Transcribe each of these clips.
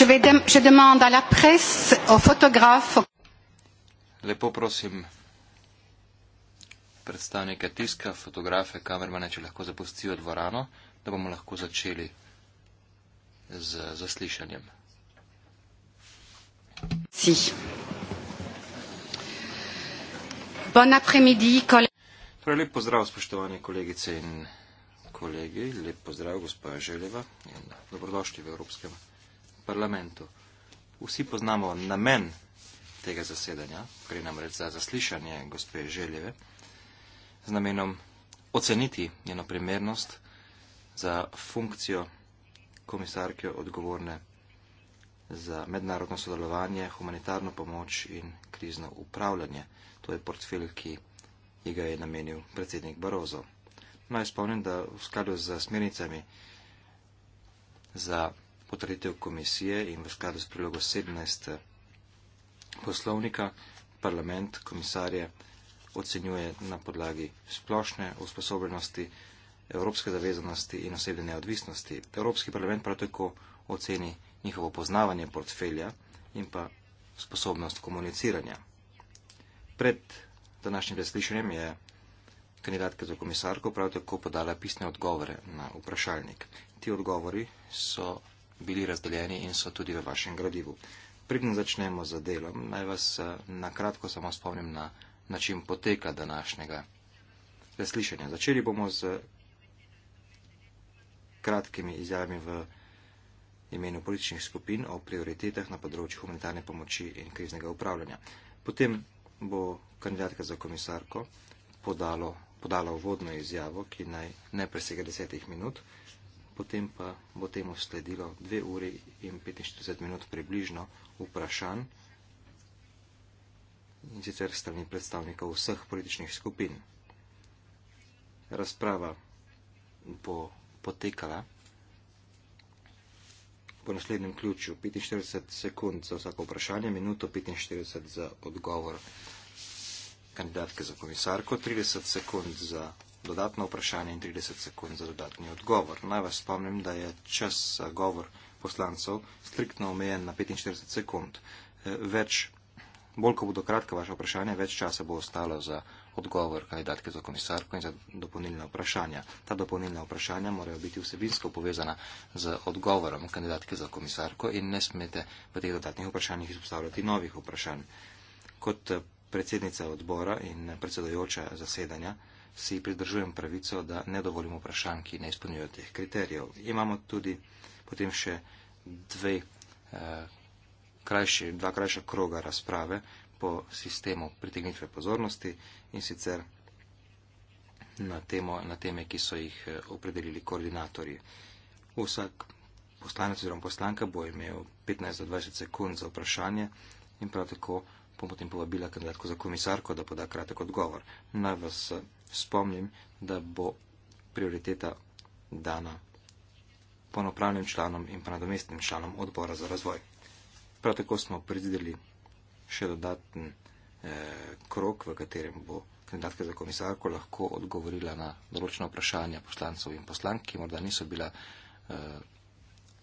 je, vais de, je demande à la presse, aux photographes. Aux... Lepo prosim predstavnike tiska, fotografe, kamermane, če lahko zapustijo dvorano, da bomo lahko začeli z zaslišanjem. Si. Bon après-midi, kolegi. Torej, lep pozdrav, spoštovane kolegice in kolegi. Lep pozdrav, gospa Želeva. In dobrodošli v Evropskem parlamentu parlamentu. Vsi poznamo namen tega zasedanja, gre namreč za zaslišanje gospe Željeve, z namenom oceniti njeno primernost za funkcijo komisarke odgovorne za mednarodno sodelovanje, humanitarno pomoč in krizno upravljanje. To je portfelj, ki ji ga je namenil predsednik Barozo. Naj spomnim, da v skladu z smernicami za potreditev komisije in v skladu s prilogo 17 poslovnika parlament komisarje ocenjuje na podlagi splošne usposobljenosti, evropske zavezanosti in osebne neodvisnosti. Evropski parlament prav tako oceni njihovo poznavanje portfelja in pa sposobnost komuniciranja. Pred današnjim preslišanjem je kandidatka za komisarko prav tako podala pisne odgovore na vprašalnik. Ti odgovori so bili razdeljeni in so tudi v vašem gradivu. Preden začnemo z delom, naj vas eh, na kratko samo spomnim na način poteka današnjega zaslišanja. Začeli bomo z kratkimi izjavami v imenu političnih skupin o prioritetah na področju humanitarne pomoči in kriznega upravljanja. Potem bo kandidatka za komisarko podalo, podala uvodno izjavo, ki naj ne presega desetih minut potem pa bo temu sledilo 2 uri in 45 minut približno vprašanj in sicer strani predstavnikov vseh političnih skupin. Razprava bo potekala po naslednjem ključu 45 sekund za vsako vprašanje, minuto 45 za odgovor kandidatke za komisarko, 30 sekund za dodatno vprašanje in 30 sekund za dodatni odgovor. Naj vas spomnim, da je čas za govor poslancev striktno omejen na 45 sekund. E, več, bolj ko bodo kratka vaša vprašanja, več časa bo ostalo za odgovor kandidatke za komisarko in za dopolnilna vprašanja. Ta dopolnilna vprašanja morajo biti vsebinsko povezana z odgovorom kandidatke za komisarko in ne smete v teh dodatnih vprašanjih izpostavljati novih vprašanj. Kot e, predsednica odbora in predsedojoča zasedanja, si pridržujem pravico, da ne dovolimo vprašanj, ki ne izpolnjujejo teh kriterijev. Imamo tudi potem še dve, eh, krajši, dva krajša kroga razprave po sistemu pritegnitve pozornosti in sicer na, temo, na teme, ki so jih eh, opredelili koordinatorji. Vsak poslanec oziroma poslanka bo imel 15 do 20 sekund za vprašanje in prav tako bom potem povabila kandidatko za komisarko, da poda kratek odgovor. Naj vas spomnim, da bo prioriteta dana ponopravnim članom in pa nadomestnim članom odbora za razvoj. Prav tako smo predvideli še dodaten eh, krok, v katerem bo kandidatka za komisarko lahko odgovorila na določena vprašanja poslancov in poslank, ki morda niso bila eh,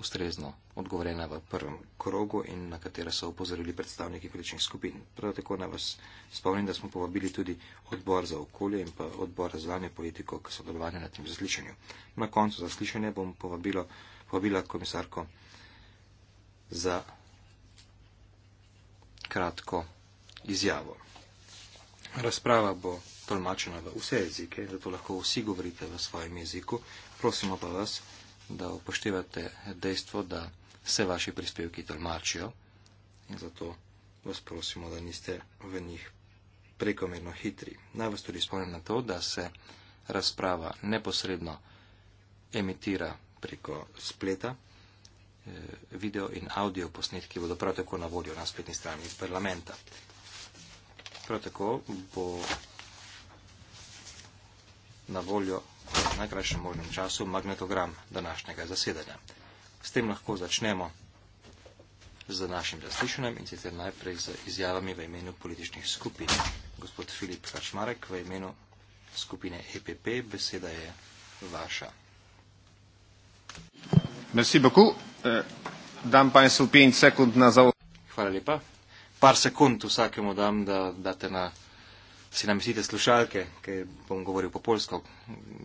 ustrezno odgovorjena v prvem krogu in na katera so upozorili predstavniki ključnih skupin. Prav tako naj vas spomnim, da smo povabili tudi odbor za okolje in pa odbor za zvanje politiko k sodelovanju na tem zaslišanju. Na koncu zaslišanja bom povabilo, povabila komisarko za kratko izjavo. Razprava bo tolmačena v vse jezike, zato lahko vsi govorite v svojem jeziku. Prosimo pa vas, da upoštevate dejstvo, da se vaši prispevki tolmačijo in zato vas prosimo, da niste v njih prekomerno hitri. Naj vas tudi spomnim na to, da se razprava neposredno emitira preko spleta. Eh, video in audio posnetki bodo prav tako na voljo na spletni strani parlamenta. Prav tako bo na voljo najkrajšem možnem času magnetogram današnjega zasedanja. S tem lahko začnemo z našim zaslišanjem in sicer najprej z izjavami v imenu političnih skupin. Gospod Filip Kačmarek v imenu skupine EPP, beseda je vaša. Merci beaucoup. Eh, dam pa en sekund na zavod. Hvala lepa. Par sekund vsakemu dam, da date na si namestite slušalke, ker bom govoril po polsko.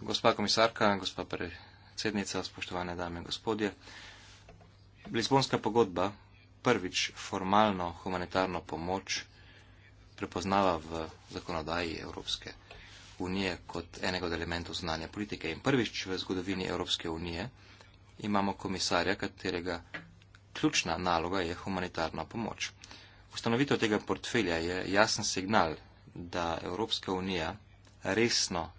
Gospa komisarka, gospa predsednica, spoštovane dame in gospodje, Lisbonska pogodba prvič formalno humanitarno pomoč prepoznava v zakonodaji Evropske unije kot enega od elementov znanja politike. In prvič v zgodovini Evropske unije imamo komisarja, katerega ključna naloga je humanitarna pomoč. Ustanovitev tega portfelja je jasen signal da Evropska unija resno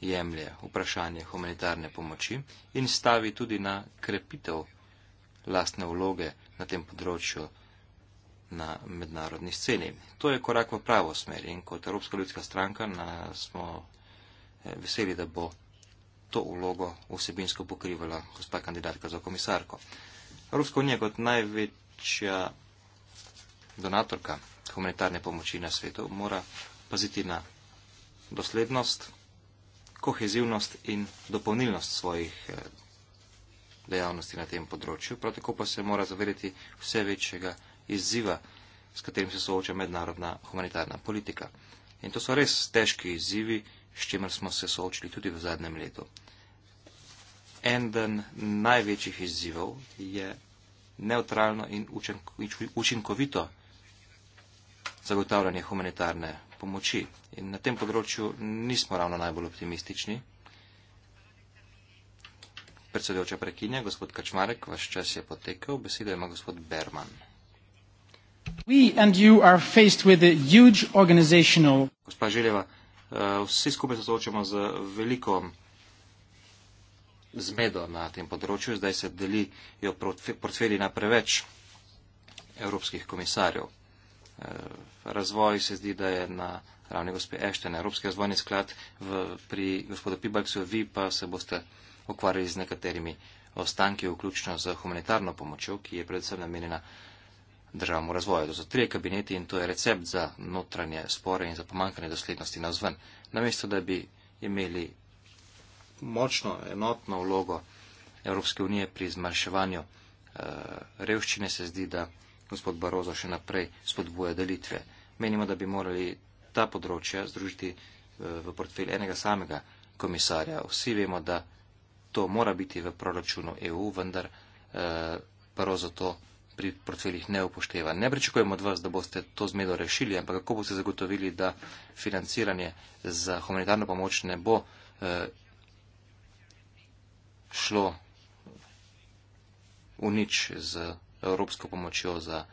jemlje vprašanje humanitarne pomoči in stavi tudi na krepitev lastne vloge na tem področju na mednarodni sceni. To je korak v pravo smer in kot Evropska ljudska stranka na, smo eh, veseli, da bo to vlogo vsebinsko pokrivala gospa kandidatka za komisarko. Evropska unija kot največja donatorka humanitarne pomoči na svetu, mora paziti na doslednost, kohezivnost in dopolnilnost svojih eh, dejavnosti na tem področju. Prav tako pa se mora zavedati vse večjega izziva, s katerim se sooča mednarodna humanitarna politika. In to so res težki izzivi, s čimer smo se soočili tudi v zadnjem letu. Eden največjih izzivov je neutralno in učinkovito zagotavljanje humanitarne pomoči. In na tem področju nismo ravno najbolj optimistični. Predsedujoča prekinja, gospod Kačmarek, vaš čas je potekel, besedo ima gospod Berman. Organizational... Gospa Željeva, eh, vsi skupaj se soočamo z veliko zmedo na tem področju, zdaj se delijo portfelji na preveč evropskih komisarjev. Eh, razvoj se zdi, da je na ravni gospe Ešten, Evropski razvojni sklad v, pri gospodu Pibaksu, vi pa se boste ukvarjali z nekaterimi ostanki, vključno z humanitarno pomočjo, ki je predvsem namenjena državnemu razvoju. To so tri kabineti in to je recept za notranje spore in za pomankanje doslednosti na zven. Namesto, da bi imeli močno, enotno vlogo Evropske unije pri zmanjševanju eh, revščine, se zdi, da gospod Baroza še naprej spodbuja delitve. Menimo, da bi morali ta področja združiti eh, v portfelj enega samega komisarja. Vsi vemo, da to mora biti v proračunu EU, vendar eh, Baroza to pri portfeljih ne upošteva. Ne pričakujemo od vas, da boste to zmedo rešili, ampak kako boste zagotovili, da financiranje za humanitarno pomoč ne bo eh, šlo v nič z evropsko pomočjo za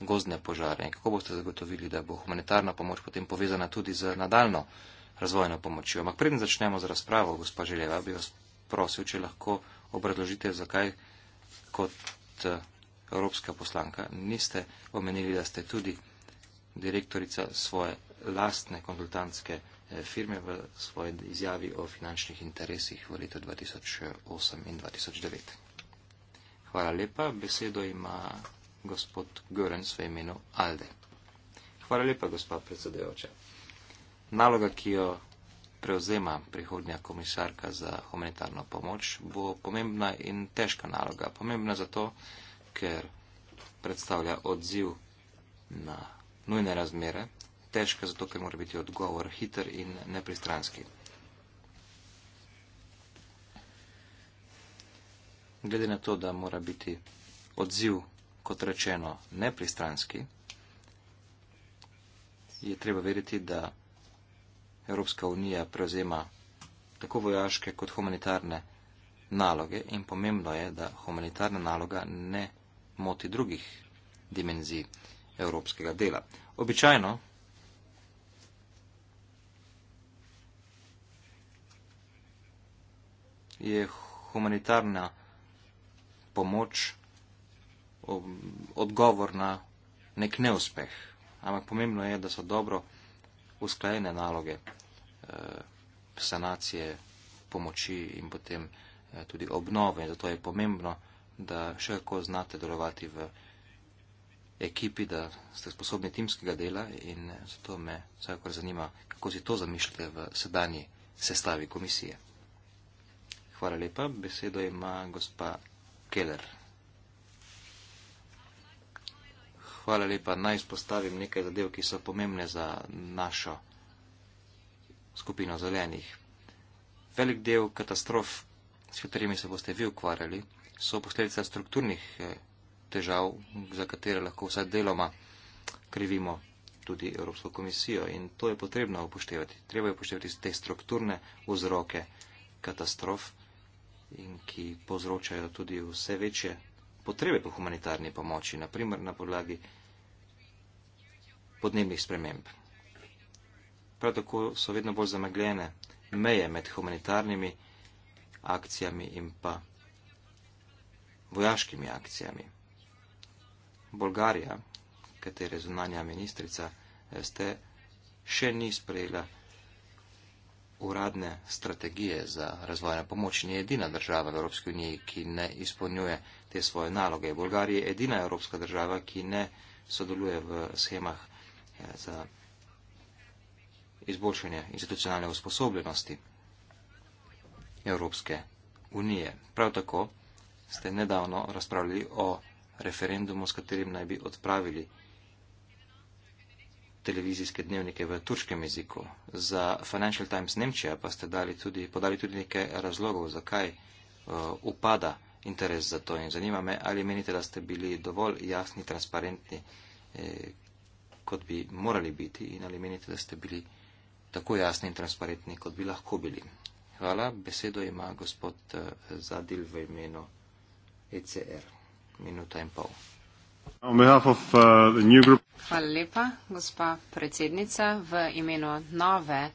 gozdne požare in kako boste zagotovili, da bo humanitarna pomoč potem povezana tudi z nadaljno razvojno pomočjo. Ampak preden začnemo z razpravo, gospa Željeva, bi vas prosil, če lahko obrazložite, zakaj kot eh, evropska poslanka niste omenili, da ste tudi direktorica svoje lastne konzultantske eh, firme v svoji izjavi o finančnih interesih v letu 2008 in 2009. Hvala lepa. Besedo ima gospod Görens v imenu Alde. Hvala lepa, gospa predsedujoča. Naloga, ki jo prevzema prihodnja komisarka za humanitarno pomoč, bo pomembna in težka naloga. Pomembna zato, ker predstavlja odziv na nujne razmere, težka zato, ker mora biti odgovor hiter in nepristranski. glede na to, da mora biti odziv, kot rečeno, nepristranski, je treba veriti, da Evropska unija prevzema tako vojaške kot humanitarne naloge in pomembno je, da humanitarna naloga ne moti drugih dimenzij evropskega dela. Običajno je humanitarna pomoč, odgovor na nek neuspeh. Ampak pomembno je, da so dobro usklajene naloge eh, sanacije, pomoči in potem eh, tudi obnove. Zato je pomembno, da še kako znate delovati v ekipi, da ste sposobni timskega dela in eh, zato me vsakor zanima, kako si to zamišljate v sedanji sestavi komisije. Hvala lepa. Besedo ima gospa Keller. Hvala lepa. Naj izpostavim nekaj zadev, ki so pomembne za našo skupino zelenih. Velik del katastrof, s katerimi se boste vi ukvarjali, so posledica strukturnih eh, težav, za katere lahko vsaj deloma krivimo tudi Evropsko komisijo. In to je potrebno upoštevati. Treba je upoštevati te strukturne vzroke katastrof in ki povzročajo tudi vse večje potrebe po humanitarni pomoči, naprimer na podlagi podnebnih sprememb. Prav tako so vedno bolj zamegljene meje med humanitarnimi akcijami in pa vojaškimi akcijami. Bolgarija, katere zunanja ministrica eh, ste, še ni sprejela uradne strategije za razvojno pomoč ni edina država v Evropski uniji, ki ne izpolnjuje te svoje naloge. Bolgarija je edina evropska država, ki ne sodeluje v schemah eh, za izboljšanje institucionalne usposobljenosti Evropske unije. Prav tako ste nedavno razpravljali o referendumu, s katerim naj bi odpravili televizijske dnevnike v turškem jeziku. Za Financial Times Nemčija pa ste dali tudi, podali tudi nekaj razlogov, zakaj uh, upada interes za to. In zanima me, ali menite, da ste bili dovolj jasni, transparentni, eh, kot bi morali biti, in ali menite, da ste bili tako jasni in transparentni, kot bi lahko bili. Hvala. Besedo ima gospod eh, Zadil v imenu ECR. Minuta in pol. Uh, Hvala lepa, gospa predsednica. V imenu nove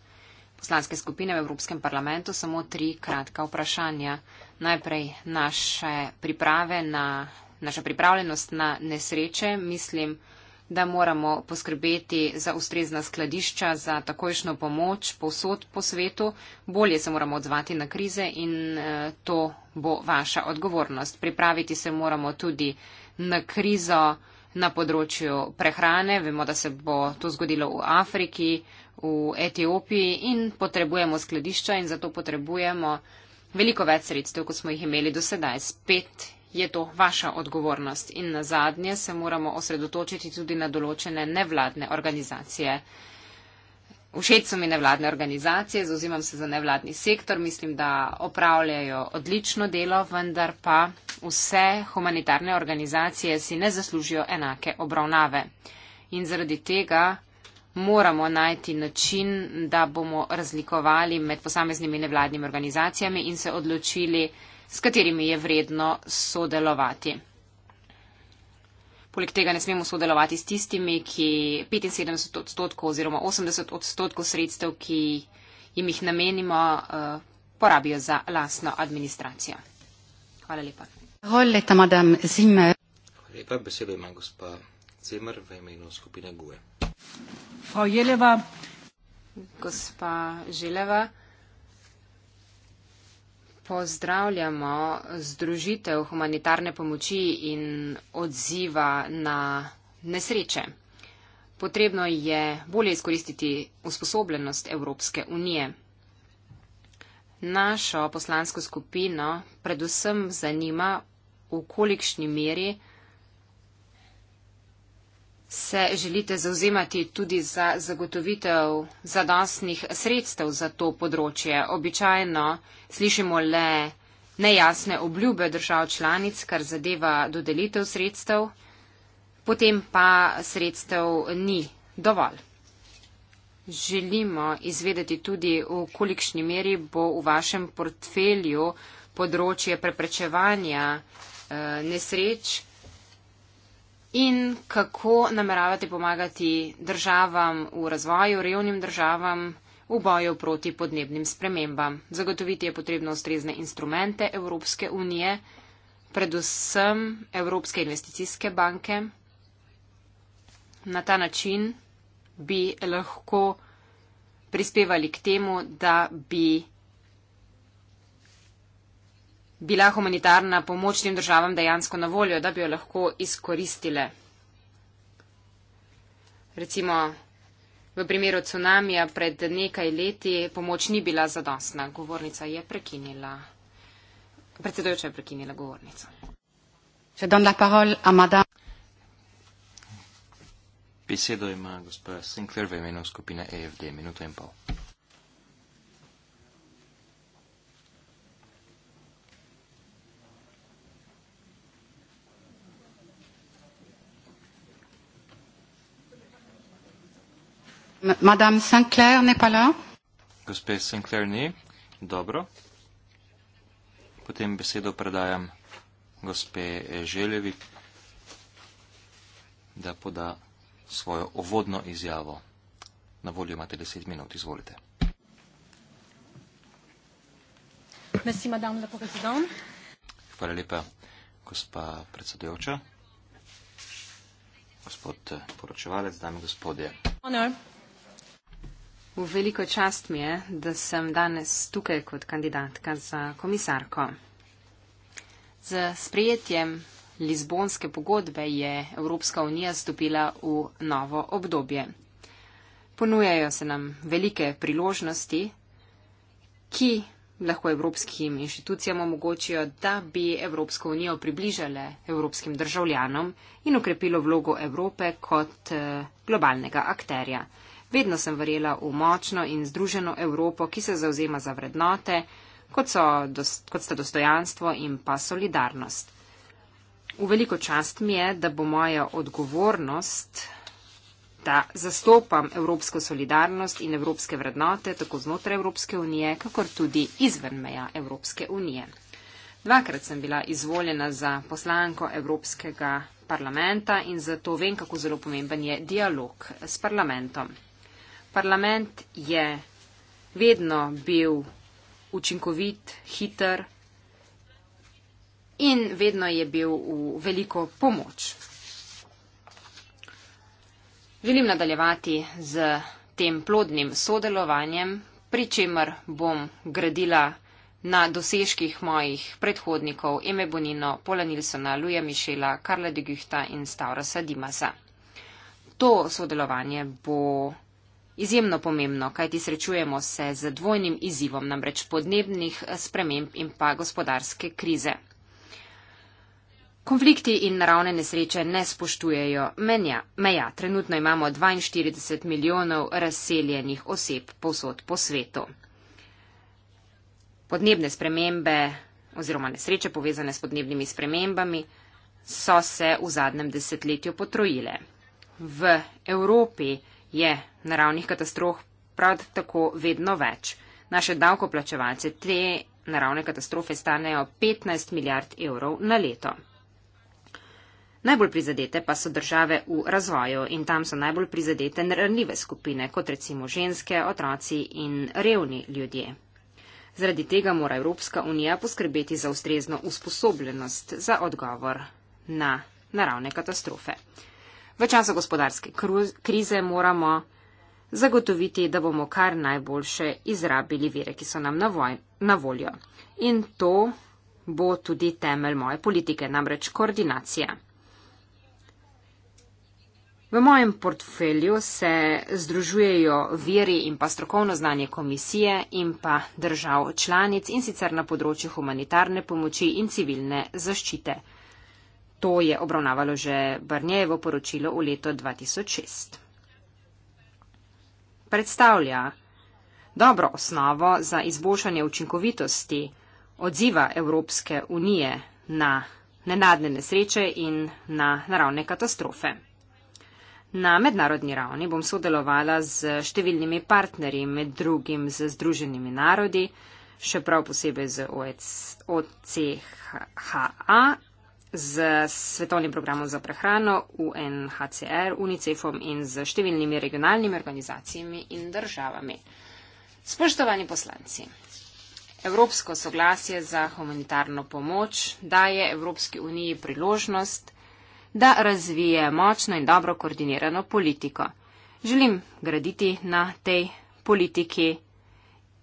poslanske skupine v Evropskem parlamentu samo tri kratka vprašanja. Najprej naše priprave na. Naša pripravljenost na nesreče, mislim, da moramo poskrbeti za ustrezna skladišča, za takojšno pomoč povsod po svetu, bolje se moramo odzvati na krize in eh, to bo vaša odgovornost. Pripraviti se moramo tudi na krizo na področju prehrane. Vemo, da se bo to zgodilo v Afriki, v Etiopiji in potrebujemo skladišča in zato potrebujemo veliko več sredstev, kot smo jih imeli do sedaj. Spet je to vaša odgovornost in na zadnje se moramo osredotočiti tudi na določene nevladne organizacije. Všeč so mi nevladne organizacije, zauzimam se za nevladni sektor, mislim, da opravljajo odlično delo, vendar pa vse humanitarne organizacije si ne zaslužijo enake obravnave. In zaradi tega moramo najti način, da bomo razlikovali med posameznimi nevladnimi organizacijami in se odločili, s katerimi je vredno sodelovati. Poleg tega ne smemo sodelovati s tistimi, ki 75 odstotkov oziroma 80 odstotkov sredstev, ki jim jih namenimo, eh, porabijo za lasno administracijo. Hvala lepa. Hvala lepa, madam Zimmer. Hvala lepa, besedo ima gospa Zimmer v imenu skupine GUE. Gospa Želeva pozdravljamo združitev humanitarne pomoči in odziva na nesreče. Potrebno je bolje izkoristiti usposobljenost Evropske unije. Našo poslansko skupino predvsem zanima, v kolikšni meri se želite zauzemati tudi za zagotovitev zadostnih sredstev za to področje. Običajno slišimo le nejasne obljube držav članic, kar zadeva dodelitev sredstev, potem pa sredstev ni dovolj. Želimo izvedeti tudi, v kolikšni meri bo v vašem portfelju področje preprečevanja eh, nesreč In kako nameravate pomagati državam v razvoju, revnim državam v boju proti podnebnim spremembam? Zagotoviti je potrebno ustrezne instrumente Evropske unije, predvsem Evropske investicijske banke. Na ta način bi lahko prispevali k temu, da bi bila humanitarna pomoč tem državam dejansko na voljo, da bi jo lahko izkoristile. Recimo v primeru tsunamija pred nekaj leti pomoč ni bila zadostna. Govornica je prekinila. Predsedujoča je prekinila govornico. Besedo ima gospod Sinclair v imenu skupine AFD. E Minuto in pol. Madame Sinclair n'est pas là. Gospe Sinclair ni. Dobro. Potem besedo predajam gospe Želevi, da poda svojo ovodno izjavo. Na voljo imate 10 minut, izvolite. Merci, madame la présidente. Hvala lepa, gospa predsedujoča. Gospod poročevalec, dame in gospodje. Honor. V veliko čast mi je, da sem danes tukaj kot kandidatka za komisarko. Z sprejetjem Lizbonske pogodbe je Evropska unija stopila v novo obdobje. Ponujajo se nam velike priložnosti, ki lahko evropskim inštitucijam omogočijo, da bi Evropsko unijo približale evropskim državljanom in ukrepilo vlogo Evrope kot eh, globalnega akterja. Vedno sem verjela v močno in združeno Evropo, ki se zauzema za vrednote, kot, so, kot sta dostojanstvo in pa solidarnost. V veliko čast mi je, da bo moja odgovornost, da zastopam evropsko solidarnost in evropske vrednote tako znotraj Evropske unije, kakor tudi izven meja Evropske unije. Dvakrat sem bila izvoljena za poslanko Evropskega parlamenta in zato vem, kako zelo pomemben je dialog s parlamentom. Parlament je vedno bil učinkovit, hiter in vedno je bil v veliko pomoč. Želim nadaljevati z tem plodnim sodelovanjem, pri čemer bom gradila na dosežkih mojih predhodnikov Eme Bonino, Pola Nilsona, Luja Mišela, Karla de Guhta in Stavrasa Dimasa. To sodelovanje bo izjemno pomembno, kajti srečujemo se z dvojnim izzivom namreč podnebnih eh, sprememb in pa gospodarske krize. Konflikti in naravne nesreče ne spoštujejo menja, meja. Trenutno imamo 42 milijonov razseljenih oseb povsod po svetu. Podnebne spremembe oziroma nesreče povezane s podnebnimi spremembami so se v zadnjem desetletju potrojile. V Evropi je naravnih katastrof prav tako vedno več. Naše davkoplačevalce te naravne katastrofe stanejo 15 milijard evrov na leto. Najbolj prizadete pa so države v razvoju in tam so najbolj prizadete nerljive skupine, kot recimo ženske, otroci in revni ljudje. Zaradi tega mora Evropska unija poskrbeti za ustrezno usposobljenost za odgovor na naravne katastrofe. V času gospodarske krize moramo zagotoviti, da bomo kar najboljše izrabili vire, ki so nam na, voj, na voljo. In to bo tudi temelj moje politike, namreč koordinacija. V mojem portfelju se združujejo viri in pa strokovno znanje komisije in pa držav članic in sicer na področju humanitarne pomoči in civilne zaščite. To je obravnavalo že Brnjevo poročilo v leto 2006. Predstavlja dobro osnovo za izboljšanje učinkovitosti odziva Evropske unije na nenadne nesreče in na naravne katastrofe. Na mednarodni ravni bom sodelovala z številnimi partnerji, med drugim z Združenimi narodi, še prav posebej z OECHA z svetovnim programom za prehrano, UNHCR, UNICEF-om in z številnimi regionalnimi organizacijami in državami. Spoštovani poslanci, Evropsko soglasje za humanitarno pomoč daje Evropski uniji priložnost, da razvije močno in dobro koordinirano politiko. Želim graditi na tej politiki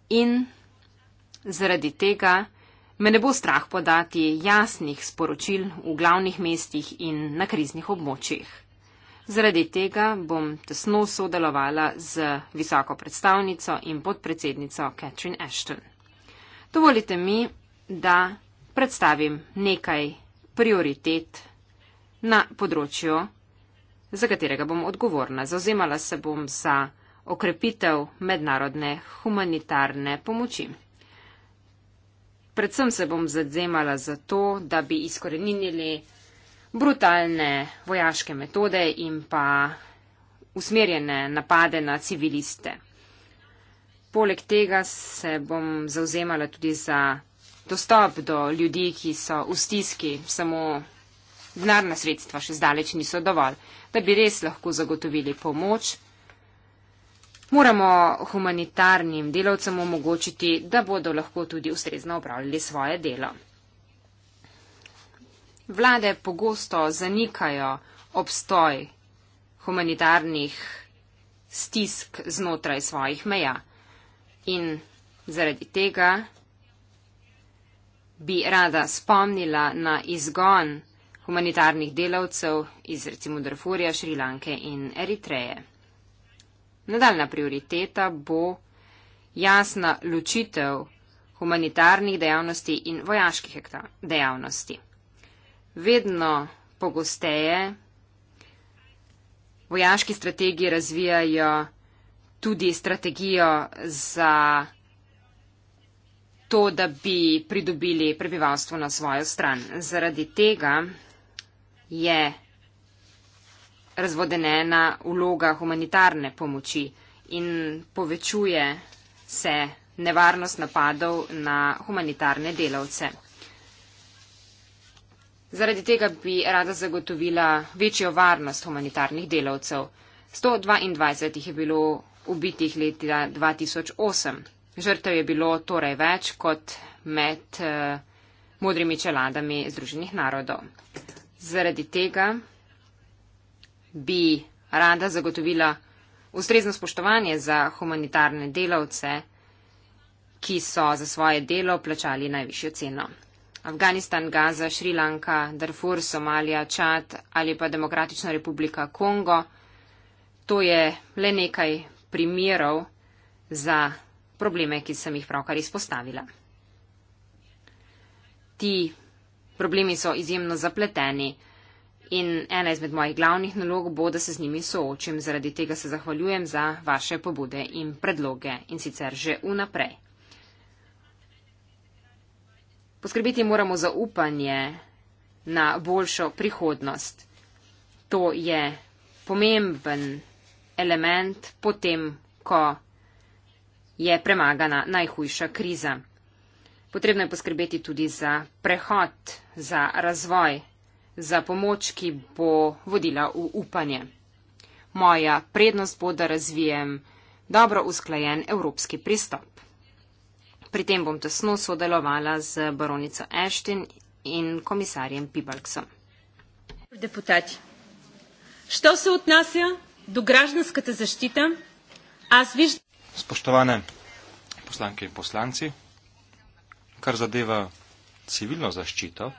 in zaradi tega, me ne bo strah podati jasnih sporočil v glavnih mestih in na kriznih območjih. Zaradi tega bom tesno sodelovala z visoko predstavnico in podpredsednico Catherine Ashton. Dovolite mi, da predstavim nekaj prioritet na področju, za katerega bom odgovorna. Zauzemala se bom za okrepitev mednarodne humanitarne pomoči. Predvsem se bom zadzemala za to, da bi izkoreninili brutalne vojaške metode in pa usmerjene napade na civiliste. Poleg tega se bom zauzemala tudi za dostop do ljudi, ki so v stiski, samo denarna sredstva še zdaleč niso dovolj, da bi res lahko zagotovili pomoč moramo humanitarnim delavcem omogočiti, da bodo lahko tudi ustrezno upravljali svoje delo. Vlade pogosto zanikajo obstoj humanitarnih stisk znotraj svojih meja in zaradi tega bi rada spomnila na izgon humanitarnih delavcev iz recimo Darfurja, Šrilanke in Eritreje. Nadaljna prioriteta bo jasna ločitev humanitarnih dejavnosti in vojaških dejavnosti. Vedno pogosteje vojaški strategiji razvijajo tudi strategijo za to, da bi pridobili prebivalstvo na svojo stran. Zaradi tega je razvodenena vloga humanitarne pomoči in povečuje se nevarnost napadov na humanitarne delavce. Zaradi tega bi rada zagotovila večjo varnost humanitarnih delavcev. 122 jih je bilo ubitih leta 2008. Žrtev je bilo torej več kot med uh, modrimi čeladami Združenih narodov. Zaradi tega bi rada zagotovila ustrezno spoštovanje za humanitarne delavce, ki so za svoje delo plačali najvišjo ceno. Afganistan, Gaza, Šrilanka, Darfur, Somalija, Čad ali pa Demokratična republika Kongo. To je le nekaj primerov za probleme, ki sem jih pravkar izpostavila. Ti problemi so izjemno zapleteni in ena izmed mojih glavnih nalog bo, da se z njimi soočim. Zaradi tega se zahvaljujem za vaše pobude in predloge in sicer že vnaprej. Poskrbiti moramo za upanje na boljšo prihodnost. To je pomemben element potem, ko je premagana najhujša kriza. Potrebno je poskrbeti tudi za prehod, za razvoj za pomoč, ki bo vodila v upanje. Moja prednost bo, da razvijem dobro usklajen evropski pristop. Pri tem bom tesno sodelovala z baronico Ashton in komisarjem Pibalksom. Deputati, što se odnasja do gražnjskega zaščita? Viš... Spoštovane poslanke in poslanci, kar zadeva civilno zaščito,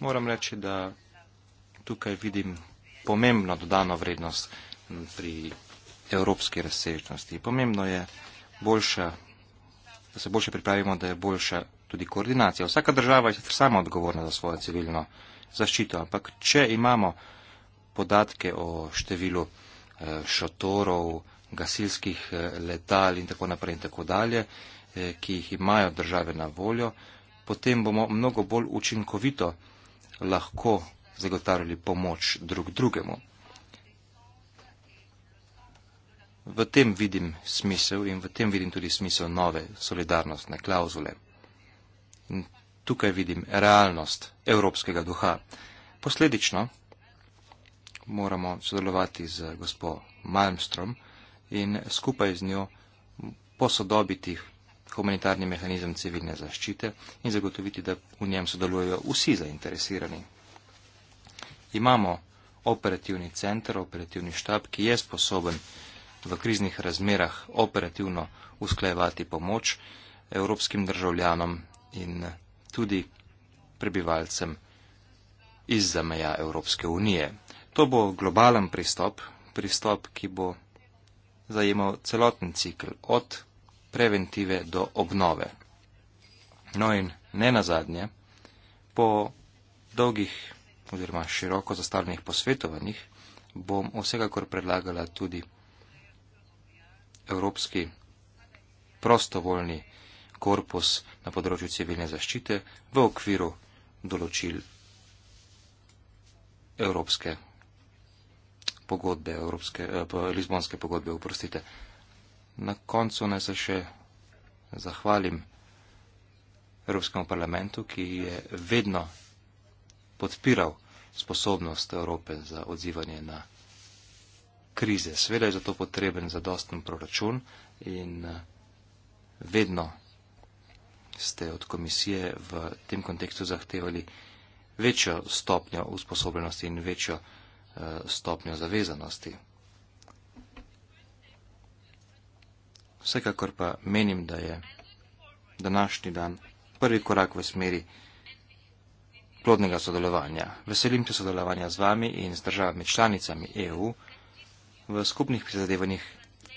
Moram reči, da tukaj vidim pomembno dodano vrednost pri evropski razsežnosti. Pomembno je, boljša, da se boljše pripravimo, da je boljša tudi koordinacija. Vsaka država je sama odgovorna za svojo civilno zaščito, ampak če imamo podatke o številu eh, šotorov, gasilskih eh, letal in tako naprej in tako dalje, eh, ki jih imajo države na voljo, potem bomo mnogo bolj učinkovito lahko zagotarjali pomoč drug drugemu. V tem vidim smisel in v tem vidim tudi smisel nove solidarnostne klauzule. In tukaj vidim realnost evropskega duha. Posledično moramo sodelovati z gospod Malmstrom in skupaj z njo posodobiti humanitarni mehanizem civilne zaščite in zagotoviti, da v njem sodelujejo vsi zainteresirani. Imamo operativni center, operativni štab, ki je sposoben v kriznih razmerah operativno usklajevati pomoč evropskim državljanom in tudi prebivalcem izza meja Evropske unije. To bo globalen pristop, pristop, ki bo zajemal celoten cikl od preventive do obnove. No in ne nazadnje, po dolgih oziroma široko zastavljenih posvetovanjih bom vsekakor predlagala tudi Evropski prostovoljni korpus na področju civilne zaščite v okviru določil Evropske pogodbe, Evropske, eh, Lizbonske pogodbe, uprostite. Na koncu naj se še zahvalim Evropskemu parlamentu, ki je vedno podpiral sposobnost Evrope za odzivanje na krize. Sveda je zato potreben zadosten proračun in eh, vedno ste od komisije v tem kontekstu zahtevali večjo stopnjo usposobljenosti in večjo eh, stopnjo zavezanosti. Vsekakor pa menim, da je današnji dan prvi korak v smeri plodnega sodelovanja. Veselim se sodelovanja z vami in z državami članicami EU v skupnih prizadevanjih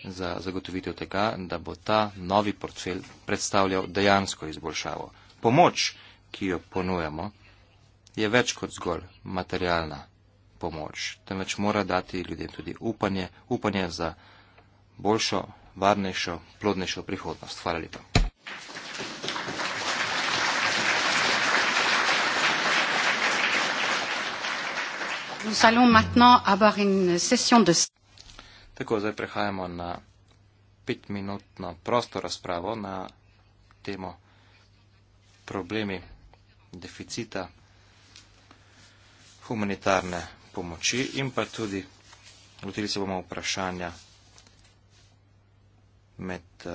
za zagotovitev tega, da bo ta novi portfelj predstavljal dejansko izboljšavo. Pomoč, ki jo ponujamo, je več kot zgolj materialna pomoč, temveč mora dati ljudem tudi upanje, upanje za boljšo varnejšo, plodnejšo prihodnost. Hvala lepa. Tako, zdaj prehajamo na petminutno prosto razpravo na temo problemi deficita humanitarne pomoči in pa tudi lotili se bomo vprašanja med uh,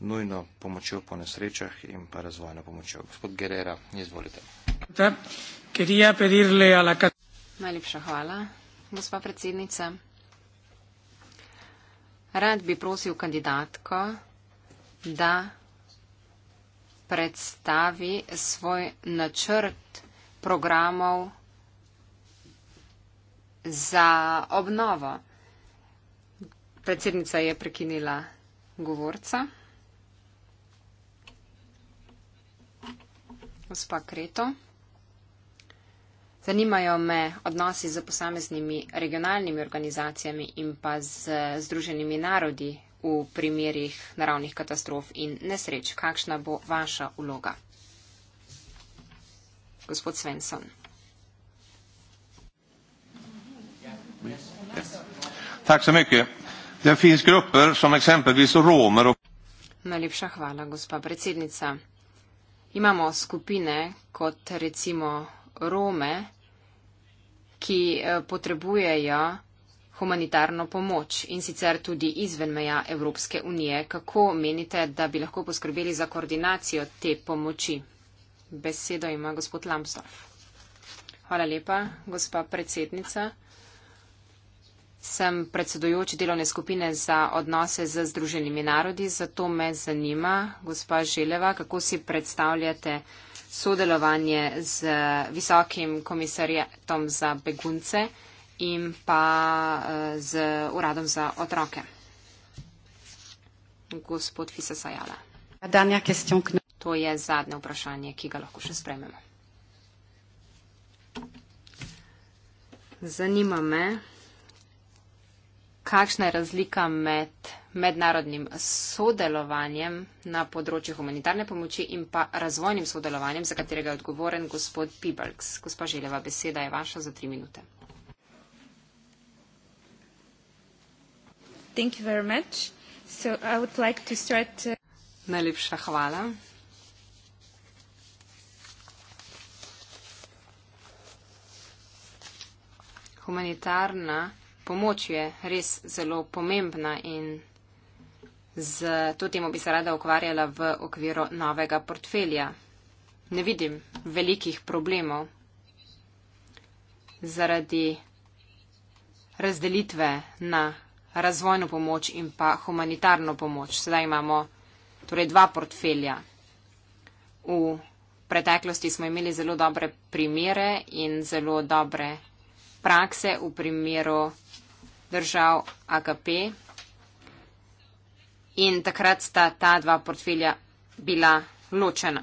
nujno pomočjo po nesrečah in pa razvojno pomočjo. Gospod Gerera, izvolite. Najlepša hvala, gospa predsednica. Rad bi prosil kandidatko, da predstavi svoj načrt programov za obnovo. Predsednica je prekinila govorca. Gospa Kreto. Zanimajo me odnosi z posameznimi regionalnimi organizacijami in pa z Združenimi narodi v primerih naravnih katastrof in nesreč. Kakšna bo vaša uloga? Gospod Svensson. Tak så mycket. Najlepša hvala, gospa predsednica. Imamo skupine, kot recimo Rome, ki eh, potrebujejo humanitarno pomoč in sicer tudi izven meja Evropske unije. Kako menite, da bi lahko poskrbeli za koordinacijo te pomoči? Besedo ima gospod Lambsdorff. Hvala lepa, gospa predsednica sem predsedujoči delovne skupine za odnose z Združenimi narodi, zato me zanima, gospa Želeva, kako si predstavljate sodelovanje z visokim komisarjetom za begunce in pa eh, z uradom za otroke. Gospod Fisa Sajala. To je zadnje vprašanje, ki ga lahko še sprememo. Zanima me, kakšna je razlika med mednarodnim sodelovanjem na področju humanitarne pomoči in pa razvojnim sodelovanjem, za katerega je odgovoren gospod Pibalks. Gospa Željeva, beseda je vaša za tri minute. Thank you very much. So I would like to start. To... Uh, Najlepša hvala. Humanitarna pomoč je res zelo pomembna in z to temo bi se rada ukvarjala v okviru novega portfelja. Ne vidim velikih problemov zaradi razdelitve na razvojno pomoč in pa humanitarno pomoč. Sedaj imamo torej dva portfelja. V preteklosti smo imeli zelo dobre primere in zelo dobre prakse v primeru držav AKP. In takrat sta ta dva portfelja bila ločena.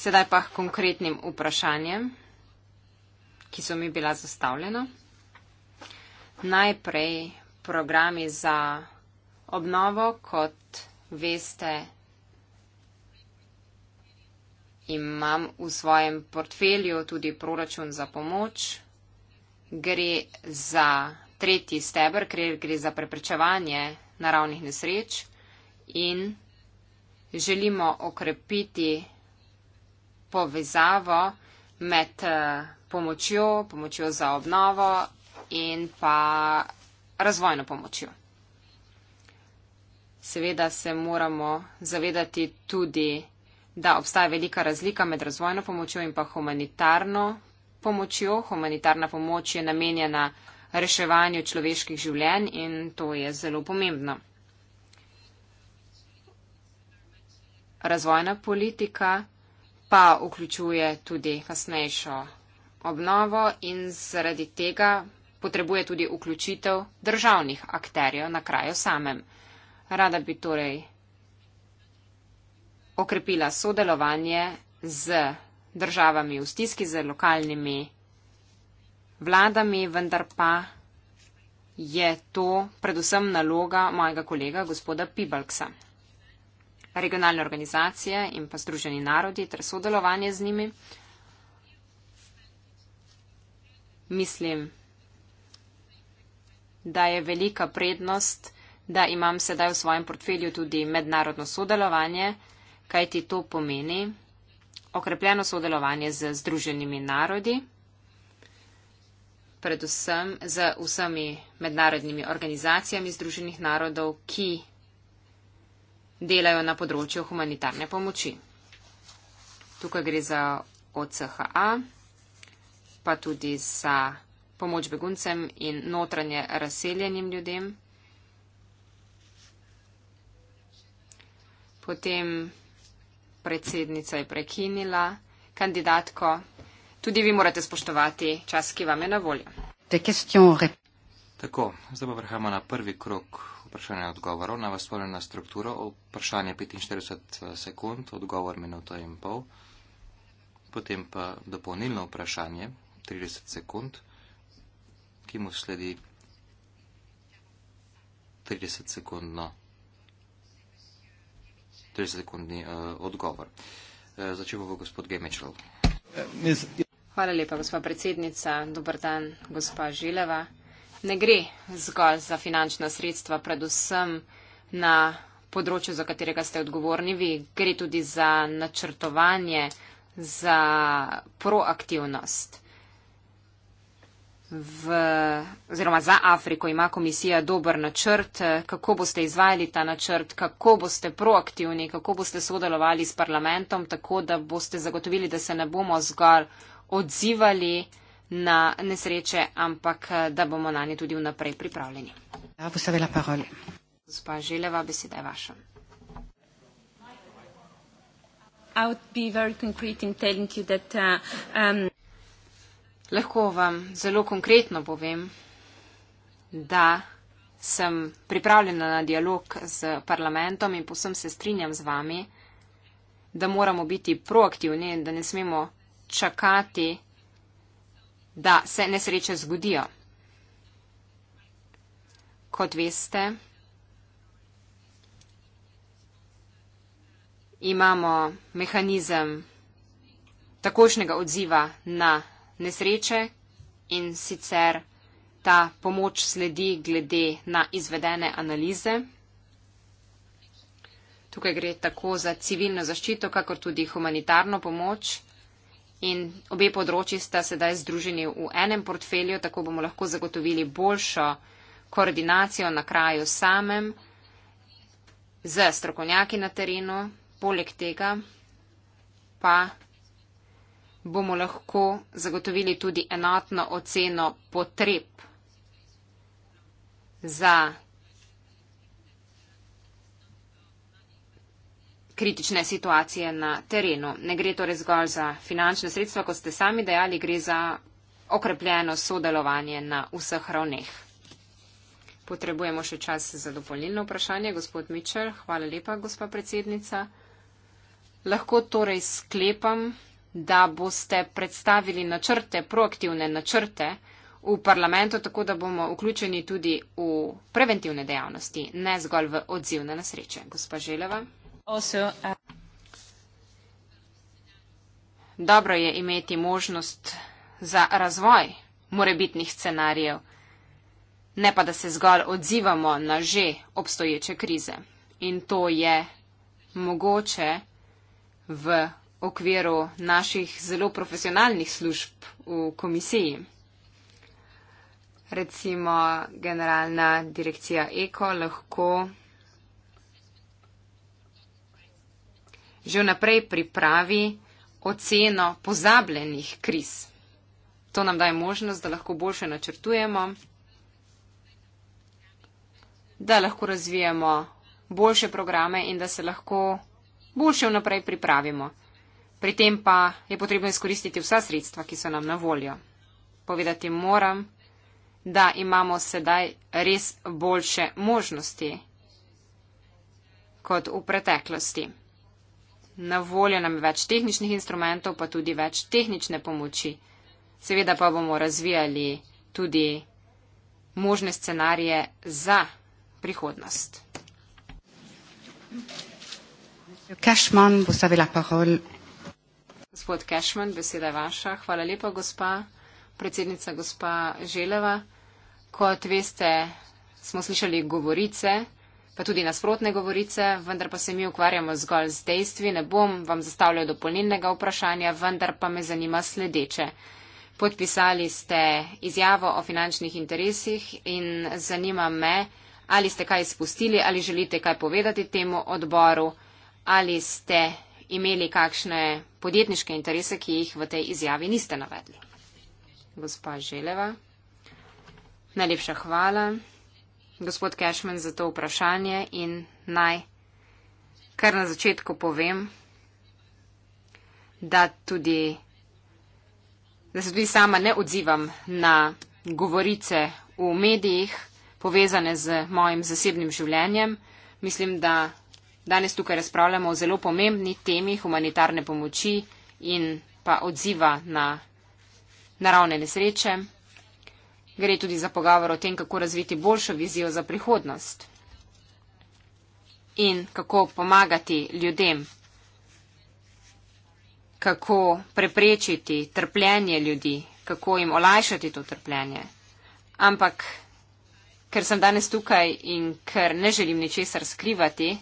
Sedaj pa konkretnim vprašanjem, ki so mi bila zastavljena. Najprej programi za obnovo, kot veste, imam v svojem portfelju tudi proračun za pomoč. Gre za tretji steber, ker gre za preprečevanje naravnih nesreč in želimo okrepiti povezavo med eh, pomočjo, pomočjo za obnovo in pa razvojno pomočjo. Seveda se moramo zavedati tudi da obstaja velika razlika med razvojno pomočjo in pa humanitarno pomočjo. Humanitarna pomoč je namenjena reševanju človeških življenj in to je zelo pomembno. Razvojna politika pa vključuje tudi kasnejšo obnovo in zaradi tega potrebuje tudi vključitev državnih akterjev na kraju samem. Rada bi torej okrepila sodelovanje z državami v stiski, z lokalnimi vladami, vendar pa je to predvsem naloga mojega kolega gospoda Pibalksa. Regionalne organizacije in pa Združeni narodi ter sodelovanje z njimi. Mislim, da je velika prednost, da imam sedaj v svojem portfelju tudi mednarodno sodelovanje kaj ti to pomeni, okrepljeno sodelovanje z Združenimi narodi, predvsem z vsemi mednarodnimi organizacijami Združenih narodov, ki delajo na področju humanitarne pomoči. Tukaj gre za OCHA, pa tudi za pomoč beguncem in notranje razseljenim ljudem. Potem predsednica je prekinila kandidatko. Tudi vi morate spoštovati čas, ki vam je na voljo. Tako, zdaj pa prehajamo na prvi krok vprašanja in odgovorov. Na vas spomnim na strukturo. Vprašanje 45 eh, sekund, odgovor minuto in pol. Potem pa dopolnilno vprašanje 30 sekund, ki mu sledi 30 sekundno. 30 sekundni uh, odgovor. Uh, začel bo gospod Gemečel. Hvala lepa, gospa predsednica. Dobar dan, gospa Žileva. Ne gre zgolj za finančna sredstva, predvsem na področju, za katerega ste odgovorni vi. Gre tudi za načrtovanje, za proaktivnost v, oziroma za Afriko ima komisija dober načrt, kako boste izvajali ta načrt, kako boste proaktivni, kako boste sodelovali s parlamentom, tako da boste zagotovili, da se ne bomo zgolj odzivali na nesreče, ampak da bomo na nje tudi vnaprej pripravljeni. Ja, Gospa Želeva, beseda je vaša. I would be very concrete in telling you that uh, um Lahko vam zelo konkretno povem, da sem pripravljena na dialog z parlamentom in posem se strinjam z vami, da moramo biti proaktivni in da ne smemo čakati, da se nesreče zgodijo. Kot veste, imamo mehanizem takošnega odziva na nesreče in sicer ta pomoč sledi glede na izvedene analize. Tukaj gre tako za civilno zaščito, kakor tudi humanitarno pomoč. In obe področji sta sedaj združeni v enem portfelju, tako bomo lahko zagotovili boljšo koordinacijo na kraju samem z strokovnjaki na terenu. Poleg tega pa bomo lahko zagotovili tudi enotno oceno potreb za kritične situacije na terenu. Ne gre torej zgolj za finančne sredstva, kot ste sami dejali, gre za okrepljeno sodelovanje na vseh ravneh. Potrebujemo še čas za dopolnilno vprašanje. Gospod Mičer, hvala lepa, gospa predsednica. Lahko torej sklepam, da boste predstavili načrte, proaktivne načrte v parlamentu, tako da bomo vključeni tudi v preventivne dejavnosti, ne zgolj v odzivne nasreče. Gospa Želeva. Uh, Dobro je imeti možnost za razvoj morebitnih scenarijev, ne pa da se zgolj odzivamo na že obstoječe krize. In to je mogoče v okviru naših zelo profesionalnih služb v komisiji. Recimo generalna direkcija Eko lahko že vnaprej pripravi oceno pozabljenih kriz. To nam daje možnost, da lahko boljše načrtujemo, da lahko razvijemo boljše programe in da se lahko boljše vnaprej pripravimo. Pri tem pa je potrebno izkoristiti vsa sredstva, ki so nam na voljo. Povedati moram, da imamo sedaj res boljše možnosti kot v preteklosti. Na voljo nam je več tehničnih instrumentov, pa tudi več tehnične pomoči. Seveda pa bomo razvijali tudi možne scenarije za prihodnost. Kašman bo stavila parol Gospod Cashman, beseda je vaša. Hvala lepa, gospa predsednica, gospa Želeva. Kot veste, smo slišali govorice, pa tudi nasprotne govorice, vendar pa se mi ukvarjamo zgolj z dejstvi. Ne bom vam zastavljal dopolnilnega vprašanja, vendar pa me zanima sledeče. Podpisali ste izjavo o finančnih interesih in zanima me, ali ste kaj izpustili, ali želite kaj povedati temu odboru, ali ste imeli kakšne podjetniške interese, ki jih v tej izjavi niste navedli. Gospa Želeva, najlepša hvala. Gospod Cashman, za to vprašanje in naj kar na začetku povem, da tudi, da se tudi sama ne odzivam na govorice v medijih povezane z mojim zasebnim življenjem. Mislim, da Danes tukaj razpravljamo o zelo pomembni temi humanitarne pomoči in pa odziva na naravne nesreče. Gre tudi za pogovor o tem, kako razviti boljšo vizijo za prihodnost in kako pomagati ljudem, kako preprečiti trpljenje ljudi, kako jim olajšati to trpljenje. Ampak, ker sem danes tukaj in ker ne želim ničesar skrivati,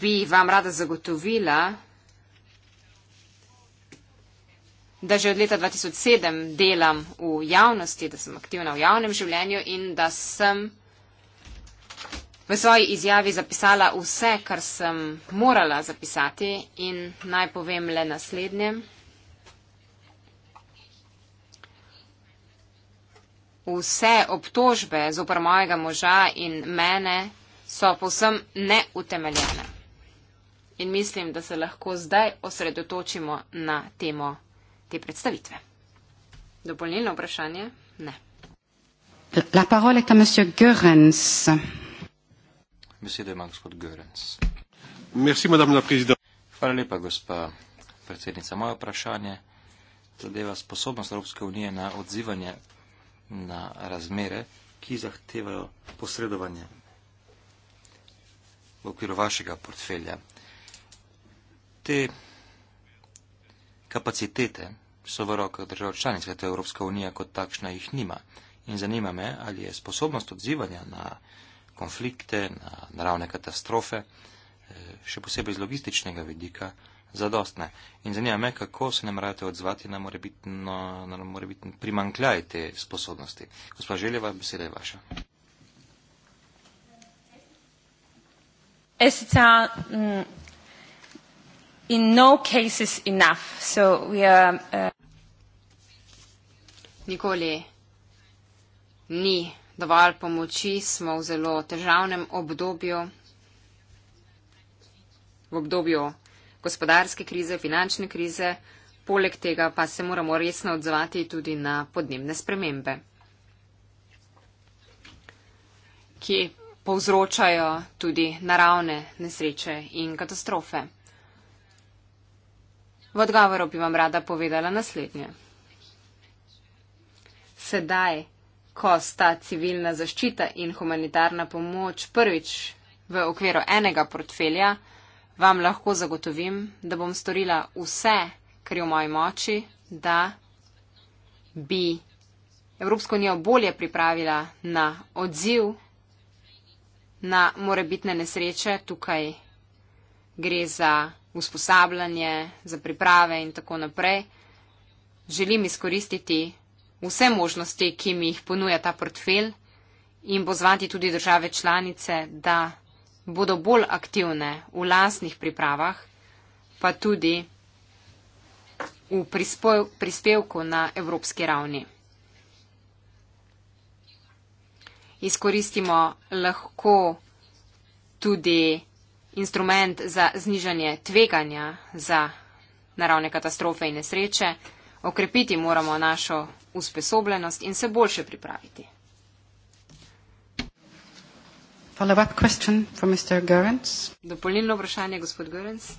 bi vam rada zagotovila, da že od leta 2007 delam v javnosti, da sem aktivna v javnem življenju in da sem v svoji izjavi zapisala vse, kar sem morala zapisati in naj povem le naslednje. Vse obtožbe zopr mojega moža in mene so povsem neutemeljene in mislim, da se lahko zdaj osredotočimo na temo te predstavitve. Dopolnilno vprašanje? Ne. La parole est à monsieur Görens. Beseda ima gospod Görens. Merci, madame la présidente. Hvala lepa, gospa predsednica. Moje vprašanje zadeva sposobnost Evropske unije na odzivanje na razmere, ki zahtevajo posredovanje v okviru vašega portfelja te kapacitete so v rokah držav članic, kajte Evropska unija kot takšna jih nima. In zanima me, ali je sposobnost odzivanja na konflikte, na naravne katastrofe, eh, še posebej z logističnega vidika, zadostna. In zanima me, kako se namerate odzvati na morebitno, na morebitno primankljaj te sposobnosti. Gospod Željeva, beseda je vaša. E sicer mm, in no case is enough. So we are, uh, Nikoli ni dovolj pomoči, smo v zelo težavnem obdobju, v obdobju gospodarske krize, finančne krize, poleg tega pa se moramo resno odzvati tudi na podnebne spremembe, ki povzročajo tudi naravne nesreče in katastrofe. V odgovoru bi vam rada povedala naslednje. Sedaj, ko sta civilna zaščita in humanitarna pomoč prvič v okviru enega portfelja, vam lahko zagotovim, da bom storila vse, kar je v moji moči, da bi Evropsko unijo bolje pripravila na odziv na morebitne nesreče. Tukaj gre za usposabljanje, za priprave in tako naprej. Želim izkoristiti vse možnosti, ki mi jih ponuja ta portfelj in pozvati tudi države članice, da bodo bolj aktivne v lasnih pripravah, pa tudi v prispevku na evropski ravni. Izkoristimo lahko tudi instrument za znižanje tveganja za naravne katastrofe in nesreče, okrepiti moramo našo usposobljenost in se boljše pripraviti. Dopolnilno vprašanje, gospod Görens.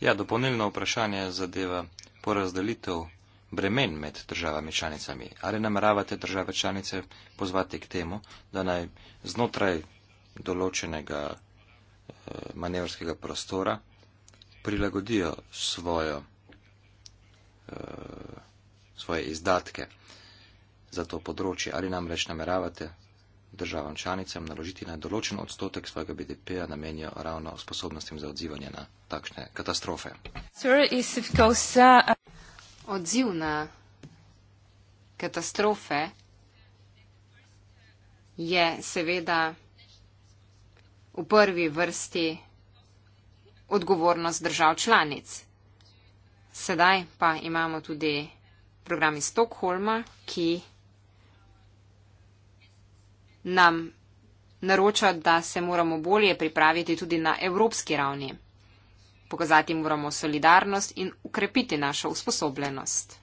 Ja, dopolnilno vprašanje zadeva porazdelitev bremen med državami članicami. Ali nameravate države članice pozvati k temu, da naj znotraj določenega manevrskega prostora, prilagodijo svojo, eh, svoje izdatke za to področje. Ali namreč nameravate državam članicam naložiti na določen odstotek svojega BDP-ja namenijo ravno sposobnostim za odzivanje na takšne katastrofe? Uh, odziv na katastrofe je seveda v prvi vrsti odgovornost držav članic. Sedaj pa imamo tudi program iz Stokholma, ki nam naroča, da se moramo bolje pripraviti tudi na evropski ravni. Pokazati moramo solidarnost in ukrepiti našo usposobljenost.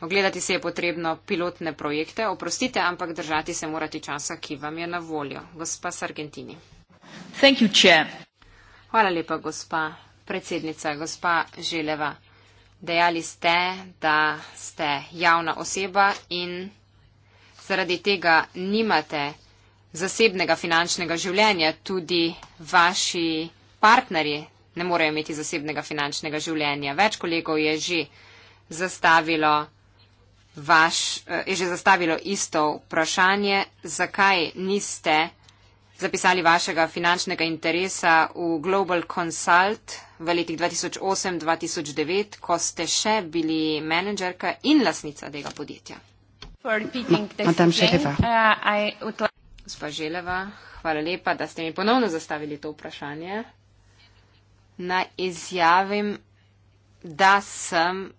Ogledati se je potrebno pilotne projekte, oprostite, ampak držati se morate časa, ki vam je na voljo. Gospa Sargentini. You, Hvala lepa, gospa predsednica, gospa Želeva. Dejali ste, da ste javna oseba in zaradi tega nimate zasebnega finančnega življenja. Tudi vaši partnerji ne morejo imeti zasebnega finančnega življenja. Več kolegov je že zastavilo vaš, eh, je že zastavilo isto vprašanje, zakaj niste zapisali vašega finančnega interesa v Global Consult v letih 2008-2009, ko ste še bili menedžerka in lasnica tega podjetja. Madam Želeva. Uh, Gospa Želeva, hvala lepa, da ste mi ponovno zastavili to vprašanje. Na izjavim, da sem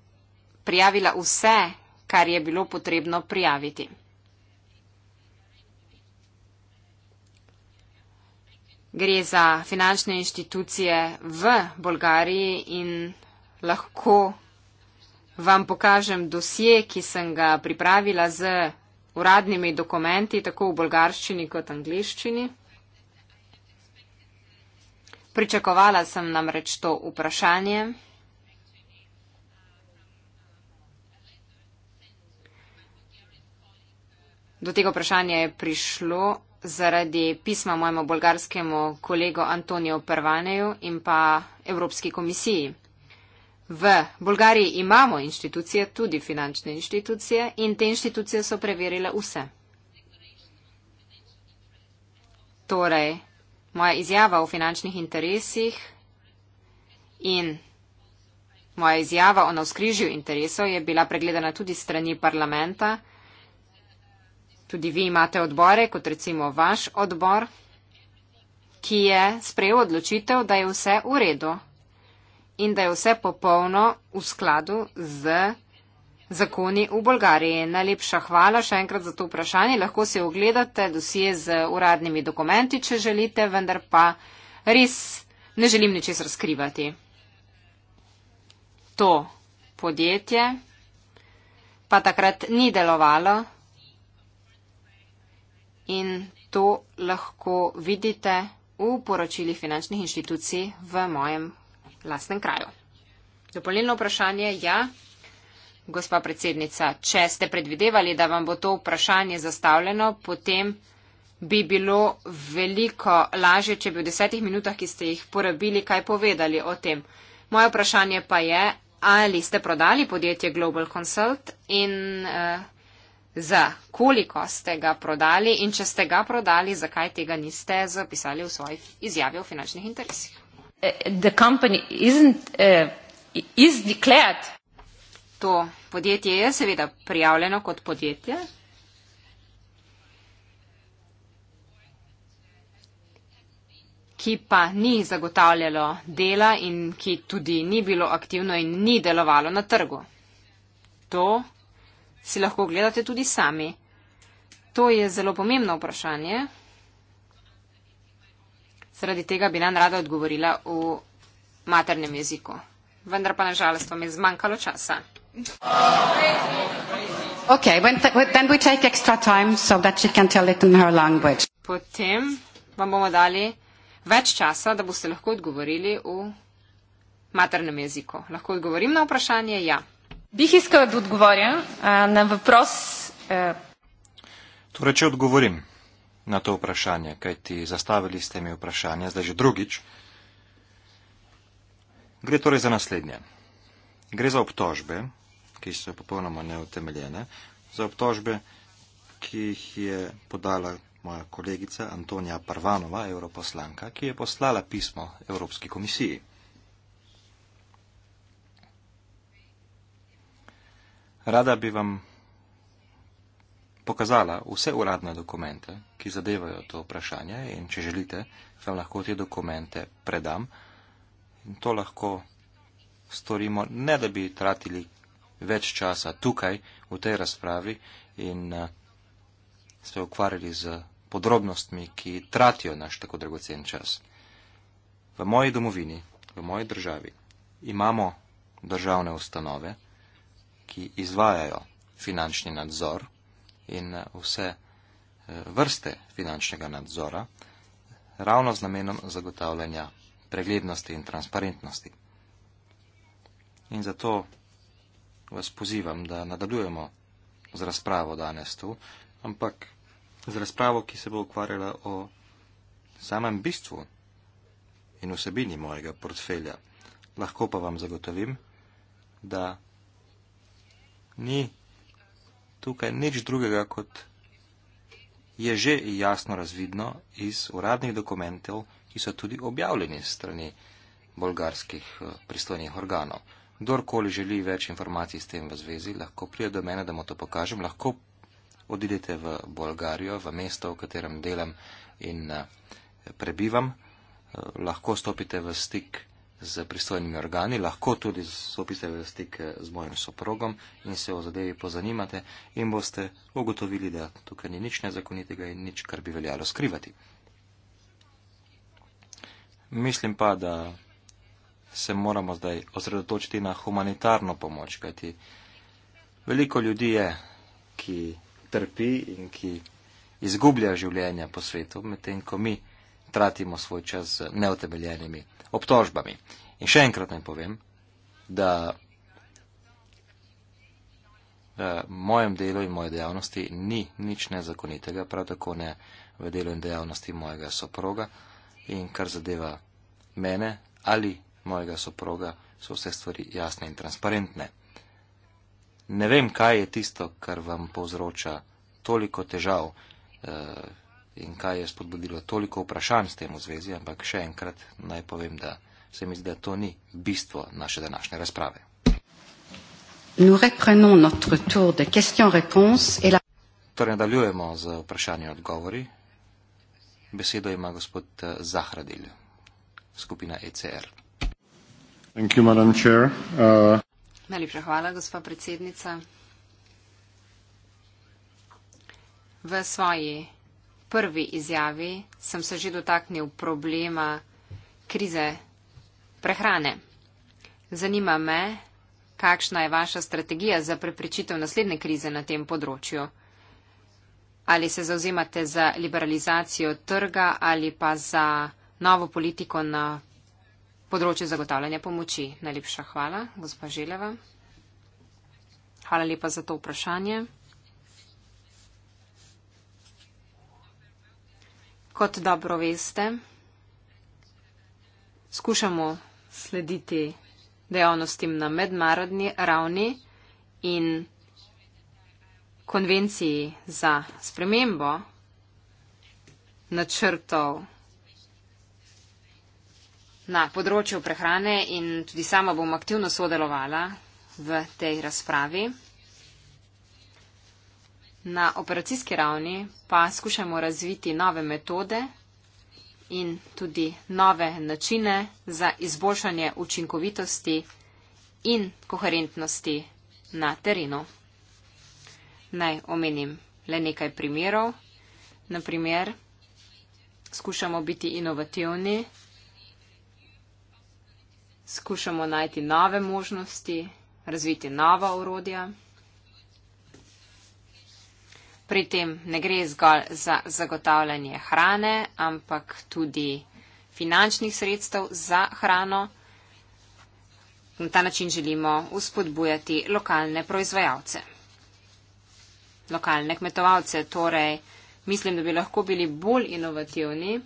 prijavila vse kar je bilo potrebno prijaviti. Gre za finančne inštitucije v Bolgariji in lahko vam pokažem dosje, ki sem ga pripravila z uradnimi dokumenti, tako v bolgarščini kot angliščini. Pričakovala sem namreč to vprašanje. Do tega vprašanja je prišlo zaradi pisma mojemu bolgarskemu kolegu Antoniju Prvaneju in pa Evropski komisiji. V Bolgariji imamo inštitucije, tudi finančne inštitucije, in te inštitucije so preverile vse. Torej, moja izjava o finančnih interesih in moja izjava o navskrižju interesov je bila pregledana tudi strani parlamenta. Tudi vi imate odbore, kot recimo vaš odbor, ki je sprejel odločitev, da je vse v redu in da je vse popolno v skladu z zakoni v Bolgariji. Najlepša hvala še enkrat za to vprašanje. Lahko si ogledate dosije z uradnimi dokumenti, če želite, vendar pa res ne želim ničesar razkrivati. To podjetje pa takrat ni delovalo in to lahko vidite v poročili finančnih inštitucij v mojem lastnem kraju. Dopolnilno vprašanje je, ja, gospa predsednica, če ste predvidevali, da vam bo to vprašanje zastavljeno, potem bi bilo veliko lažje, če bi v desetih minutah, ki ste jih porabili, kaj povedali o tem. Moje vprašanje pa je, ali ste prodali podjetje Global Consult in uh, za koliko ste ga prodali in če ste ga prodali, zakaj tega niste zapisali v svojih izjavi o finančnih interesih. Eh, eh, to podjetje je seveda prijavljeno kot podjetje. ki pa ni zagotavljalo dela in ki tudi ni bilo aktivno in ni delovalo na trgu. To si lahko gledate tudi sami? To je zelo pomembno vprašanje. Zaradi tega bi nam rada odgovorila v maternem jeziku. Vendar pa nažalost vam je zmanjkalo časa. Potem vam bomo dali več časa, da boste lahko odgovorili v maternem jeziku. Lahko odgovorim na vprašanje? Ja. Bih искала да отговоря а, на въпрос. А... Torej, če odgovorim na to vprašanje, kaj ti zastavili ste mi vprašanje, zdaj že drugič, gre torej za naslednje. Gre za obtožbe, ki so popolnoma neutemeljene, za obtožbe, ki jih je podala moja kolegica Antonija Parvanova, europoslanka, ki je poslala pismo Evropski komisiji. Rada bi vam pokazala vse uradne dokumente, ki zadevajo to vprašanje in če želite, vam lahko te dokumente predam. In to lahko storimo, ne da bi tratili več časa tukaj v tej razpravi in eh, se ukvarjali z podrobnostmi, ki tratijo naš tako dragocen čas. V moji domovini, v moji državi imamo državne ustanove, ki izvajajo finančni nadzor in eh, vse eh, vrste finančnega nadzora, ravno z namenom zagotavljanja preglednosti in transparentnosti. In zato vas pozivam, da nadaljujemo z razpravo danes tu, ampak z razpravo, ki se bo ukvarjala o samem bistvu in vsebini mojega portfelja. Lahko pa vam zagotovim, da ni tukaj nič drugega, kot je že jasno razvidno iz uradnih dokumentov, ki so tudi objavljeni strani bolgarskih eh, pristojnih organov. Kdorkoli želi več informacij s tem v zvezi, lahko prije do mene, da mu to pokažem, lahko odidete v Bolgarijo, v mesto, v katerem delam in eh, prebivam, eh, lahko stopite v stik z pristojnimi organi, lahko tudi sopiste v stik eh, z mojim soprogom in se o zadevi pozanimate in boste ugotovili, da tukaj ni nič nezakonitega in nič, kar bi veljalo skrivati. Mislim pa, da se moramo zdaj osredotočiti na humanitarno pomoč, kajti veliko ljudi je, ki trpi in ki izgublja življenja po svetu, medtem ko mi tratimo svoj čas z neotemeljenimi obtožbami. In še enkrat naj povem, da v mojem delu in moje dejavnosti ni nič nezakonitega, prav tako ne v delu in dejavnosti mojega soproga. In kar zadeva mene ali mojega soproga, so vse stvari jasne in transparentne. Ne vem, kaj je tisto, kar vam povzroča toliko težav. Eh, in kaj je spodbudilo toliko vprašanj s tem v zvezi, ampak še enkrat naj povem, da se mi zdi, da to ni bistvo naše današnje razprave. Torej nadaljujemo z vprašanji odgovori. Besedo ima gospod eh, Zahradil, skupina ECR. You, uh... Najlepša hvala, gospod predsednica. V svoji prvi izjavi sem se že dotaknil problema krize prehrane. Zanima me, kakšna je vaša strategija za prepričitev naslednje krize na tem področju. Ali se zauzemate za liberalizacijo trga ali pa za novo politiko na področju zagotavljanja pomoči? Najlepša hvala, gospa Želeva. Hvala lepa za to vprašanje. Kot dobro veste, skušamo slediti dejavnostim na mednarodni ravni in konvenciji za spremembo načrtov na področju prehrane in tudi sama bom aktivno sodelovala v tej razpravi. Na operacijski ravni pa skušamo razviti nove metode in tudi nove načine za izboljšanje učinkovitosti in koherentnosti na terenu. Naj omenim le nekaj primerov. Naprimer, skušamo biti inovativni, skušamo najti nove možnosti, razviti nova urodja. Pri tem ne gre zgolj za zagotavljanje hrane, ampak tudi finančnih sredstev za hrano. Na ta način želimo uspodbujati lokalne proizvajalce, lokalne kmetovalce. Torej, mislim, da bi lahko bili bolj inovativni.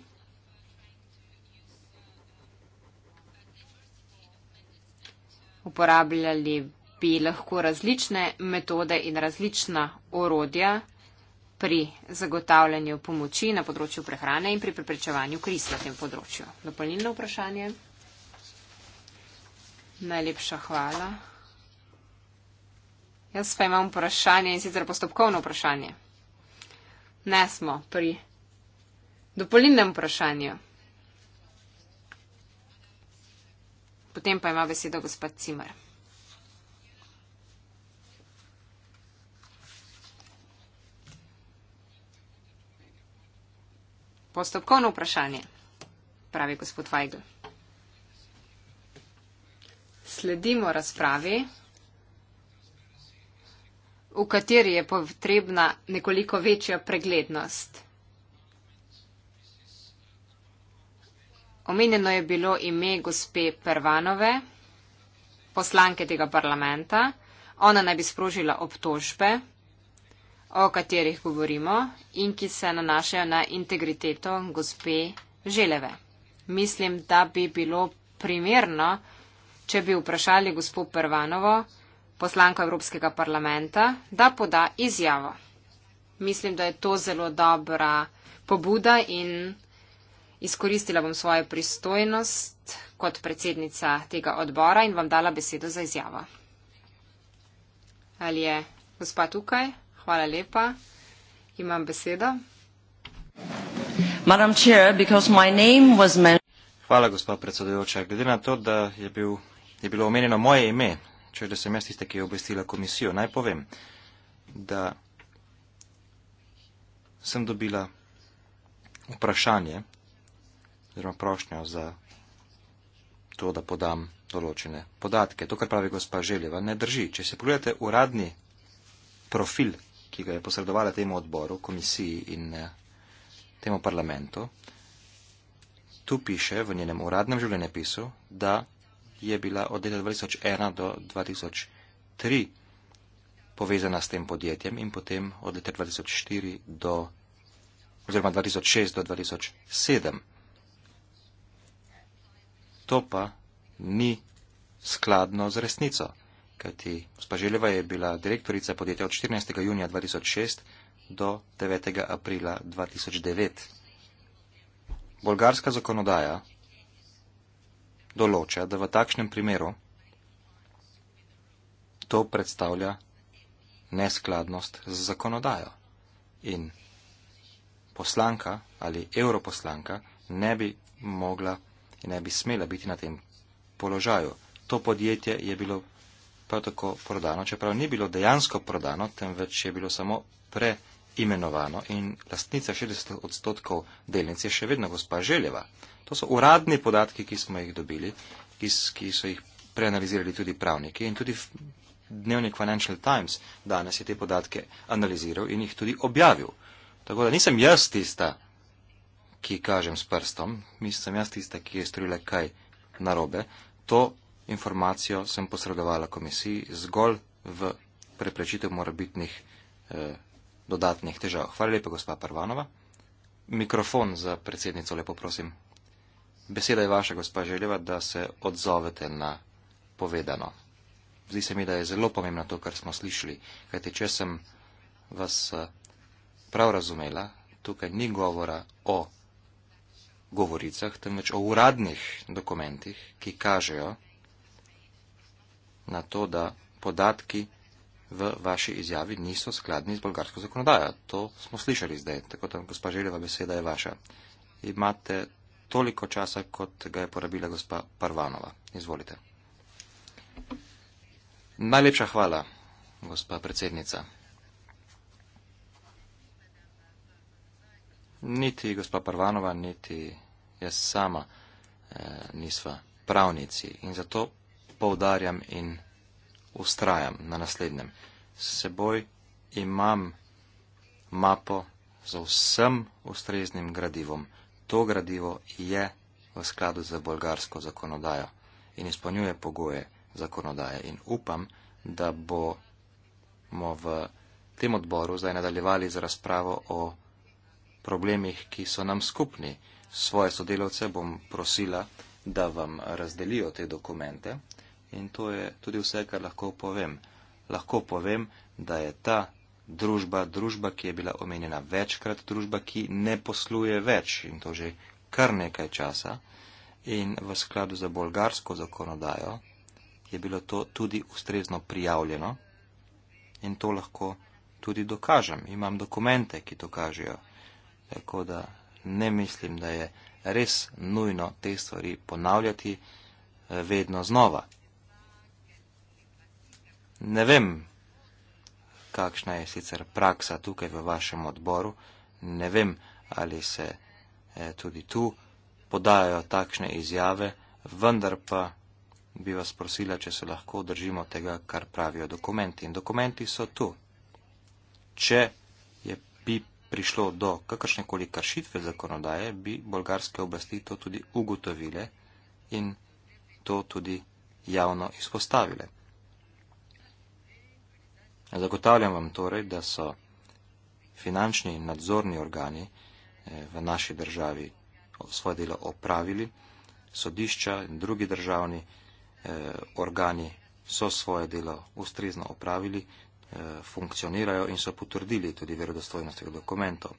Uporabljali bi lahko različne metode in različna orodja pri zagotavljanju pomoči na področju prehrane in pri preprečevanju kriz na tem področju. Dopolnilno vprašanje. Najlepša hvala. Jaz pa imam vprašanje in sicer postopkovno vprašanje. Ne smo pri dopolnilnem vprašanju. Potem pa ima besedo gospod Cimer. Postopkovno vprašanje, pravi gospod Vajgl. Sledimo razpravi, v kateri je potrebna nekoliko večja preglednost. Omenjeno je bilo ime gospe Pervanove, poslanke tega parlamenta. Ona naj bi sprožila obtožbe o katerih govorimo in ki se nanašajo na integriteto gospe Želeve. Mislim, da bi bilo primerno, če bi vprašali gospod Prvanovo, poslanko Evropskega parlamenta, da poda izjavo. Mislim, da je to zelo dobra pobuda in izkoristila bom svojo pristojnost kot predsednica tega odbora in vam dala besedo za izjavo. Ali je gospa tukaj? Hvala lepa. Imam besedo. Chair, my name was Hvala, gospod predsedujoča. Glede na to, da je, bil, je bilo omenjeno moje ime, če da sem jaz tiste, ki je obvestila komisijo, naj povem, da sem dobila vprašanje oziroma prošnjo za to, da podam določene podatke. To, kar pravi gospa Željeva, ne drži. Če se pogledate uradni profil ki ga je posredovala temu odboru, komisiji in eh, temu parlamentu, tu piše v njenem uradnem življenjepisu, da je bila od leta 2001 do 2003 povezana s tem podjetjem in potem od leta 2004 do, oziroma 2006 do 2007. To pa ni skladno z resnico kajti gospa Željeva je bila direktorica podjetja od 14. junija 2006 do 9. aprila 2009. Bolgarska zakonodaja določa, da v takšnem primeru to predstavlja neskladnost z zakonodajo in poslanka ali europoslanka ne bi mogla in ne bi smela biti na tem položaju. To podjetje je bilo prav tako prodano, čeprav ni bilo dejansko prodano, temveč je bilo samo preimenovano in lastnica 60 odstotkov delnic je še vedno gospa Željeva. To so uradni podatki, ki smo jih dobili, ki, ki so jih preanalizirali tudi pravniki in tudi dnevnik Financial Times danes je te podatke analiziral in jih tudi objavil. Tako da nisem jaz tista, ki kažem s prstom, nisem jaz tista, ki je storila kaj narobe. To informacijo sem posredovala komisiji zgolj v preprečitev morabitnih eh, dodatnih težav. Hvala lepa, gospa Parvanova. Mikrofon za predsednico, lepo prosim. Beseda je vaša, gospa Željeva, da se odzovete na povedano. Zdi se mi, da je zelo pomembno to, kar smo slišali, kajte če sem vas eh, prav razumela, tukaj ni govora o govoricah, temveč o uradnih dokumentih, ki kažejo, na to, da podatki v vaši izjavi niso skladni z bolgarsko zakonodajo. To smo slišali zdaj, tako da gospa Željeva beseda je vaša. Imate toliko časa, kot ga je porabila gospa Parvanova. Izvolite. Najlepša hvala, gospa predsednica. Niti gospa Parvanova, niti jaz sama eh, nisva pravnici in zato poudarjam in ustrajam na naslednjem. S seboj imam mapo za vsem ustreznim gradivom. To gradivo je v skladu z bolgarsko zakonodajo in izpolnjuje pogoje zakonodaje. In upam, da bomo v tem odboru zdaj nadaljevali z razpravo o problemih, ki so nam skupni. Svoje sodelovce bom prosila, da vam razdelijo te dokumente in to je tudi vse, kar lahko povem. Lahko povem, da je ta družba, družba, ki je bila omenjena večkrat, družba, ki ne posluje več in to že kar nekaj časa in v skladu za bolgarsko zakonodajo je bilo to tudi ustrezno prijavljeno in to lahko tudi dokažem. Imam dokumente, ki to kažejo, tako da ne mislim, da je res nujno te stvari ponavljati eh, vedno znova. Ne vem, kakšna je sicer praksa tukaj v vašem odboru, ne vem, ali se eh, tudi tu podajajo takšne izjave, vendar pa bi vas prosila, če se lahko držimo tega, kar pravijo dokumenti. In dokumenti so tu. Če je, bi prišlo do kakršnekoli kršitve zakonodaje, bi bolgarske oblasti to tudi ugotovile in to tudi javno izpostavile. Zagotavljam vam torej, da so finančni nadzorni organi eh, v naši državi svoje delo opravili, sodišča in drugi državni eh, organi so svoje delo ustrezno opravili, eh, funkcionirajo in so potrdili tudi verodostojnost teh dokumentov.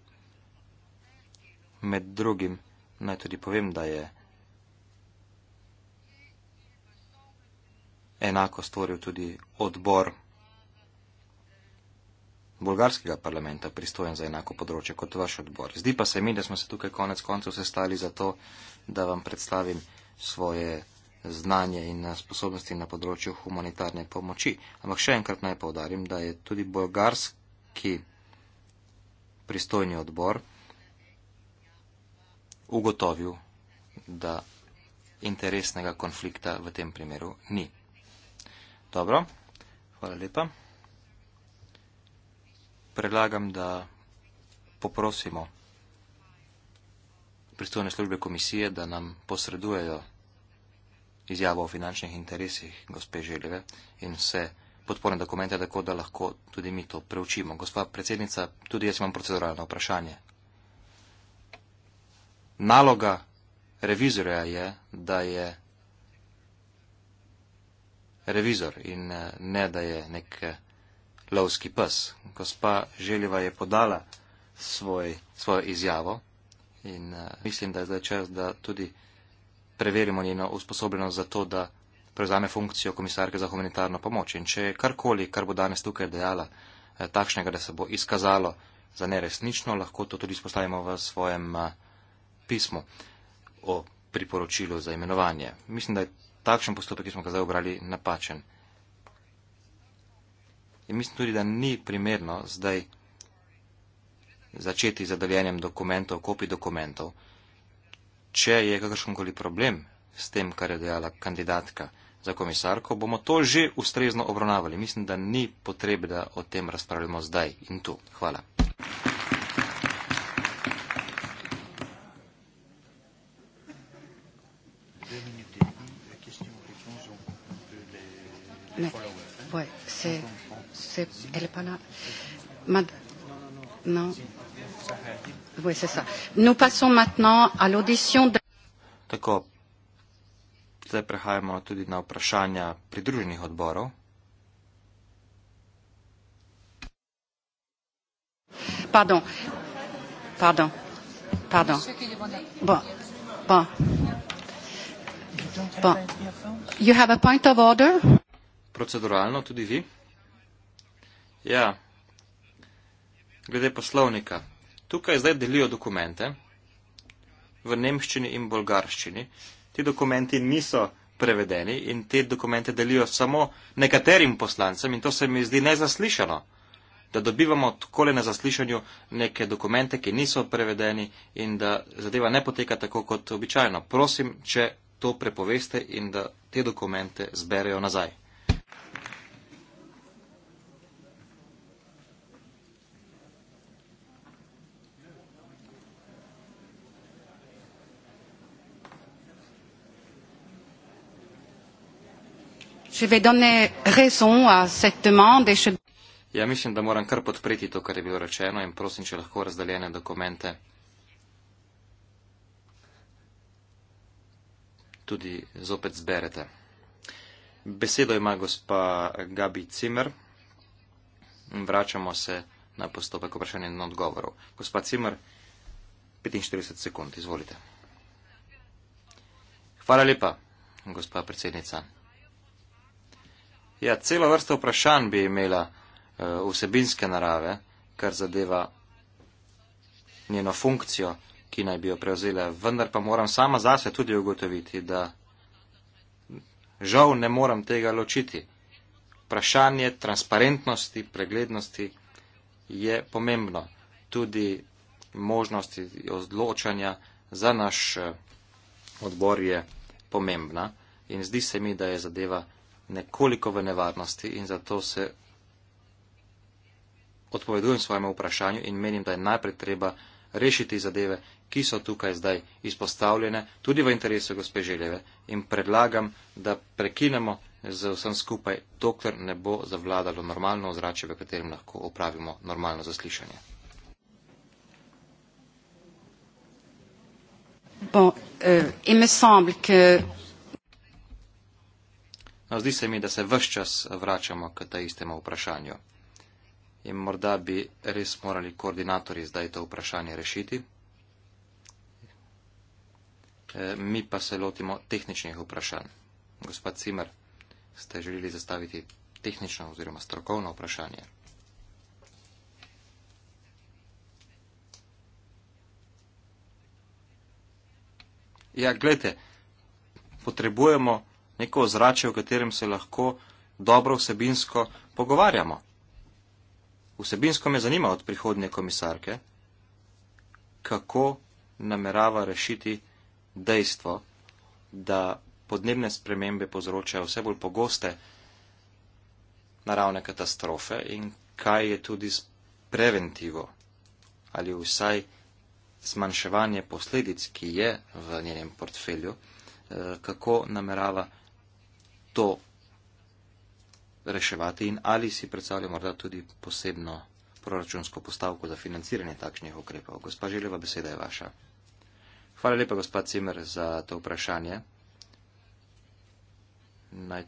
Med drugim naj tudi povem, da je enako stvoril tudi odbor bolgarskega parlamenta pristojen za enako področje kot vaš odbor. Zdi pa se mi, da smo se tukaj konec koncev sestali zato, da vam predstavim svoje znanje in sposobnosti na področju humanitarne pomoči. Ampak še enkrat naj povdarim, da je tudi bolgarski pristojni odbor ugotovil, da interesnega konflikta v tem primeru ni. Dobro, hvala lepa predlagam, da poprosimo pristojne službe komisije, da nam posredujejo izjavo o finančnih interesih gospe Željeve in vse podporne dokumente, tako da lahko tudi mi to preučimo. Gospa predsednica, tudi jaz imam proceduralno vprašanje. Naloga revizorja je, da je revizor in eh, ne, da je nek eh, lovski pes. Gospa Željeva je podala svoj, svojo izjavo in uh, mislim, da je zdaj čas, da tudi preverimo njeno usposobljenost za to, da prevzame funkcijo komisarke za humanitarno pomoč. In če je karkoli, kar bo danes tukaj dejala, eh, takšnega, da se bo izkazalo za neresnično, lahko to tudi izpostavimo v svojem eh, pismu o priporočilu za imenovanje. Mislim, da je takšen postopek, ki smo ga zdaj obrali, napačen. In mislim tudi, da ni primerno zdaj začeti z zadavljanjem dokumentov, kopij dokumentov, če je kakršenkoli problem s tem, kar je dejala kandidatka za komisarko, bomo to že ustrezno obravnavali. Mislim, da ni potrebe, da o tem razpravljamo zdaj in tu. Hvala. c'est elle est pas là. Mad... Non. Oui, c'est ça. Nous passons maintenant à l'audition de Tako. Zdaj prehajamo tudi na vprašanja pridruženih odborov. Pardon. Pardon. Pardon. Bon. Bon. Bon. You have a point of order? Proceduralno tudi vi? Ja, glede poslovnika. Tukaj zdaj delijo dokumente v nemščini in bolgarščini. Ti dokumenti niso prevedeni in te dokumente delijo samo nekaterim poslancem in to se mi zdi nezaslišano, da dobivamo takole na zaslišanju neke dokumente, ki niso prevedeni in da zadeva ne poteka tako kot običajno. Prosim, če to prepoveste in da te dokumente zberejo nazaj. je vedno rezon a cette demande et je... Ja, mislim, da moram kar podpreti to, kar je bilo rečeno in prosim, če lahko razdaljene dokumente tudi zopet zberete. Besedo ima gospa Gabi Cimer. Vračamo se na postopek vprašanja in odgovorov. Gospa Cimer, 45 sekund, izvolite. Hvala lepa, gospa predsednica. Ja, celo vrsto vprašanj bi imela uh, vsebinske narave, kar zadeva njeno funkcijo, ki naj bi jo prevzela. Vendar pa moram sama zase tudi ugotoviti, da žal ne moram tega ločiti. Vprašanje transparentnosti, preglednosti je pomembno. Tudi možnosti odločanja za naš eh, odbor je pomembna in zdi se mi, da je zadeva nekoliko v nevarnosti in zato se odpovedujem svojemu vprašanju in menim, da je najprej treba rešiti zadeve, ki so tukaj zdaj izpostavljene, tudi v interesu gospe Željeve in predlagam, da prekinemo z vsem skupaj, dokler ne bo zavladalo normalno ozračje, v katerem lahko opravimo normalno zaslišanje. Bon, euh, il me semble que No, zdi se mi, da se vse čas vračamo k ta istemu vprašanju. In morda bi res morali koordinatori zdaj to vprašanje rešiti. E, mi pa se lotimo tehničnih vprašanj. Gospod Cimer, ste želeli zastaviti tehnično oziroma strokovno vprašanje? Ja, gledajte, potrebujemo neko ozračje, v katerem se lahko dobro vsebinsko pogovarjamo. Vsebinsko me zanima od prihodnje komisarke, kako namerava rešiti dejstvo, da podnebne spremembe povzročajo vse bolj pogoste naravne katastrofe in kaj je tudi s preventivo ali vsaj zmanjševanje posledic, ki je v njenem portfelju, eh, kako namerava rešiti to reševati in ali si predstavlja morda tudi posebno proračunsko postavko za financiranje takšnih ukrepov. Gospa Želeva, beseda je vaša. Hvala lepa, gospa Cimer, za to vprašanje. Naj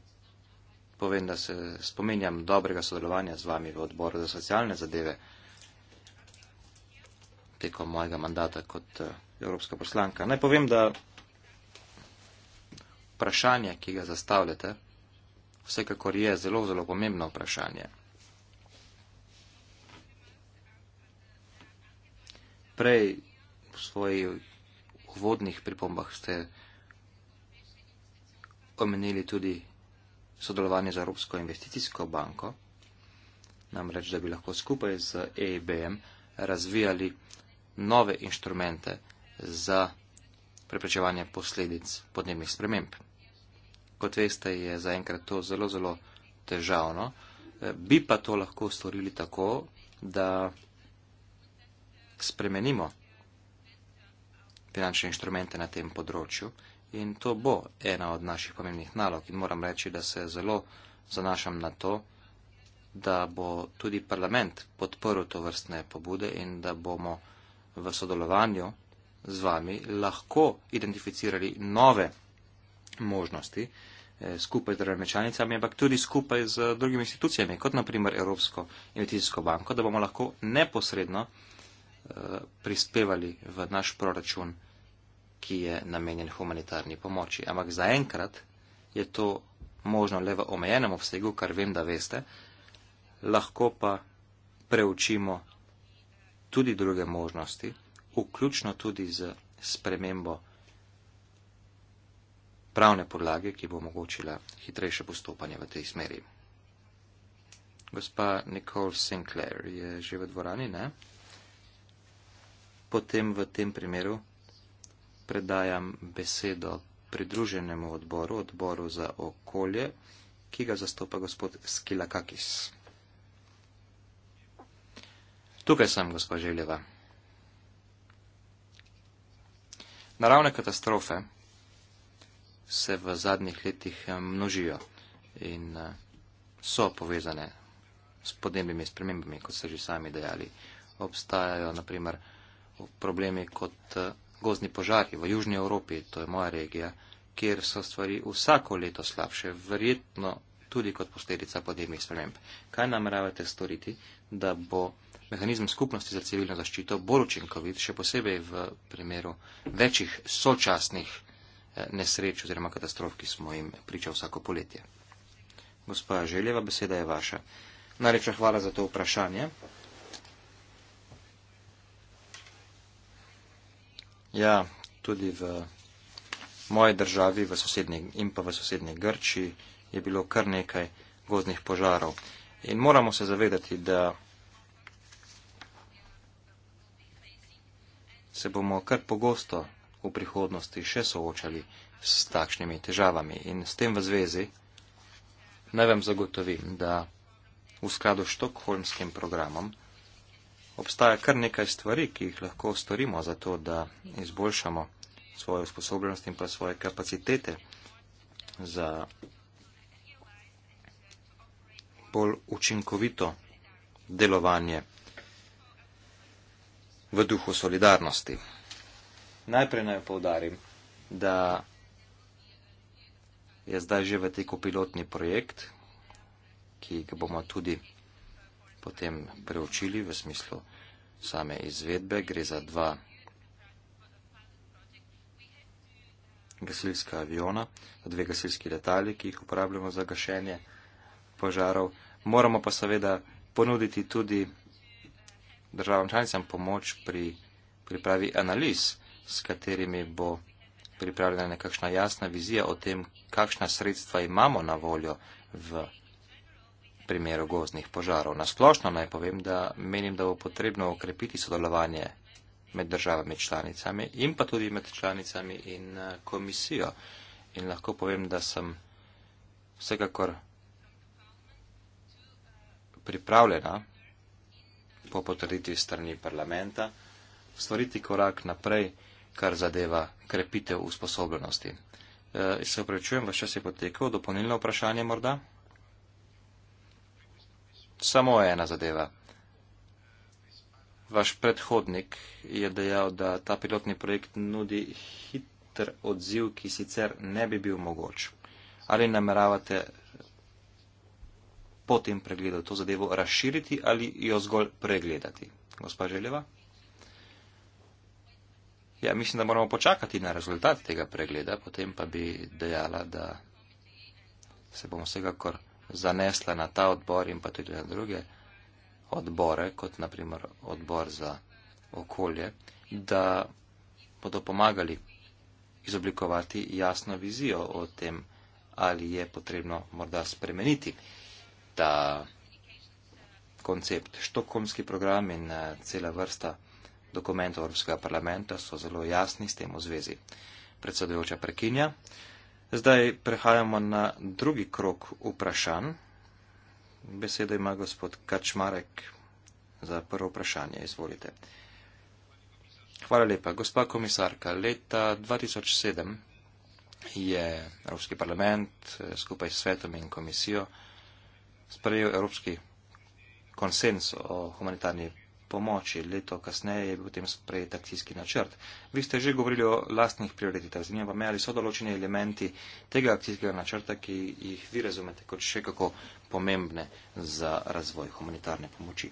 povem, da se spominjam dobrega sodelovanja z vami v odboru za socialne zadeve tekom mojega mandata kot eh, evropska poslanka. Naj povem, da vprašanje, ki ga zastavljate, vsekakor je zelo, zelo pomembno vprašanje. Prej v svojih uvodnih pripombah ste omenili tudi sodelovanje z Evropsko investicijsko banko, namreč da bi lahko skupaj z EIB-em razvijali nove inštrumente za preprečevanje posledic podnebnih sprememb. Kot veste, je zaenkrat to zelo, zelo težavno. Eh, bi pa to lahko storili tako, da spremenimo finančne inštrumente na tem področju in to bo ena od naših pomembnih nalog in moram reči, da se zelo zanašam na to, da bo tudi parlament podporil to vrstne pobude in da bomo v sodelovanju z vami lahko identificirali nove možnosti eh, skupaj z državnečanicami, ampak tudi skupaj z drugimi institucijami, kot naprimer Evropsko investicijsko banko, da bomo lahko neposredno eh, prispevali v naš proračun, ki je namenjen humanitarni pomoči. Ampak zaenkrat je to možno le v omejenem obsegu, kar vem, da veste, lahko pa preučimo tudi druge možnosti, vključno tudi z spremembo pravne podlage, ki bo omogočila hitrejše postopanje v tej smeri. Gospa Nicole Sinclair je že v dvorani, ne? Potem v tem primeru predajam besedo pridruženemu odboru, odboru za okolje, ki ga zastopa gospod Skilakakis. Tukaj sem, gospa Željeva. Naravne katastrofe se v zadnjih letih eh, množijo in eh, so povezane s podnebnimi spremembami, kot ste že sami dejali. Obstajajo naprimer problemi kot eh, gozni požari v Južnji Evropi, to je moja regija, kjer so stvari vsako leto slabše, verjetno tudi kot posledica podnebnih sprememb. Kaj nameravate storiti, da bo mehanizem skupnosti za civilno zaščito bolj učinkovit, še posebej v primeru večjih sočasnih eh, nesreč oziroma katastrof, ki smo jim priča vsako poletje. Gospa Željeva, beseda je vaša. Najlepša hvala za to vprašanje. Ja, tudi v moji državi v sosednji, in pa v sosednji Grči je bilo kar nekaj gozdnih požarov. In moramo se zavedati, da se bomo kar pogosto v prihodnosti še soočali s takšnimi težavami. In s tem v zvezi naj vam zagotovim, da v skladu s štokholmskim programom obstaja kar nekaj stvari, ki jih lahko storimo za to, da izboljšamo svojo sposobnost in pa svoje kapacitete za bolj učinkovito delovanje v duhu solidarnosti. Najprej naj povdarim, da je zdaj že v teku pilotni projekt, ki ga bomo tudi potem preučili v smislu same izvedbe. Gre za dva gasilska aviona, dve gasilski letali, ki jih uporabljamo za gašenje požarov. Moramo pa seveda ponuditi tudi državam članicam pomoč pri pripravi analiz, s katerimi bo pripravljena nekakšna jasna vizija o tem, kakšna sredstva imamo na voljo v primeru gozdnih požarov. Nasplošno naj povem, da menim, da bo potrebno okrepiti sodelovanje med državami članicami in pa tudi med članicami in eh, komisijo. In lahko povem, da sem vsekakor pripravljena po potrditvi strani parlamenta, stvariti korak naprej, kar zadeva krepitev usposobljenosti. E, se upravičujem, vaš čas je potekel, dopolnilno vprašanje morda? Samo ena zadeva. Vaš predhodnik je dejal, da ta pilotni projekt nudi hiter odziv, ki sicer ne bi bil mogoč. Ali nameravate po tem pregledu to zadevo razširiti ali jo zgolj pregledati. Gospa Željeva? Ja, mislim, da moramo počakati na rezultat tega pregleda, potem pa bi dejala, da se bomo vsekakor zanesla na ta odbor in pa tudi na druge odbore, kot naprimer odbor za okolje, da bodo pomagali izoblikovati jasno vizijo o tem, ali je potrebno morda spremeniti ta koncept. Štokholmski program in eh, cela vrsta dokumentov Evropskega parlamenta so zelo jasni s tem v zvezi. Predsedujoča prekinja. Zdaj prehajamo na drugi krok vprašanj. Besedo ima gospod Kačmarek za prvo vprašanje. Izvolite. Hvala lepa. Gospa komisarka, leta 2007 je Evropski parlament eh, skupaj s svetom in komisijo sprejel evropski konsens o humanitarni pomoči. Leto kasneje je bil potem sprejet akcijski načrt. Vi ste že govorili o lastnih prioritetah. Zanima me, ali so določeni elementi tega akcijskega načrta, ki jih vi razumete kot še kako pomembne za razvoj humanitarne pomoči.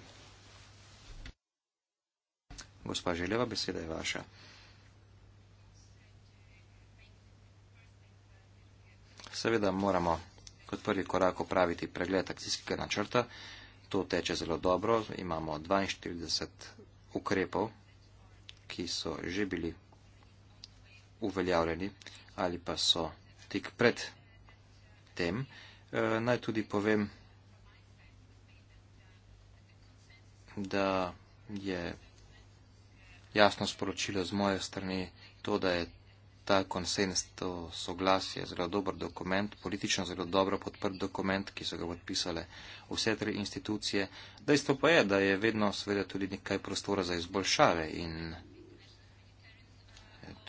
Gospa Želeva, beseda je vaša. Seveda moramo kot prvi korak opraviti pregled akcijskega načrta. To teče zelo dobro. Imamo 42 ukrepov, ki so že bili uveljavljeni ali pa so tik pred tem. E, naj tudi povem, da je jasno sporočilo z moje strani to, da je ta konsens, to soglasje, zelo dober dokument, politično zelo dobro podprt dokument, ki so ga podpisale vse tri institucije. Dejstvo pa je, da je vedno seveda tudi nekaj prostora za izboljšave in eh,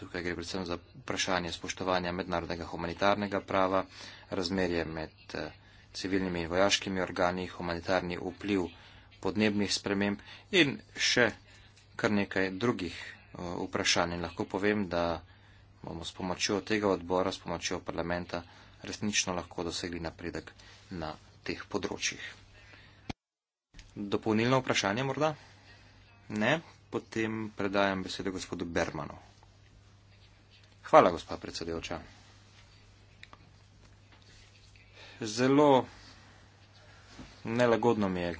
tukaj gre predvsem za vprašanje spoštovanja mednarodnega humanitarnega prava, razmerje med eh, civilnimi in vojaškimi organi, humanitarni vpliv podnebnih sprememb in še kar nekaj drugih eh, vprašanj. In lahko povem, da bomo s pomočjo tega odbora, s pomočjo parlamenta resnično lahko dosegli napredek na teh področjih. Dopolnilno vprašanje morda? Ne? Potem predajam besedo gospodu Bermanu. Hvala, gospod predsedevča. Zelo nelagodno mi je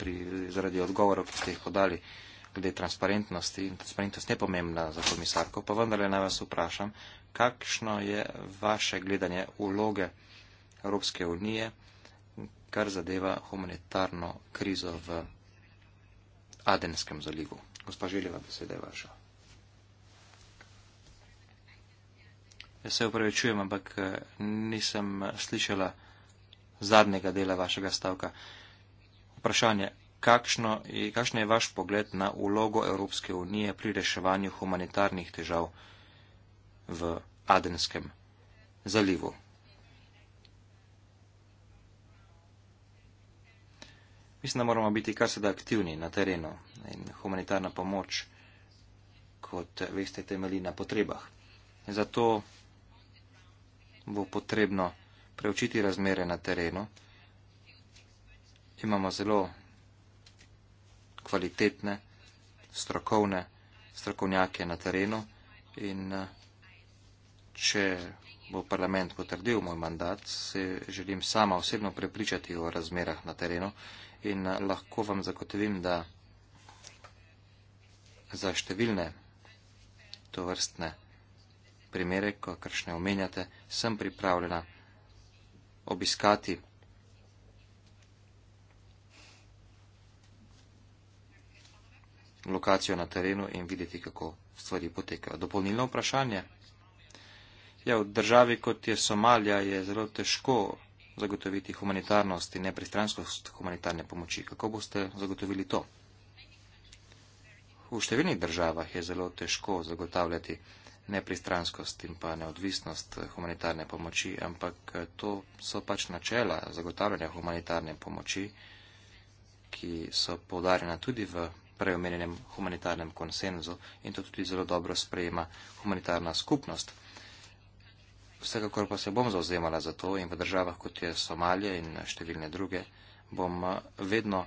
pri, zaradi odgovorov, ki ste jih podali. Uh, glede transparentnosti. Transparentnost je pomembna za komisarko, pa vendarle naj vas vprašam, kakšno je vaše gledanje uloge Evropske unije, kar zadeva humanitarno krizo v Adenskem zalivu. Gospa Žiljeva, beseda je vaša. Jaz se upravičujem, ampak eh, nisem slišala zadnjega dela vašega stavka. Vprašanje, kakšno, kakšno je vaš pogled na ulogo Evropske unije pri reševanju humanitarnih težav v Adenskem zalivu? Mislim, da moramo biti kar se da aktivni na terenu in humanitarna pomoč, kot veste, temelji na potrebah. Zato bo potrebno preučiti razmere na terenu. Imamo zelo kvalitetne, strokovne strokovnjake na terenu in eh, če bo parlament potrdil moj mandat, se želim sama osebno prepričati o razmerah na terenu in eh, lahko vam zagotovim, da za številne tovrstne primere, kakršne omenjate, sem pripravljena obiskati lokacijo na terenu in videti, kako stvari potekajo. Dopolnilno vprašanje. Ja, v državi, kot je Somalija, je zelo težko zagotoviti humanitarnost in nepristranskost humanitarne pomoči. Kako boste zagotovili to? V številnih državah je zelo težko zagotavljati nepristranskost in pa neodvisnost humanitarne pomoči, ampak to so pač načela zagotavljanja humanitarne pomoči, ki so povdarjena tudi v preomenjenem humanitarnem konsenzu in to tudi zelo dobro sprejema humanitarna skupnost. Vsekakor pa se bom zauzemala za to in v državah, kot je Somalija in številne druge, bom eh, vedno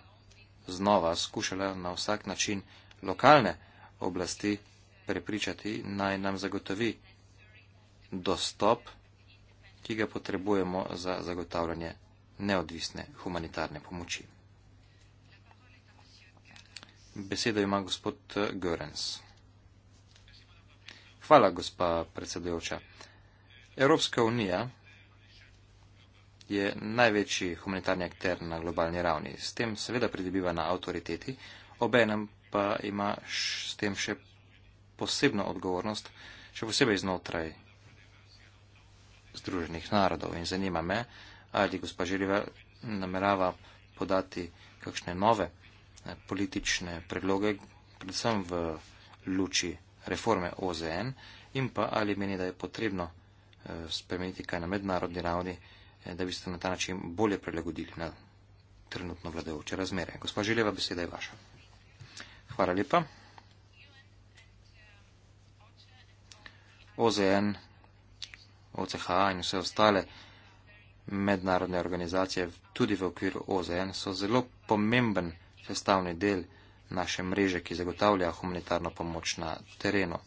znova skušala na vsak način lokalne oblasti prepričati naj nam zagotovi dostop, ki ga potrebujemo za zagotavljanje neodvisne humanitarne pomoči. Besedo ima gospod eh, Görens. Hvala, gospa predsedujoča. Evropska unija je največji humanitarni akter na globalni ravni. S tem seveda pridobiva na avtoriteti, obenem pa ima s tem še posebno odgovornost, še posebej znotraj Združenih narodov. In zanima me, ali gospa Želiva namerava podati kakšne nove politične predloge, predvsem v luči reforme OZN in pa ali meni, da je potrebno eh, spremeniti kaj na mednarodni ravni, eh, da bi se na ta način bolje prilagodili na trenutno vladajoče razmere. Gospa Želeva, beseda je vaša. Hvala lepa. OZN, OCHA in vse ostale mednarodne organizacije tudi v okviru OZN so zelo pomemben vsega sestavni del naše mreže, ki zagotavlja humanitarno pomoč na terenu.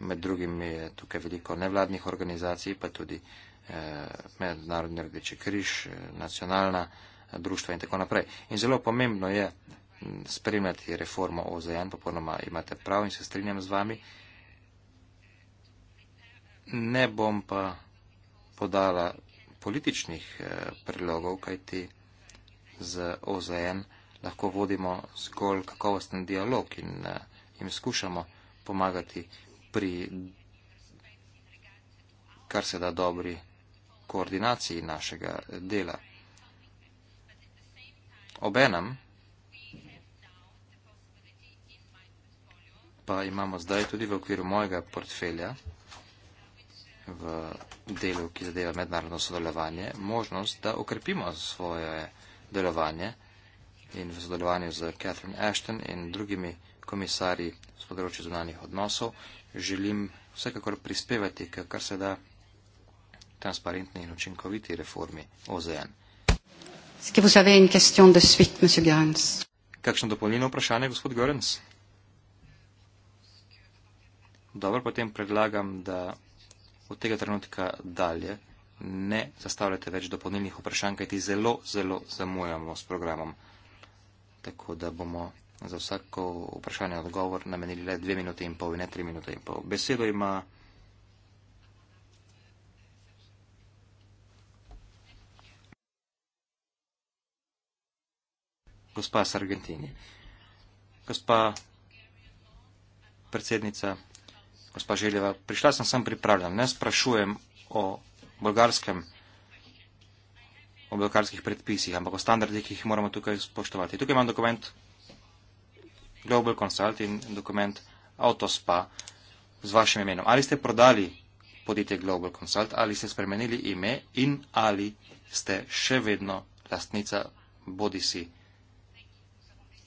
Med drugim je tukaj veliko nevladnih organizacij, pa tudi eh, Mednarodni rdeči križ, eh, nacionalna eh, društva in tako naprej. In zelo pomembno je spremljati reformo OZN, popolnoma imate prav in se strinjam z vami. Ne bom pa podala političnih eh, prilogov, kajti z OZN. Eh, lahko vodimo zgolj kakovosten dialog in jim eh, skušamo pomagati pri kar se da dobri koordinaciji našega dela. Obenem pa imamo zdaj tudi v okviru mojega portfelja v delu, ki zadeva mednarodno sodelovanje, možnost, da okrepimo svoje delovanje in v sodelovanju z Catherine Ashton in drugimi komisarji z področja zunanih odnosov želim vsekakor prispevati, kar se da transparentni in učinkoviti reformi OZN. Kakšno dopolnilno vprašanje, gospod Görens? Dobro, potem predlagam, da od tega trenutka dalje ne zastavljate več dopolnilnih vprašanj, kajti zelo, zelo zamujamo s programom tako da bomo za vsako vprašanje odgovor namenili le dve minute in pol, ne tri minute in pol. Besedo ima. Gospa iz Argentine. Gospa predsednica, gospa Željeva, prišla sem sem pripravljena. Ne sprašujem o bolgarskem ob lokalskih predpisih, ampak o standardih, ki jih moramo tukaj spoštovati. Tukaj imam dokument Global Consult in dokument Autospa z vašim imenom. Ali ste prodali podjetje Global Consult, ali ste spremenili ime in ali ste še vedno lastnica bodi si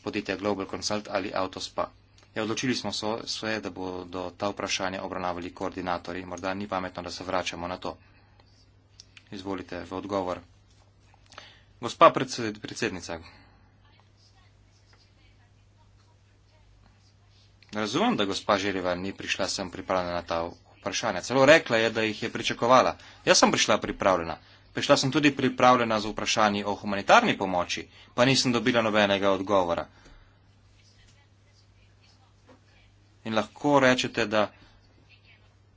podjetja Global Consult ali Autospa. Ja, odločili smo se, da bodo ta vprašanja obravnavali koordinatori. Morda ni pametno, da se vračamo na to. Izvolite v odgovor. Gospa predsednica, razumem, da gospa Žereva ni prišla sem pripravljena na ta vprašanja. Celo rekla je, da jih je pričakovala. Jaz sem prišla pripravljena. Prišla sem tudi pripravljena za vprašanje o humanitarni pomoči, pa nisem dobila nobenega odgovora. In lahko rečete, da.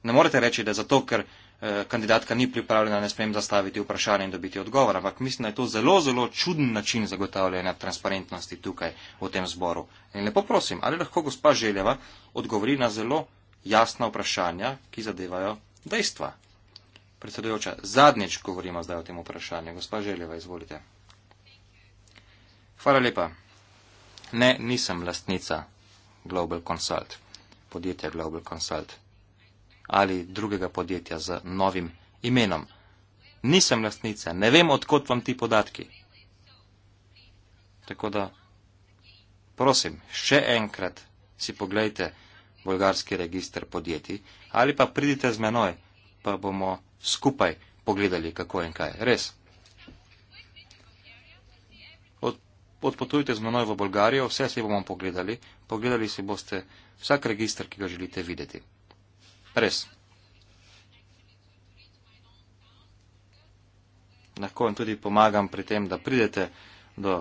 Ne morete reči, da zato, ker. Eh, kandidatka ni pripravljena, ne smem zastaviti vprašanje in dobiti odgovor, ampak mislim, da je to zelo, zelo čuden način zagotavljanja transparentnosti tukaj v tem zboru. In lepo prosim, ali lahko gospa Željeva odgovori na zelo jasna vprašanja, ki zadevajo dejstva. Predsedujoča, zadnjič govorimo zdaj o tem vprašanju. Gospa Željeva, izvolite. Hvala lepa. Ne, nisem lastnica Global Consult, podjetja Global Consult ali drugega podjetja z novim imenom. Nisem lastnica, ne vem, odkot vam ti podatki. Tako da, prosim, še enkrat si pogledajte bolgarski registr podjetij ali pa pridite z menoj, pa bomo skupaj pogledali, kako in kaj. Res. Od, odpotujte z menoj v Bolgarijo, vse si bomo pogledali. Pogledali si boste vsak registr, ki ga želite videti. Res. Lahko vam tudi pomagam pri tem, da pridete do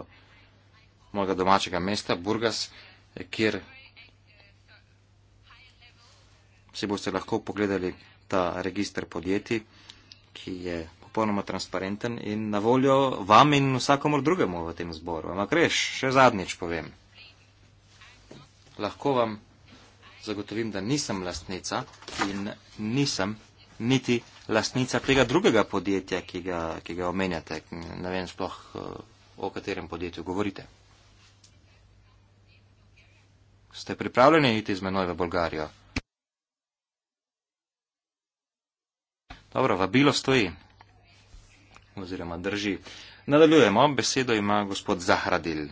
mojega domačega mesta, Burgas, kjer si boste lahko pogledali ta registr podjetij, ki je popolnoma transparenten in na voljo vam in vsakomor drugemu v tem zboru. Ampak reš, še zadnjič povem. Lahko vam zagotovim, da nisem lastnica in nisem niti lastnica tega drugega podjetja, ki ga, ki ga omenjate. Ne vem sploh, eh, o katerem podjetju govorite. Ste pripravljeni iti z menoj v Bolgarijo? Dobro, vabilo stoji. Oziroma drži. Nadaljujemo. Besedo ima gospod Zahradil.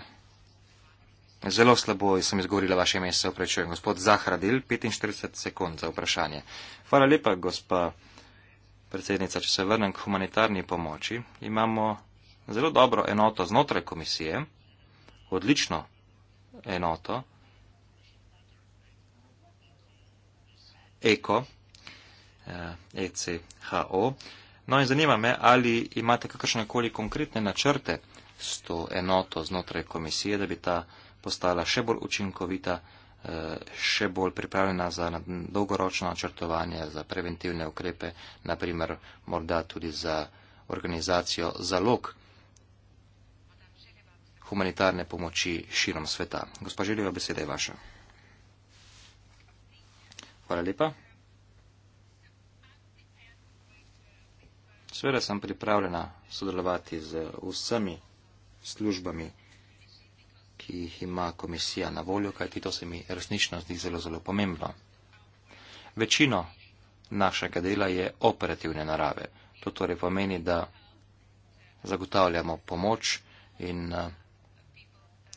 Zelo slabo sem izgovorila vaše ime, se oprečujem. Gospod Zahradil, 45 sekund za vprašanje. Hvala lepa, gospa predsednica. Če se vrnem k humanitarni pomoči, imamo zelo dobro enoto znotraj komisije, odlično enoto, ECO, ECHO. Eh, e no in zanima me, ali imate kakršne koli konkretne načrte s to enoto znotraj komisije, da bi ta postala še bolj učinkovita, eh, še bolj pripravljena za dolgoročno načrtovanje, za preventivne ukrepe, naprimer morda tudi za organizacijo zalog humanitarne pomoči širom sveta. Gospa Željeva, beseda je vaša. Hvala lepa. Sveda sem pripravljena sodelovati z vsemi službami ki jih ima komisija na voljo, kajti to se mi resnično zdi zelo, zelo pomembno. Večino našega dela je operativne narave. To torej pomeni, da zagotavljamo pomoč in uh,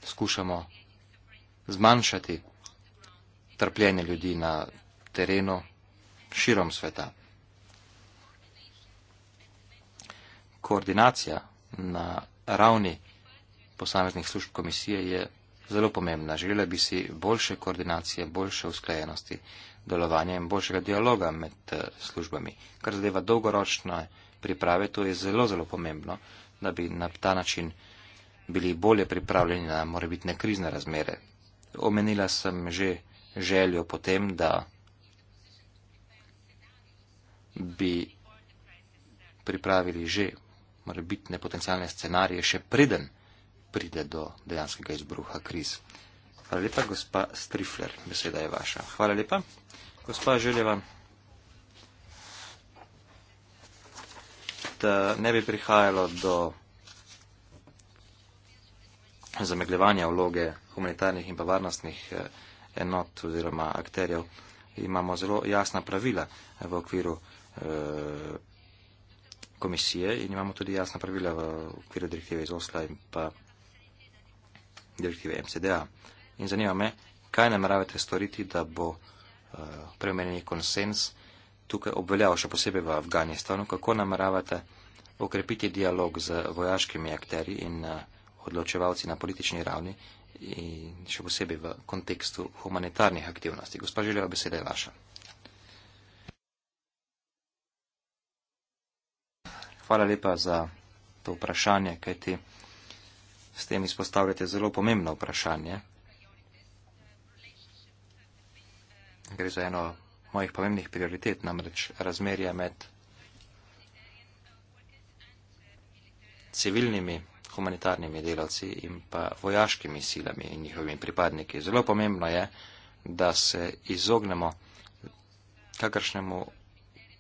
skušamo zmanjšati trpljenje ljudi na terenu širom sveta. Koordinacija na ravni posameznih služb komisije je zelo pomembna. Želela bi si boljše koordinacije, boljše usklajenosti delovanja in boljšega dialoga med eh, službami. Kar zadeva dolgoročno priprave, to je zelo, zelo pomembno, da bi na ta način bili bolje pripravljeni na morebitne krizne razmere. Omenila sem že željo potem, da bi pripravili že morebitne potencijalne scenarije še preden pride do dejanskega izbruha kriz. Hvala lepa, gospa Strifler, beseda je vaša. Hvala lepa, gospa Željeva. Da ne bi prihajalo do zamegljevanja vloge humanitarnih in pa varnostnih eh, enot oziroma akterjev, imamo zelo jasna pravila eh, v okviru eh, komisije in imamo tudi jasna pravila v okviru direktive iz Osla in pa direktive MCDA. In zanima me, kaj nameravate storiti, da bo uh, eh, premenjeni konsens tukaj obveljal, še posebej v Afganistanu, kako nameravate okrepiti dialog z vojaškimi akteri in uh, odločevalci na politični ravni in še posebej v kontekstu humanitarnih aktivnosti. Gospa Željeva, beseda je vaša. Hvala lepa za to vprašanje, kajti. S tem izpostavljate zelo pomembno vprašanje. Gre za eno mojih pomembnih prioritet, namreč razmerje med civilnimi humanitarnimi delavci in pa vojaškimi silami in njihovimi pripadniki. Zelo pomembno je, da se izognemo kakršnemu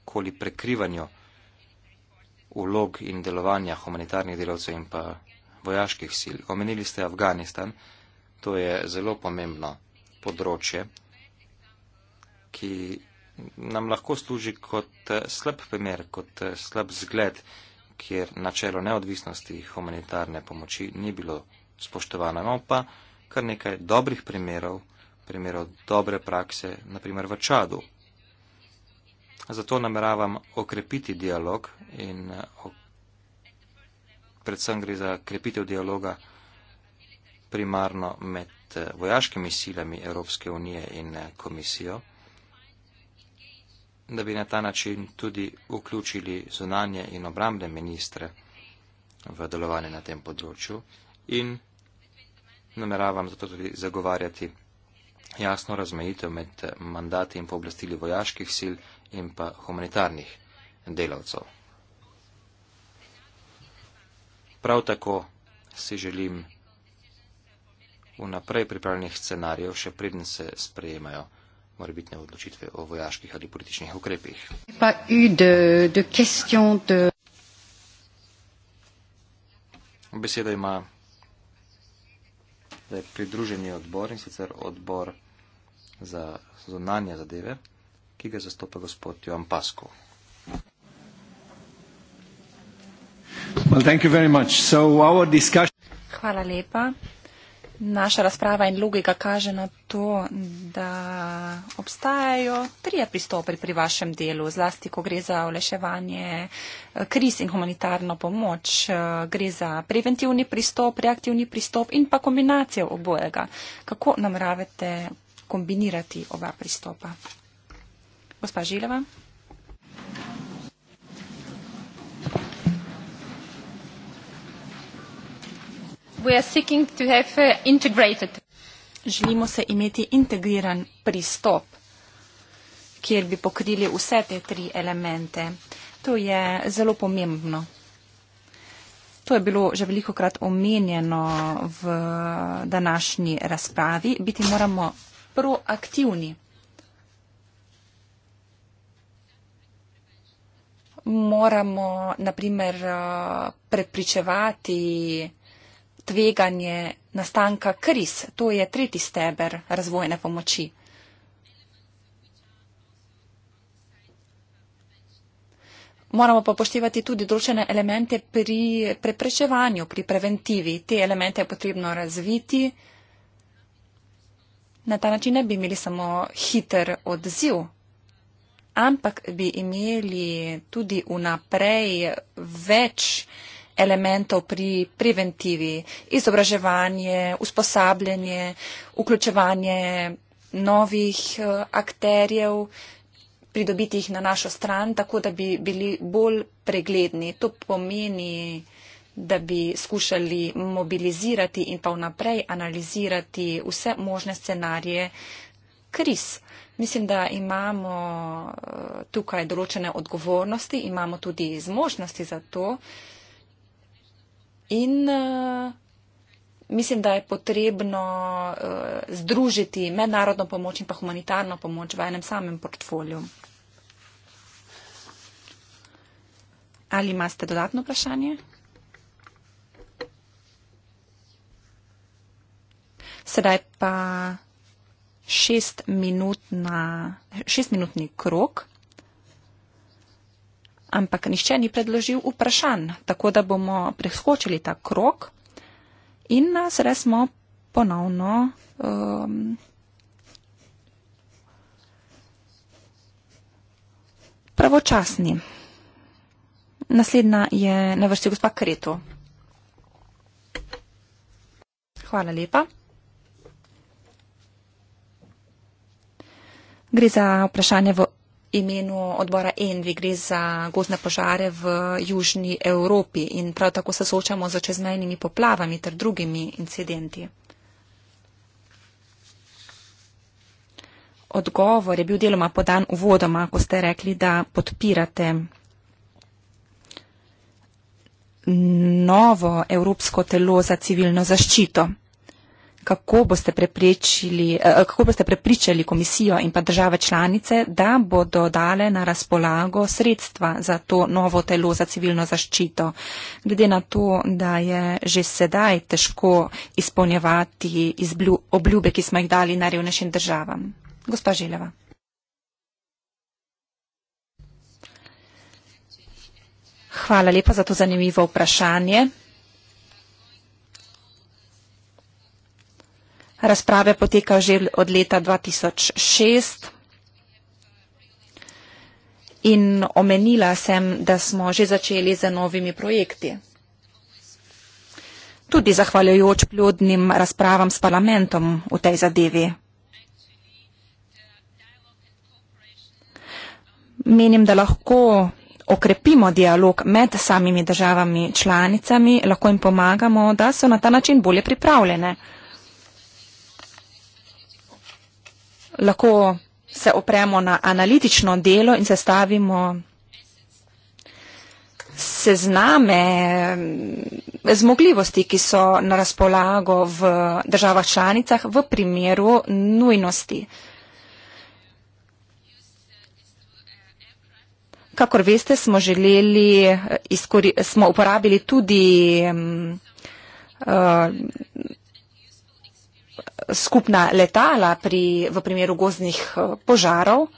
koli prekrivanju vlog in delovanja humanitarnih delavcev in pa vojaških sil. Omenili ste Afganistan, to je zelo pomembno področje, ki nam lahko služi kot eh, slab primer, kot eh, slab zgled, kjer načelo neodvisnosti humanitarne pomoči ni bilo spoštovano. Imamo pa kar nekaj dobrih primerov, primerov dobre prakse, naprimer v Čadu. Zato nameravam okrepiti dialog in okrepiti. Eh, predvsem gre za krepitev dialoga primarno med eh, vojaškimi silami Evropske unije in eh, komisijo, da bi na ta način tudi vključili zunanje in obrambne ministre v delovanje na tem področju in nameravam zato tudi zagovarjati jasno razmejitev med eh, mandati in pooblastili vojaških sil in pa humanitarnih delavcev. Prav tako si želim vnaprej pripravljenih scenarijev, še preden se sprejemajo morebitne odločitve o vojaških ali političnih ukrepih. Beseda ima pridruženi odbor in sicer odbor za zunanje zadeve, ki ga zastopa gospod Joan Pasko. Hvala lepa. Naša razprava in logika kaže na to, da obstajajo trije pristopi pri vašem delu, zlasti, ko gre za oleševanje eh, kriz in humanitarno pomoč. Eh, gre za preventivni pristop, reaktivni pristop in pa kombinacijo obojega. Kako namravete kombinirati oba pristopa? Gospa Žileva. Uh, Želimo se imeti integriran pristop, kjer bi pokrili vse te tri elemente. To je zelo pomembno. To je bilo že veliko krat omenjeno v današnji razpravi. Biti moramo proaktivni. Moramo, naprimer, uh, prepričevati tveganje nastanka kriz. To je tretji steber razvojne pomoči. Moramo pa poštevati tudi določene elemente pri preprečevanju, pri preventivi. Te elemente je potrebno razviti. Na ta način ne bi imeli samo hiter odziv, ampak bi imeli tudi vnaprej več elementov pri preventivi, izobraževanje, usposabljanje, vključevanje novih eh, akterjev, pridobiti jih na našo stran, tako da bi bili bolj pregledni. To pomeni, da bi skušali mobilizirati in pa vnaprej analizirati vse možne scenarije kriz. Mislim, da imamo eh, tukaj določene odgovornosti, imamo tudi zmožnosti za to. Uh, In uh, mislim, da je potrebno uh, združiti mednarodno pomoč in pa humanitarno pomoč v enem samem portfolju. Ali imate dodatno vprašanje? Sedaj pa šest, minut na, šest minutni krok ampak nišče ni predložil vprašanj, tako da bomo preskočili ta krok in sedaj smo ponovno. Um, Pravočasni. Naslednja je na vrsti gospa Kreto. Hvala lepa. Gre za vprašanje v imenu odbora Envi gre za gozne požare v Južni Evropi in prav tako se soočamo z čezmejnimi poplavami ter drugimi incidenti. Odgovor je bil deloma podan uvodoma, ko ste rekli, da podpirate novo evropsko telo za civilno zaščito kako boste, eh, eh, kako boste prepričali komisijo in pa države članice, da bodo dale na razpolago sredstva za to novo telo za civilno zaščito, glede na to, da je že sedaj težko izpolnjevati obljube, ki smo jih dali najrevnejšim državam. Gospa Želeva. Hvala lepa za to zanimivo vprašanje. Razprave potekajo že od leta 2006. In omenila sem, da smo že začeli z novimi projekti. Tudi zahvaljujoč plodnim razpravam s parlamentom v tej zadevi. Menim, da lahko okrepimo dialog med samimi državami članicami, lahko jim pomagamo, da so na ta način bolje pripravljene. lahko se opremo na analitično delo in sestavimo sezname mm, zmogljivosti, ki so na razpolago v državah članicah v primeru nujnosti. Kakor veste, smo, želeli, eh, smo uporabili tudi uh, skupna letala pri, v primeru gozdnih eh, požarov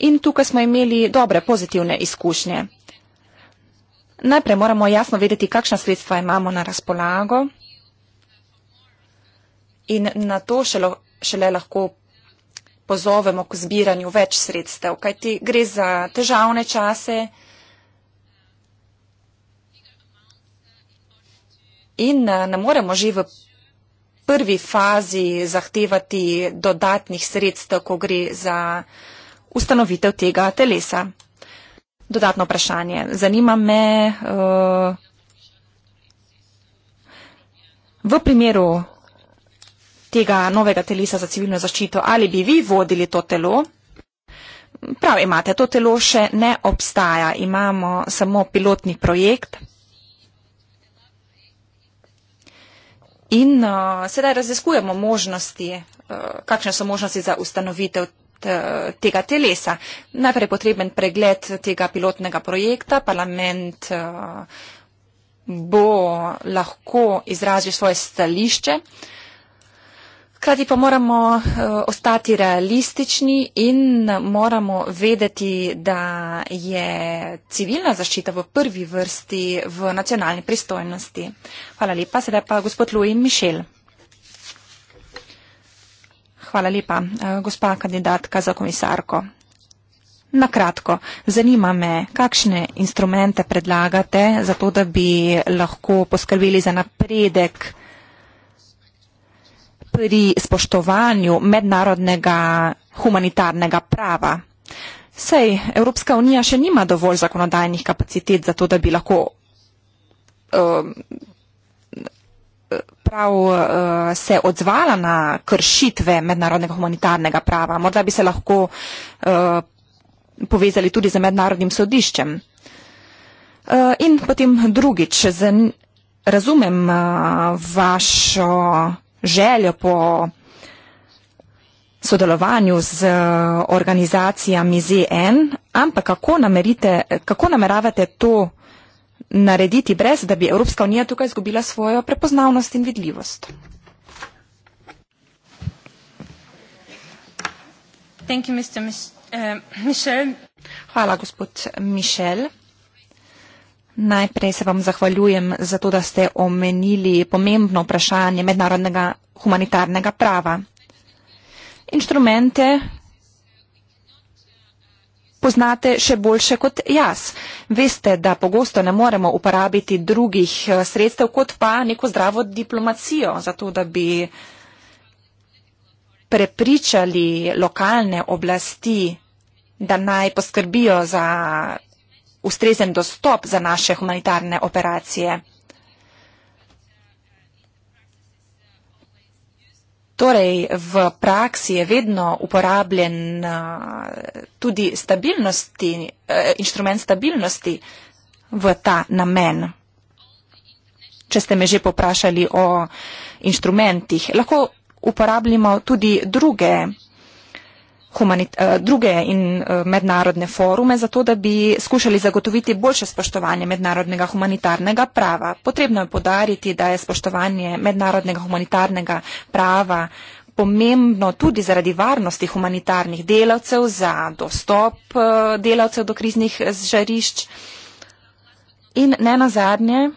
in tukaj smo imeli dobre pozitivne izkušnje. Najprej moramo jasno vedeti, kakšna sredstva imamo na razpolago in na to šele, šele lahko pozovemo k zbiranju več sredstev, kajti gre za težavne čase in eh, ne moremo že v prvi fazi zahtevati dodatnih sredstev, ko gre za ustanovitev tega telesa. Dodatno vprašanje. Zanima me, uh, v primeru tega novega telesa za civilno zaščito, ali bi vi vodili to telo? Prav imate, to telo še ne obstaja, imamo samo pilotni projekt. In uh, sedaj raziskujemo možnosti, uh, kakšne so možnosti za ustanovitev tega telesa. Najprej je potreben pregled tega pilotnega projekta. Parlament uh, bo lahko izrazil svoje stališče. Uh, Hkrati pa moramo eh, ostati realistični in moramo vedeti, da je civilna zaščita v prvi vrsti v nacionalni pristojnosti. Hvala lepa, sedaj pa gospod Louis Michel. Hvala lepa, eh, gospa kandidatka za komisarko. Na kratko, zanima me, kakšne instrumente predlagate za to, da bi lahko poskrbeli za napredek pri spoštovanju mednarodnega humanitarnega prava. Sej, Evropska unija še nima dovolj zakonodajnih kapacitet za to, da bi lahko um, prav uh, se odzvala na kršitve mednarodnega humanitarnega prava. Morda bi se lahko uh, povezali tudi z mednarodnim sodiščem. Uh, in potem drugič, razumem vašo željo po sodelovanju z eh, organizacijami ZN, ampak kako, namerite, kako nameravate to narediti brez, da bi Evropska unija tukaj izgubila svojo prepoznavnost in vidljivost? Eh, Hvala, gospod Mišel. Najprej se vam zahvaljujem za to, da ste omenili pomembno vprašanje mednarodnega humanitarnega prava. Inštrumente poznate še boljše kot jaz. Veste, da pogosto ne moremo uporabiti drugih eh, sredstev kot pa neko zdravo diplomacijo, zato da bi prepričali lokalne oblasti, da naj poskrbijo za ustrezen dostop za naše humanitarne operacije. Torej, v praksi je vedno uporabljen tudi stabilnosti, e, inštrument stabilnosti v ta namen. Če ste me že poprašali o inštrumentih, lahko uporabljamo tudi druge inštrumente humanit, eh, druge in eh, mednarodne forume, zato da bi skušali zagotoviti boljše spoštovanje mednarodnega humanitarnega prava. Potrebno je podariti, da je spoštovanje mednarodnega humanitarnega prava pomembno tudi zaradi varnosti humanitarnih delavcev, za dostop eh, delavcev do kriznih žarišč in ne nazadnje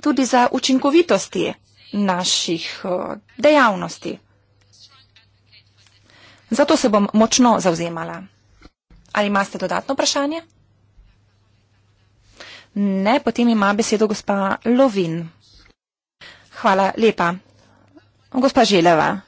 tudi za učinkovitosti naših dejavnosti. Zato se bom močno zauzemala. Ali imate dodatno vprašanje? Ne, potem ima besedo gospa Lovin. Hvala lepa. Gospa Želeva,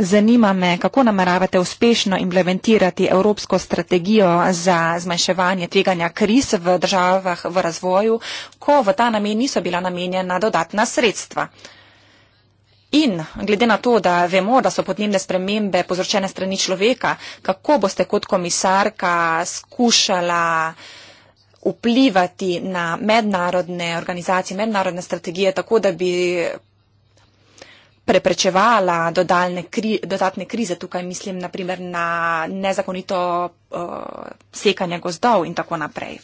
zanima me, kako nameravate uspešno implementirati evropsko strategijo za zmanjševanje tveganja kriz v državah v razvoju, ko v ta namen niso bila namenjena dodatna sredstva. In glede na to, da vemo, da so podnebne spremembe povzročene strani človeka, kako boste kot komisarka skušala vplivati na mednarodne organizacije, mednarodne strategije, tako da bi preprečevala kri, dodatne krize. Tukaj mislim naprimer na nezakonito uh, sekanje gozdov in tako naprej.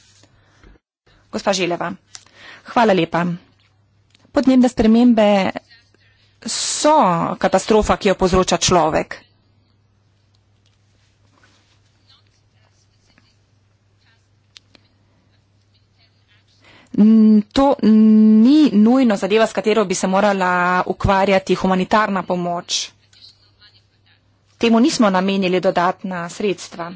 Gospa Želeva, hvala lepa. Podnebne spremembe so katastrofa, ki jo povzroča človek. To ni nujno zadeva, s katero bi se morala ukvarjati humanitarna pomoč. Temu nismo namenili dodatna sredstva.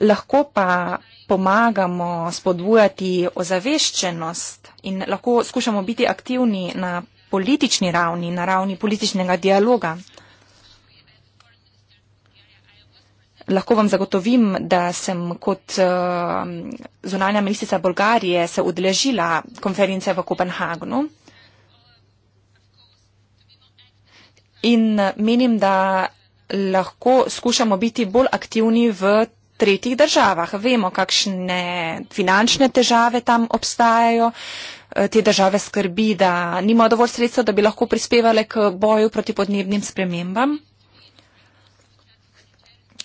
Lahko pa pomagamo spodbujati ozaveščenost in lahko skušamo biti aktivni na politični ravni, na ravni političnega dialoga. Lahko vam zagotovim, da sem kot uh, zunanja ministrica Bolgarije se udeležila konference v Kopenhagnu in eh, menim, da lahko skušamo biti bolj aktivni v tretjih državah. Vemo, kakšne finančne težave tam obstajajo. Eh, te države skrbi, da nimajo dovolj sredstva, da bi lahko prispevali k boju proti podnebnim spremembam.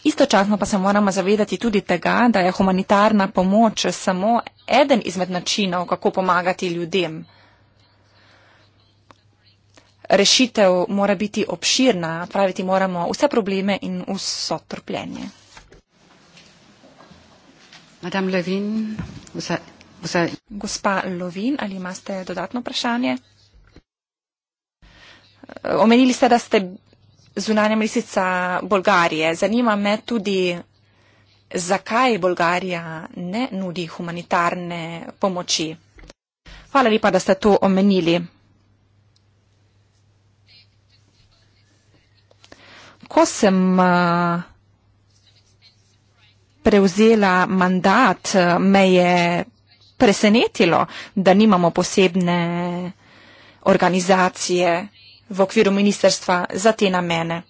Istočasno pa se moramo zavedati tudi tega, da je humanitarna pomoč samo eden izmed načinov, kako pomagati ljudem. Rešitev mora biti obširna, praviti moramo vse probleme in vso trpljenje. Gospa Lovin, ali imate dodatno vprašanje? Omenili ste, da ste zunanja ministrica Bolgarije. Zanima me tudi, zakaj Bolgarija ne nudi humanitarne pomoči. Hvala lepa, da ste to omenili. Ko sem uh, prevzela mandat, eh, me je presenetilo, da nimamo posebne organizacije v okviru ministerstva za te namene.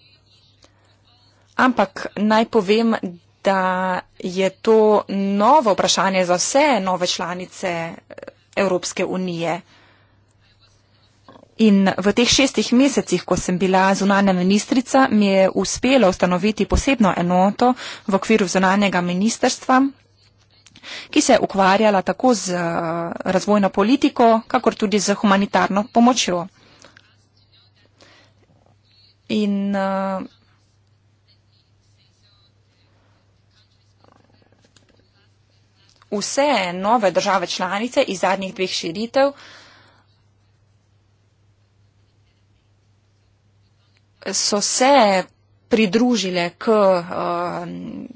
Ampak naj povem, da je to novo vprašanje za vse nove članice eh, Evropske unije. In v teh šestih mesecih, ko sem bila zunanja ministrica, mi je uspelo ustanoviti posebno enoto v okviru zunanjega ministerstva, ki se je ukvarjala tako z eh, razvojno politiko, kakor tudi z humanitarno pomočjo. In uh, vse nove države članice iz zadnjih dveh širitev so se pridružile k um,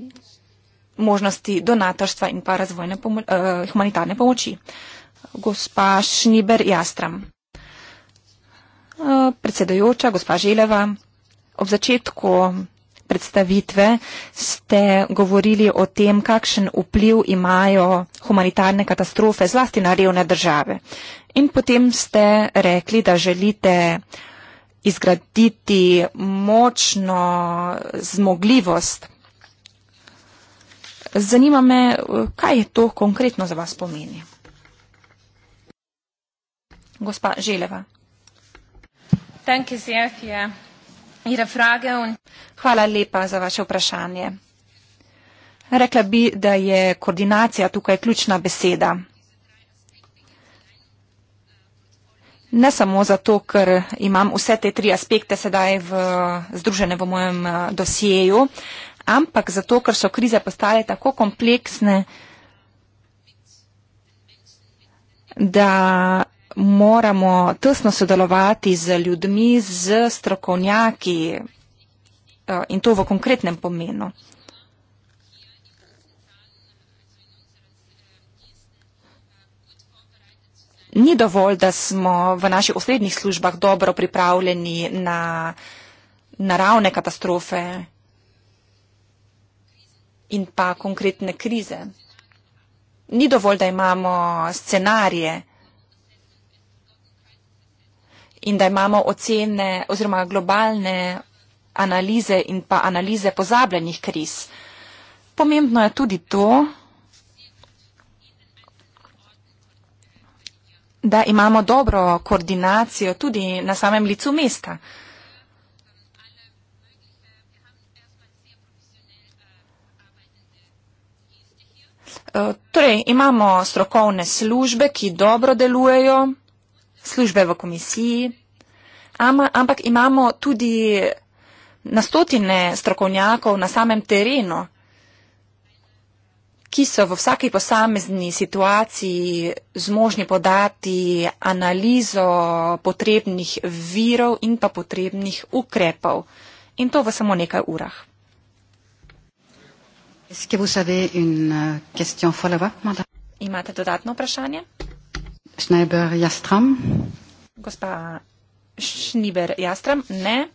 možnosti donatorstva in pa razvojne pomo uh, humanitarne pomoči. Gospa Šniber Jastram, uh, predsedojoča, gospa Želeva, ob začetku predstavitve ste govorili o tem, kakšen vpliv imajo humanitarne katastrofe zlasti na revne države. In potem ste rekli, da želite uh, izgraditi močno zmogljivost. Zanima me, kaj je to konkretno za vas pomeni? Gospa Želeva. Hvala lepa za vaše vprašanje. Rekla bi, da je koordinacija tukaj ključna beseda. Ne samo zato, ker imam vse te tri aspekte sedaj v, združene v mojem eh, dosjeju, ampak zato, ker so krize postale tako kompleksne, da moramo tesno sodelovati z ljudmi, z strokovnjaki eh, in to v konkretnem pomenu. ni dovolj, da smo v naših osrednjih službah dobro pripravljeni na naravne katastrofe in pa konkretne krize. Ni dovolj, da imamo scenarije in da imamo ocene oziroma globalne analize in pa analize pozabljenih kriz. Pomembno je tudi to, da imamo dobro koordinacijo tudi na samem licu mesta. E, torej, imamo strokovne službe, ki dobro delujejo, službe v komisiji, ampak imamo tudi na stotine strokovnjakov na samem terenu, ki so v vsaki posamezni situaciji zmožni podati analizo potrebnih virov in pa potrebnih ukrepov. In to v samo nekaj urah. Euh, Imate dodatno vprašanje? Schneiber Jastram. Gospa Schneiber Jastram, ne.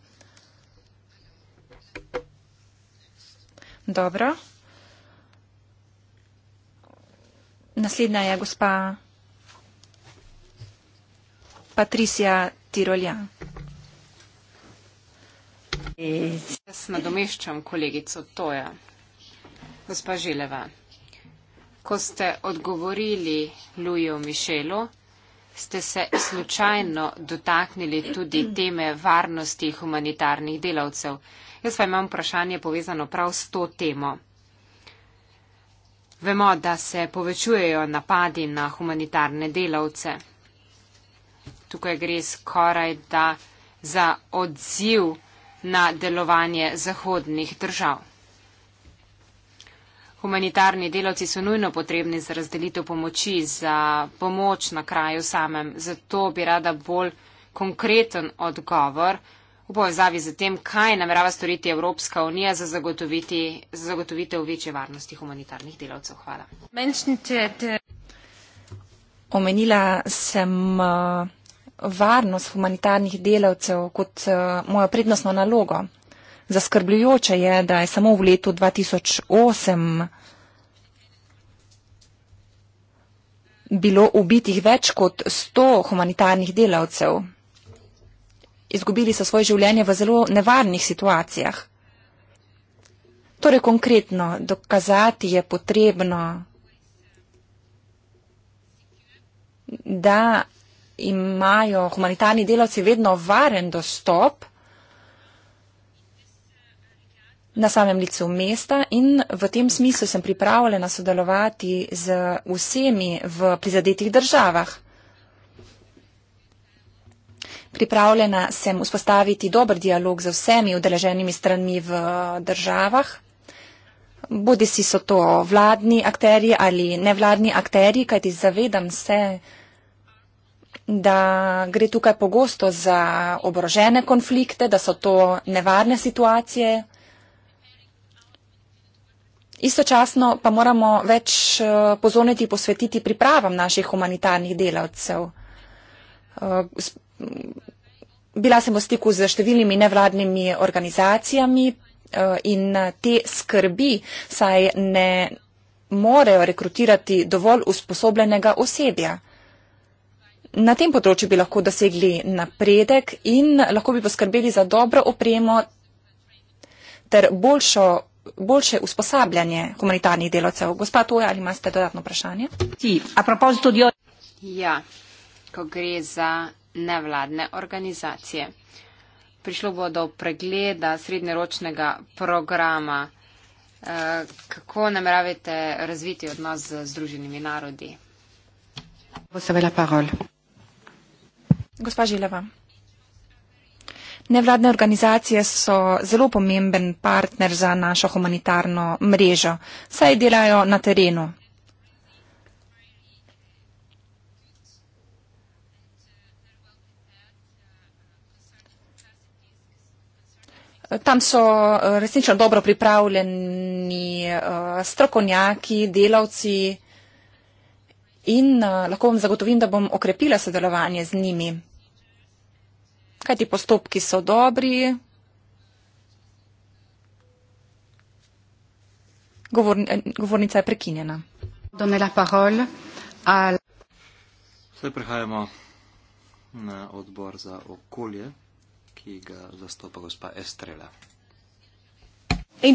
Dobro. Naslednja je gospa Patricija Tiroljan. Jaz nadomeščam kolegico Toja, gospa Žileva. Ko ste odgovorili Lujo Mišelu, ste se slučajno dotaknili tudi teme varnosti humanitarnih delavcev. Jaz pa imam vprašanje povezano prav s to temo. Vemo, da se povečujejo napadi na humanitarne delavce. Tukaj gre skoraj da za odziv na delovanje zahodnih držav. Humanitarni delavci so nujno potrebni za razdelitev pomoči, za pomoč na kraju samem. Zato bi rada bolj konkreten odgovor v povezavi z tem, kaj namerava storiti Evropska unija za, za zagotovitev večje varnosti humanitarnih delavcev. Hvala. Omenila sem uh, varnost humanitarnih delavcev kot uh, mojo prednostno nalogo. Zaskrbljujoče je, da je samo v letu 2008 bilo ubitih več kot 100 humanitarnih delavcev izgubili so svoje življenje v zelo nevarnih situacijah. Torej konkretno, dokazati je potrebno, da imajo humanitarni delavci vedno varen dostop na samem licu mesta in v tem smislu sem pripravljena sodelovati z vsemi v prizadetih državah. Pripravljena sem vzpostaviti dober dialog z vsemi udeleženimi stranmi v državah. Bodi si so to vladni akteri ali nevladni akteri, kajti zavedam se, da gre tukaj pogosto za oborožene konflikte, da so to nevarne situacije. Istočasno pa moramo več eh, pozorniti posvetiti pripravam naših humanitarnih delavcev. Eh, bila sem v stiku z številnimi nevladnimi organizacijami eh, in eh, te skrbi saj ne morejo rekrutirati dovolj usposobljenega osebja. Na tem področju bi lahko dosegli napredek in lahko bi poskrbeli za dobro opremo ter boljšo, boljše usposabljanje humanitarnih delovcev. Gospa Toja, ali imate dodatno vprašanje? Ja, ko gre za nevladne organizacije. Prišlo bo do pregleda srednjeročnega programa, eh, kako nameravate razviti odnos z Združenimi narodi. Gospa Žileva. Nevladne organizacije so zelo pomemben partner za našo humanitarno mrežo, saj delajo na terenu. Tam so eh, resnično dobro pripravljeni eh, strokovnjaki, delavci in eh, lahko vam zagotovim, da bom okrepila sodelovanje z njimi. Kaj ti postopki so dobri? Govornica je prekinjena. Zdaj prehajamo na odbor za okolje ki ga zastopa gospa Estrela. E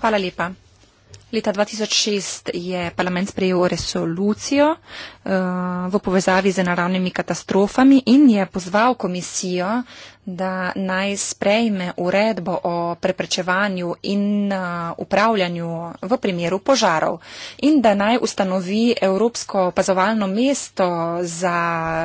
Hvala lepa. Leta 2006 je parlament sprejel resolucijo uh, v povezavi z naravnimi katastrofami in je pozval komisijo, uh, da naj sprejme uredbo o preprečevanju in uh, upravljanju v primeru požarov in da naj ustanovi Evropsko opazovalno mesto za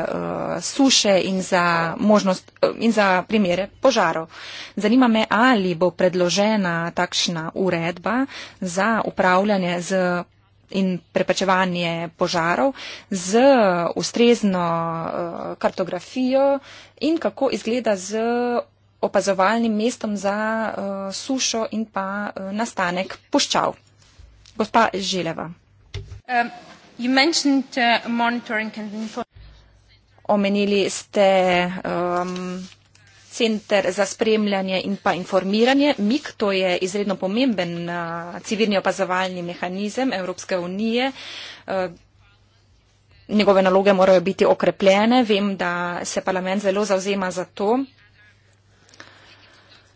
uh, suše in za, možnost, uh, in za primere požarov. Zanima me, ali bo predložena takšna uredba za upravljanje z in preprečevanje požarov z ustrezno eh, kartografijo in kako izgleda z opazovalnim mestom za eh, sušo in pa eh, nastanek puščav. Gospa Želeva. Um, you uh, Omenili ste um, center za spremljanje in pa informiranje. MIG to je izredno pomemben civilni opazovalni mehanizem Evropske unije. Njegove naloge morajo biti okrepljene. Vem, da se parlament zelo zauzema za to.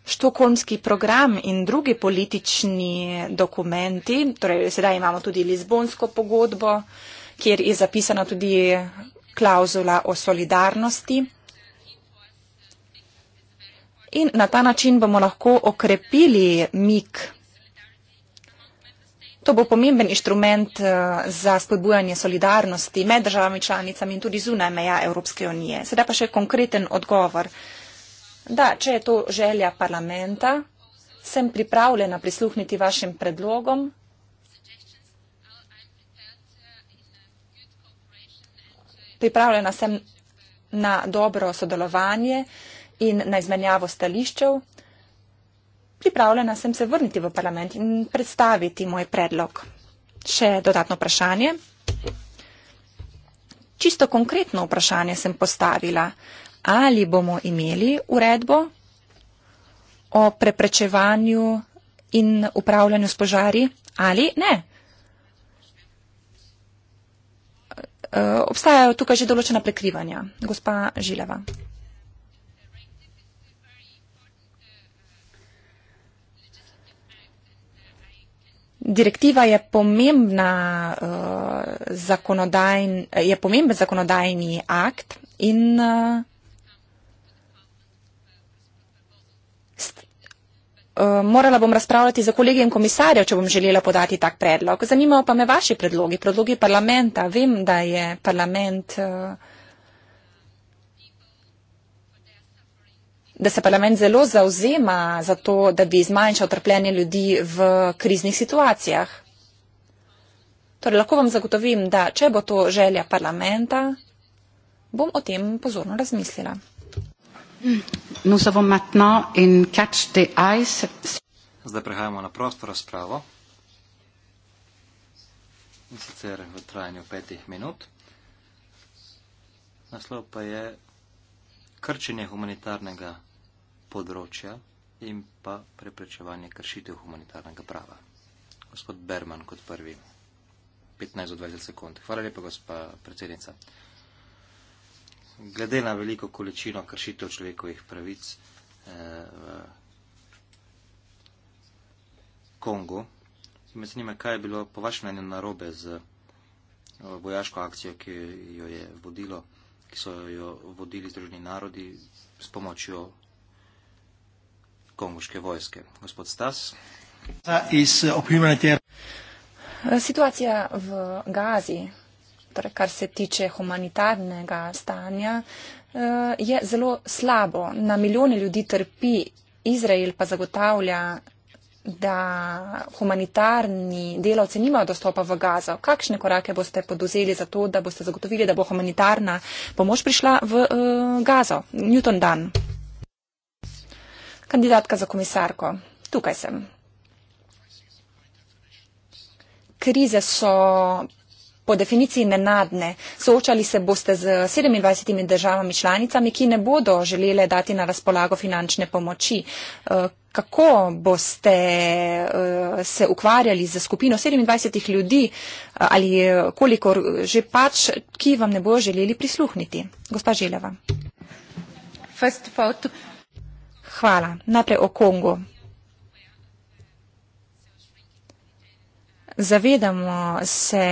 Štokholmski program in drugi politični dokumenti, torej sedaj imamo tudi Lizbonsko pogodbo, kjer je zapisana tudi klauzula o solidarnosti in na ta način bomo lahko okrepili MIG. To bo pomemben inštrument eh, za spodbujanje solidarnosti med državami članicami in tudi zunaj meja Evropske unije. Sedaj pa še konkreten odgovor. Da, če je to želja parlamenta, sem pripravljena prisluhniti vašim predlogom. Pripravljena sem na dobro sodelovanje in na izmenjavo stališčev. Pripravljena sem se vrniti v parlament in predstaviti moj predlog. Še dodatno vprašanje. Čisto konkretno vprašanje sem postavila. Ali bomo imeli uredbo o preprečevanju in upravljanju s požari ali ne? Obstajajo tukaj že določena prekrivanja. Gospa Žileva. Direktiva je pomembna uh, zakonodajn, je pomemben zakonodajni akt in uh, st, uh, morala bom razpravljati za kolegijem komisarjev, če bom želela podati tak predlog. Zanimajo pa me vaši predlogi, predlogi parlamenta. Vem, da je parlament uh, da se parlament zelo zauzema za to, da bi zmanjšal trpljenje ljudi v kriznih situacijah. Torej, lahko vam zagotovim, da če bo to želja parlamenta, bom o tem pozorno razmislila. Zdaj prehajamo na prosto razpravo. In sicer v trajanju petih minut. Naslov pa je krčenje humanitarnega področja in pa preprečevanje kršitev humanitarnega prava. Gospod Berman kot prvi. 15 do 20 sekund. Hvala lepa, gospa predsednica. Glede na veliko količino kršitev človekovih pravic eh, v Kongu, me zanima, kaj je bilo po vašem mnenju narobe z eh, vojaško akcijo, ki jo je vodilo, ki so jo vodili Združeni narodi s pomočjo kongoške vojske. Gospod Stas. Eh, Situacija v Gazi, torej kar se tiče humanitarnega stanja, eh, je zelo slabo. Na milijone ljudi trpi, Izrael pa zagotavlja, da humanitarni delavci nimajo dostopa v Gazo. Kakšne korake boste poduzeli za to, da boste zagotovili, da bo humanitarna pomoč prišla v eh, Gazo? Newton Dan. Kandidatka za komisarko, tukaj sem. Krize so po definiciji nenadne. Soočali se boste z 27 državami članicami, ki ne bodo želele dati na razpolago finančne pomoči. Eh, kako boste eh, se ukvarjali z skupino 27 ljudi eh, ali koliko že pač, ki vam ne bo želeli prisluhniti? Gospa Želeva. First of all, to... Hvala. Najprej o Kongu. Zavedamo se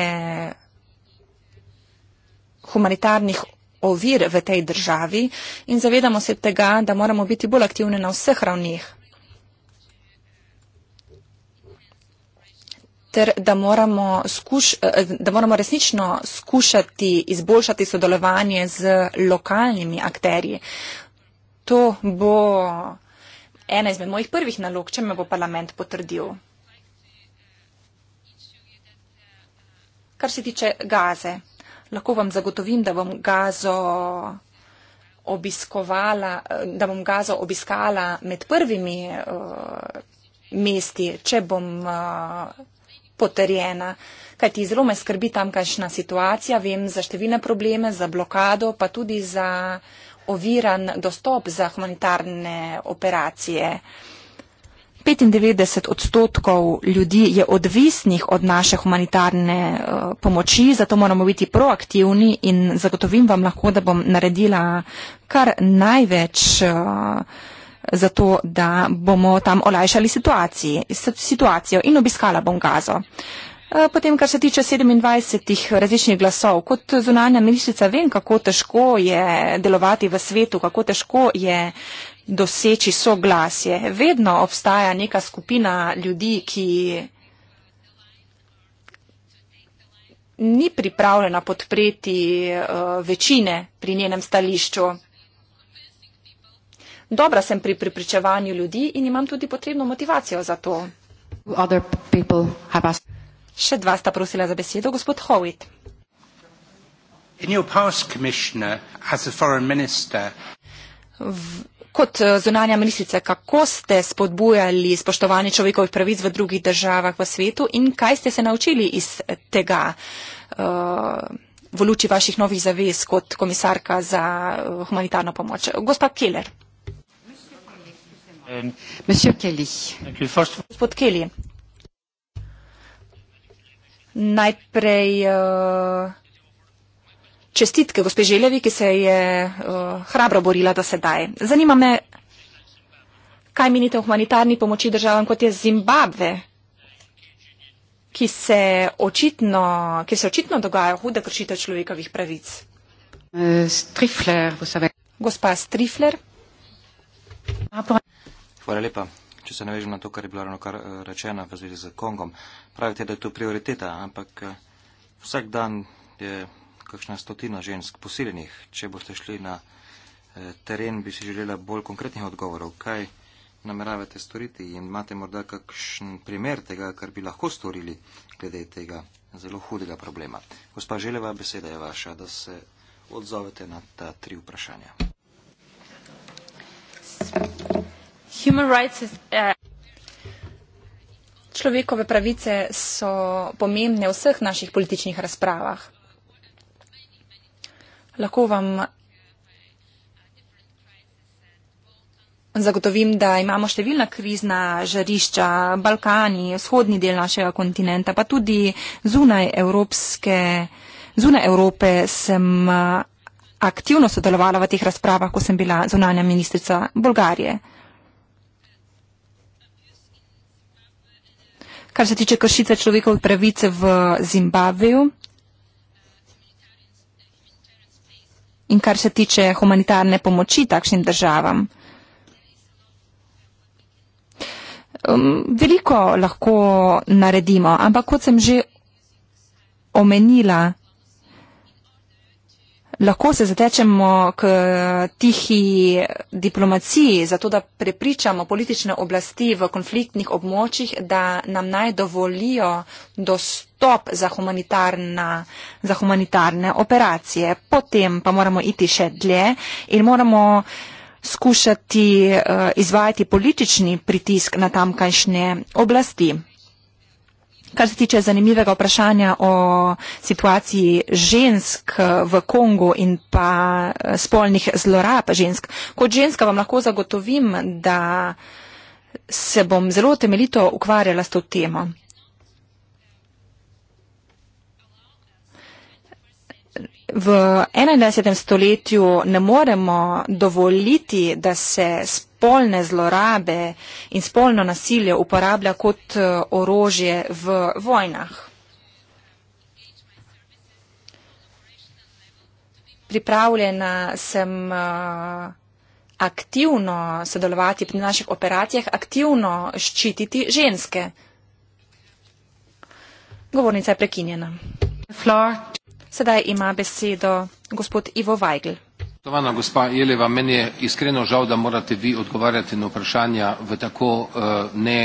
humanitarnih ovir v tej državi in zavedamo se tega, da moramo biti bolj aktivni na vseh ravnih. ter da moramo, skuš, da moramo resnično skušati izboljšati sodelovanje z lokalnimi akterji to bo ena izmed mojih prvih nalog, če me bo parlament potrdil. Kar se tiče gaze, lahko vam zagotovim, da bom gazo obiskovala, da bom gazo obiskala med prvimi uh, mesti, če bom uh, potrjena. Kaj ti zelo me skrbi tamkajšnja situacija, vem za številne probleme, za blokado, pa tudi za uh, oviran dostop za humanitarne operacije. 95 odstotkov ljudi je odvisnih od naše humanitarne uh, pomoči, zato moramo biti proaktivni in zagotovim vam lahko, da bom naredila kar največ uh, za to, da bomo tam olajšali situacijo in obiskala bom gazo. Uh, Eh, potem, kar se tiče 27 različnih glasov, kot zunanja ministrica vem, kako težko je delovati v svetu, kako težko je doseči soglasje. Vedno obstaja neka skupina ljudi, ki ni pripravljena podpreti eh, večine pri njenem stališču. Dobra sem pri pripričevanju ljudi in imam tudi potrebno motivacijo za to. Other people have asked. Še dva sta prosila za besedo, gospod Howitt. In your past commissioner as a foreign minister. V, kot eh, zunanja ministrica, kako ste spodbujali spoštovanje človekovih pravic v drugih državah v svetu in kaj ste se naučili iz tega uh, v luči vaših novih zavez kot komisarka za eh, humanitarno pomoč? Gospa Keller. Gospod Keller. Najprej eh, čestitke gospe Željevi, ki se je eh, hrabro borila, da se daje. Zanima me, kaj menite o humanitarni pomoči državam, kot je Zimbabve, ki se očitno dogaja hude kršite človekovih pravic. Eh, Gospa Strifler. Hvala lepa če se navežem na to, kar je bilo ravno kar eh, rečeno v zvezi z Kongom. Pravite, da je to prioriteta, ampak eh, vsak dan je kakšna stotina žensk posiljenih. Če boste šli na eh, teren, bi si želela bolj konkretnih odgovorov. Kaj nameravate storiti in imate morda kakšen primer tega, kar bi lahko storili glede tega zelo hudega problema? Gospa Želeva, beseda je vaša, da se odzovete na ta tri vprašanja. Eh, Človekove pravice so pomembne v vseh naših političnih razpravah. Lahko vam zagotovim, da imamo številna krizna žarišča, Balkani, vzhodni del našega kontinenta, pa tudi zunaj, Evropske, zunaj Evrope sem eh, aktivno sodelovala v teh razpravah, ko sem bila zunanja ministrica Bolgarije. kar se tiče kršitve človekovih pravic v Zimbabveju in kar se tiče humanitarne pomoči takšnim državam. Um, veliko lahko naredimo, ampak kot sem že omenila, Lahko se zatečemo k tihi diplomaciji, zato da prepričamo politične oblasti v konfliktnih območjih, da nam naj dovolijo dostop za, za humanitarne operacije. Potem pa moramo iti še dlje in moramo skušati uh, izvajati politični pritisk na tamkajšnje oblasti. Kar se tiče zanimivega vprašanja o situaciji žensk eh, v Kongu in pa eh, spolnih zlorab žensk, kot ženska vam lahko zagotovim, da se bom zelo temeljito ukvarjala s to temo. v 21. stoletju ne moremo dovoliti, da se spolne zlorabe in spolno nasilje uporablja kot eh, orožje v vojnah. Pripravljena sem eh, aktivno sodelovati pri naših operacijah, aktivno ščititi ženske. Govornica je prekinjena. Floor. Sedaj ima besedo gospod Ivo Vajgl. Spoštovana gospa Jeleva, meni je iskreno žal, da morate vi odgovarjati na vprašanja v tako uh, ne,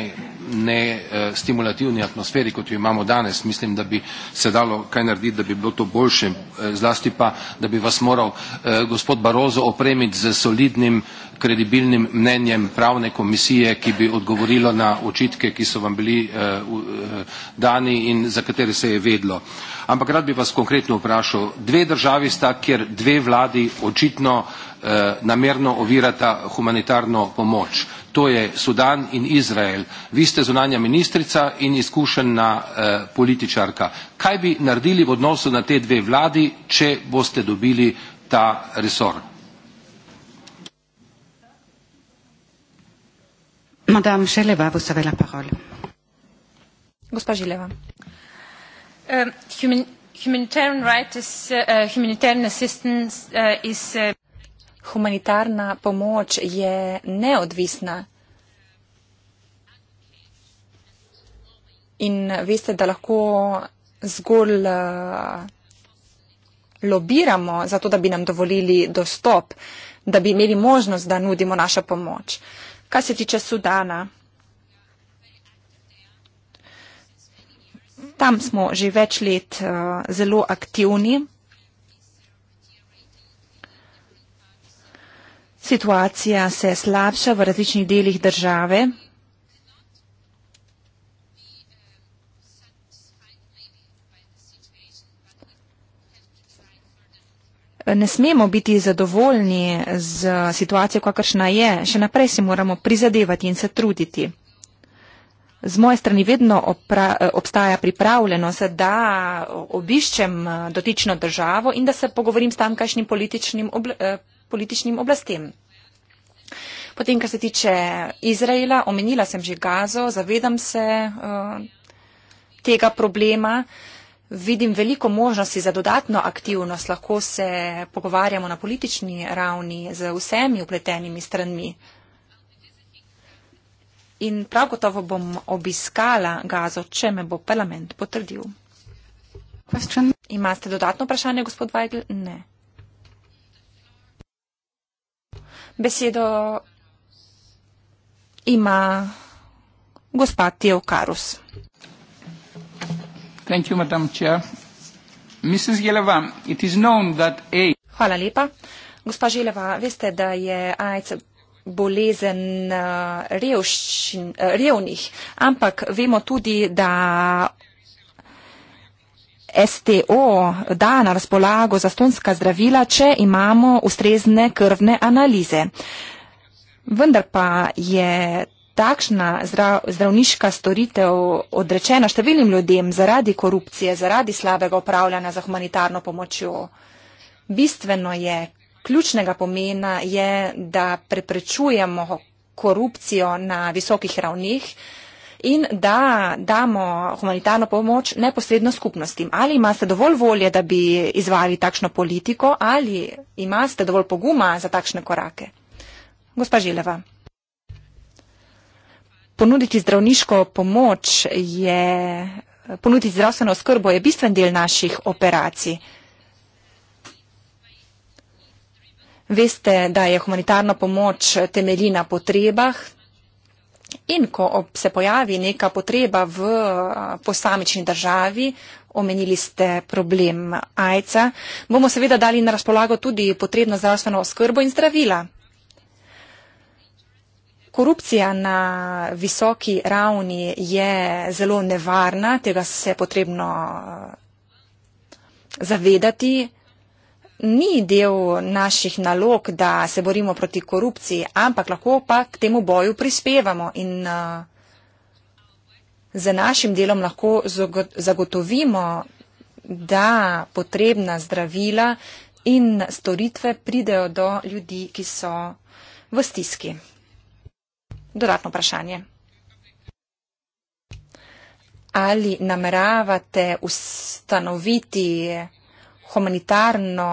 ne stimulativni atmosferi, kot jo imamo danes. Mislim, da bi se dalo kaj narediti, da bi bilo to boljše, eh, zlasti pa, da bi vas moral eh, gospod Barozo opremiti z solidnim, kredibilnim mnenjem pravne komisije, ki bi odgovorilo na očitke, ki so vam bili eh, dani in za katere se je vedlo. Ampak rad bi vas konkretno vprašal, dve državi sta, kjer dve vladi očitno namerno ovirata humanitarno pomoč to je Sudan in Izrael. Vi ste zunanja ministrica in izkušena eh, političarka. Kaj bi naredili v odnosu na te dve vladi, če boste dobili ta resor? Madame Želeva, vous avez la parole. Gospa Želeva. Uh, human, humanitarian rights, uh, uh, humanitarian assistance uh, is uh humanitarna pomoč je neodvisna. In veste, da lahko zgolj eh, lobiramo za to, da bi nam dovolili dostop, da bi imeli možnost, da nudimo našo pomoč. Kaj se tiče Sudana, tam smo že več let eh, zelo aktivni. situacija se slabša v različnih delih države. Ne smemo biti zadovoljni z situacijo, kakršna je. Še naprej si moramo prizadevati in se truditi. Z moje strani vedno opra, obstaja pripravljenost, da obiščem dotično državo in da se pogovorim s tamkajšnjim političnim obla, eh, političnim oblastem. Potem, kar se tiče Izraela, omenila sem že Gazo, zavedam se uh, tega problema, vidim veliko možnosti za dodatno aktivnost, lahko se pogovarjamo na politični ravni z vsemi upletenimi stranmi. In prav gotovo bom obiskala Gazo, če me bo parlament potrdil. Question. Imate dodatno vprašanje, gospod Weigl? Ne. Besedo ima gospa Teo Karus. Hvala lepa. Gospa Želeva, veste, da je AIDS bolezen eh, revščin, eh, revnih, ampak vemo tudi, da STO da na razpolago zastonska zdravila, če imamo ustrezne krvne analize. Vendar pa je takšna zdravniška storitev odrečena številnim ljudem zaradi korupcije, zaradi slabega upravljanja za humanitarno pomočjo. Bistveno je, ključnega pomena je, da preprečujemo korupcijo na visokih ravneh in da damo humanitarno pomoč neposredno skupnostim. Ali imate dovolj volje, da bi izvali takšno politiko, ali imate dovolj poguma za takšne korake? Gospa Žileva. Ponuditi zdravniško pomoč je, ponuditi zdravstveno oskrbo je bistven del naših operacij. Veste, da je humanitarna pomoč temelji na potrebah, In ko se pojavi neka potreba v posamični državi, omenili ste problem AIDS-a, bomo seveda dali na razpolago tudi potrebno zdravstveno oskrbo in zdravila. Korupcija na visoki ravni je zelo nevarna, tega se je potrebno zavedati ni del naših nalog, da se borimo proti korupciji, ampak lahko pa k temu boju prispevamo in uh, z našim delom lahko zagotovimo, da potrebna zdravila in storitve pridejo do ljudi, ki so v stiski. Dodatno vprašanje. Ali nameravate ustanoviti humanitarno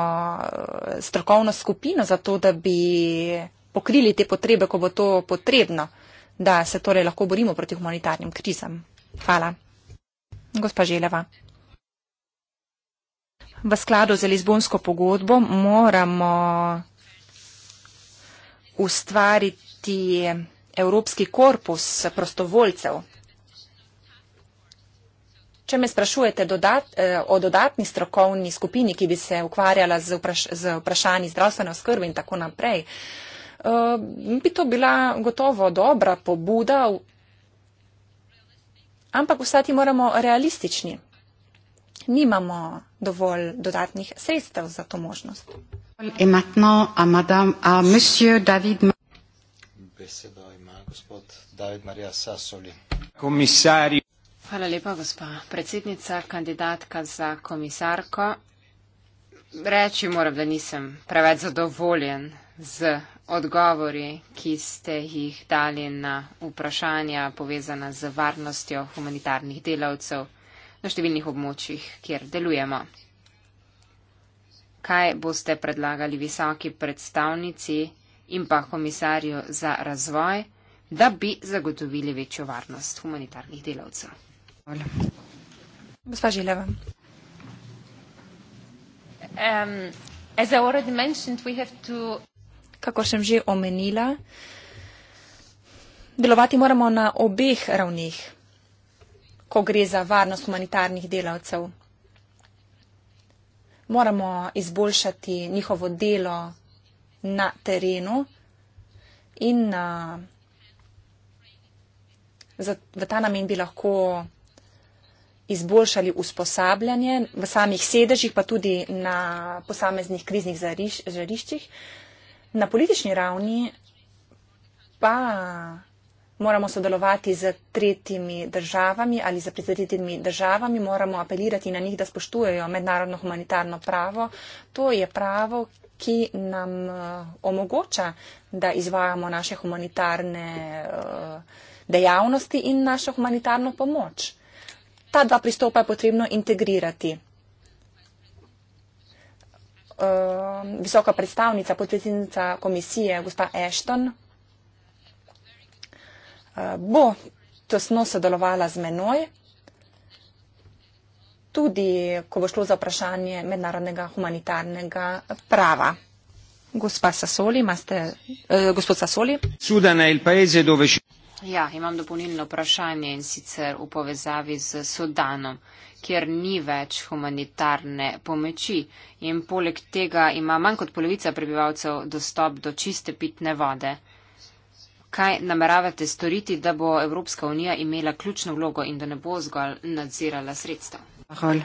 eh, strokovno skupino za to, da bi pokrili te potrebe, ko bo to potrebno, da se torej lahko borimo proti humanitarnim krizam. Hvala. Gospa Želeva. V skladu z Lizbonsko pogodbo moramo ustvariti evropski korpus prostovoljcev, Če me sprašujete dodat, eh, o dodatni strokovni skupini, ki bi se ukvarjala z, vpraš, z vprašanji zdravstvene oskrbe in tako naprej, eh, bi to bila gotovo dobra pobuda, ampak vstati moramo realistični. Nimamo dovolj dodatnih sredstev za to možnost. Beseda ima gospod David Marija Sasoli. Komisari. Hvala lepa, gospa predsednica, kandidatka za komisarko. Reči moram, da nisem preveč zadovoljen z odgovori, ki ste jih dali na vprašanja povezana z varnostjo humanitarnih delavcev na številnih območjih, kjer delujemo. Kaj boste predlagali visoki predstavnici in pa komisarju za razvoj, da bi zagotovili večjo varnost humanitarnih delavcev? Hvala. Gospa Žileva. Um, Kakor sem že omenila, delovati moramo na obeh ravnih, ko gre za varnost humanitarnih delavcev. Moramo izboljšati njihovo delo na terenu in na, uh, za, v ta namen bi lahko izboljšali usposabljanje v samih sedežih, pa tudi na posameznih kriznih žariščih. Na politični ravni pa moramo sodelovati z tretjimi državami ali z prizadetimi državami, moramo apelirati na njih, da spoštujejo mednarodno humanitarno pravo. To je pravo, ki nam eh, omogoča, da izvajamo naše humanitarne eh, dejavnosti in našo humanitarno pomoč ta dva pristopa je potrebno integrirati. Ehm, visoka predstavnica, podpredsednica komisije, gospa Ashton, eh, bo tesno sodelovala z menoj, tudi ko bo šlo za vprašanje mednarodnega humanitarnega prava. Gospod Sasoli, imate, eh, gospod Sasoli. Sudan je il paese dove. Ja, imam dopolnilno vprašanje in sicer v povezavi z Sudanom, kjer ni več humanitarne pomoči in poleg tega ima manj kot polovica prebivalcev dostop do čiste pitne vode. Kaj nameravate storiti, da bo Evropska unija imela ključno vlogo in da ne bo zgolj nadzirala sredstva? Hvala.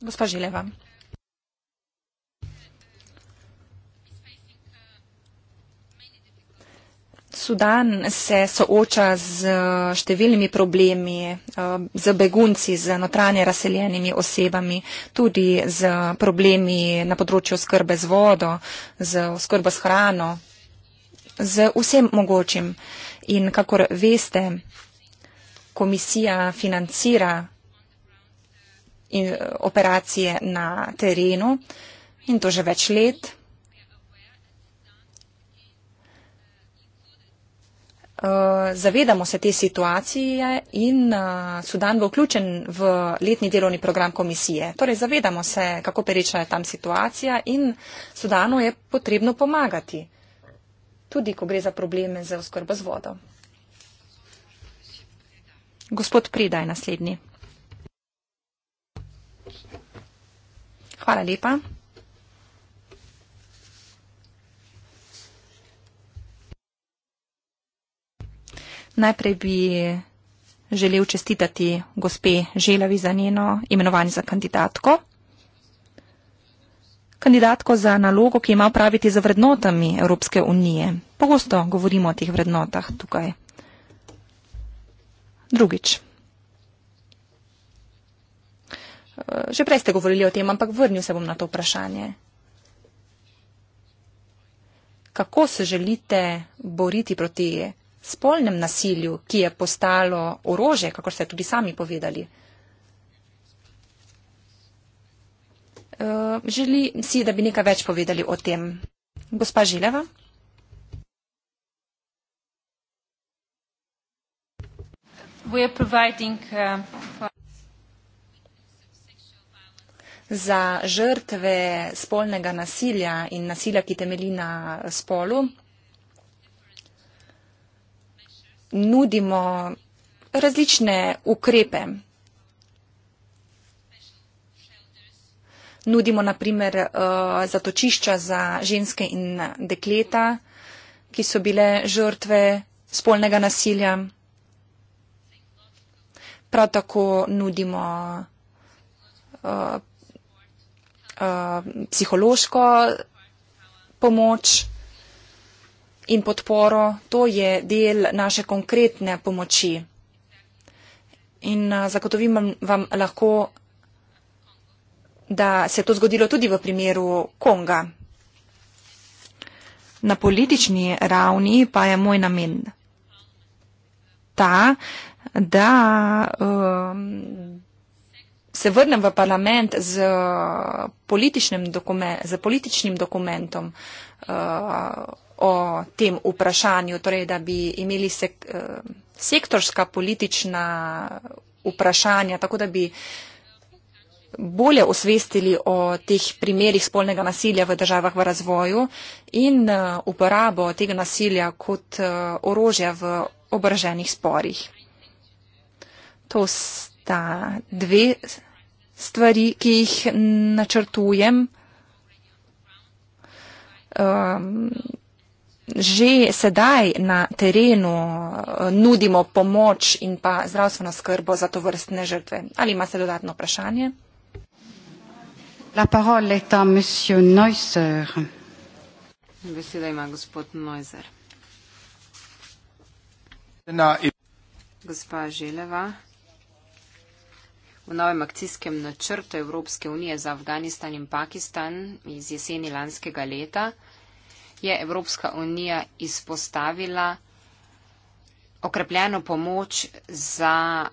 Gospa Žileva. Sudan se sooča z eh, številnimi problemi, eh, z begunci, z notranje razseljenimi osebami, tudi z problemi na področju skrbe z vodo, z skrbo s hrano, z vsem mogočim. In kakor veste, komisija financira eh, operacije na terenu in to že več let. Eh, zavedamo se te situacije in uh, Sudan bo vključen v letni delovni program komisije. Torej, zavedamo se, kako pereča je tam situacija in Sudanu je potrebno pomagati, tudi ko gre za probleme z oskrbo z vodo. Gospod Prida je naslednji. Hvala lepa. Najprej bi želel čestitati gospe Želavi za njeno imenovanje za kandidatko. Kandidatko za nalogo, ki ima upraviti za vrednotami Evropske unije. Pogosto govorimo o teh vrednotah tukaj. Drugič. Že prej ste govorili o tem, ampak vrnil se bom na to vprašanje. Kako se želite boriti proti spolnem nasilju, ki je postalo orože, kako ste tudi sami povedali. Eh, Želim si, da bi nekaj več povedali o tem. Gospa Žileva. Eh, Za žrtve spolnega nasilja in nasilja, ki temeli na spolu, nudimo različne ukrepe. Nudimo naprimer eh, zatočišča za ženske in dekleta, ki so bile žrtve spolnega nasilja. Prav tako nudimo eh, eh, psihološko pomoč. Pomoč in podporo, to je del naše konkretne pomoči. In zagotovim vam lahko, da se je to zgodilo tudi v primeru Konga. Na politični ravni pa je moj namen ta, da um, se vrnem v parlament z političnim, dokumen, z političnim dokumentom. Uh, o tem vprašanju, torej da bi imeli se, eh, sektorska politična vprašanja, tako da bi bolje osvestili o teh primerih spolnega nasilja v državah v razvoju in eh, uporabo tega nasilja kot eh, orožja v obraženih sporih. To sta dve stvari, ki jih načrtujem. Um, že sedaj na terenu eh, nudimo pomoč in pa zdravstveno skrbo za to vrstne žrtve. Ali ima se dodatno vprašanje? La parole est à monsieur Neusser. Beseda ima gospod Neusser. Gospa Želeva. V novem akcijskem načrtu Evropske unije za Afganistan in Pakistan iz jeseni lanskega leta je Evropska unija izpostavila okrepljeno pomoč za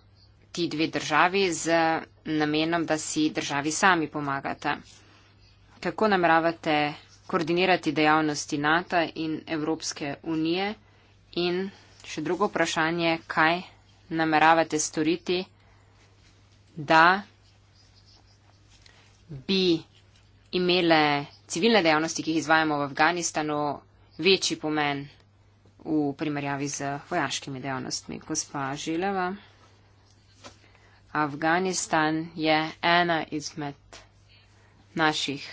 ti dve državi z namenom, da si državi sami pomagate. Kako nameravate koordinirati dejavnosti NATO in Evropske unije? In še drugo vprašanje, kaj nameravate storiti, da bi imele civilne dejavnosti, ki jih izvajamo v Afganistanu, večji pomen v primerjavi z vojaškimi dejavnostmi. Gospa Žileva, Afganistan je ena izmed naših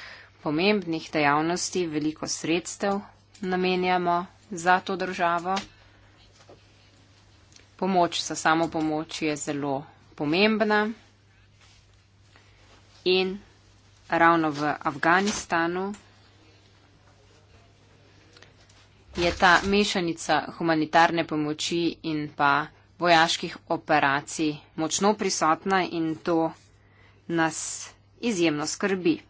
pomembnih dejavnosti, veliko sredstev namenjamo za to državo. Pomoč za samo pomoč je zelo pomembna in ravno v Afganistanu je ta mešanica humanitarne pomoči in pa vojaških operacij močno prisotna in to nas izjemno skrbi.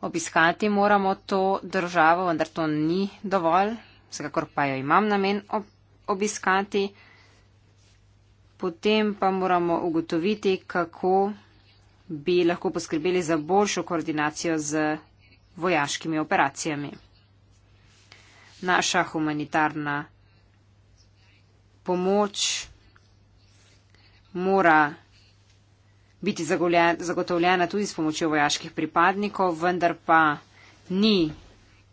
Obiskati moramo to državo, vendar to ni dovolj, vsekakor pa jo imam namen obiskati. Potem pa moramo ugotoviti, kako bi lahko poskrbeli za boljšo koordinacijo z vojaškimi operacijami. Naša humanitarna pomoč mora biti zagotovljena tudi s pomočjo vojaških pripadnikov, vendar pa ni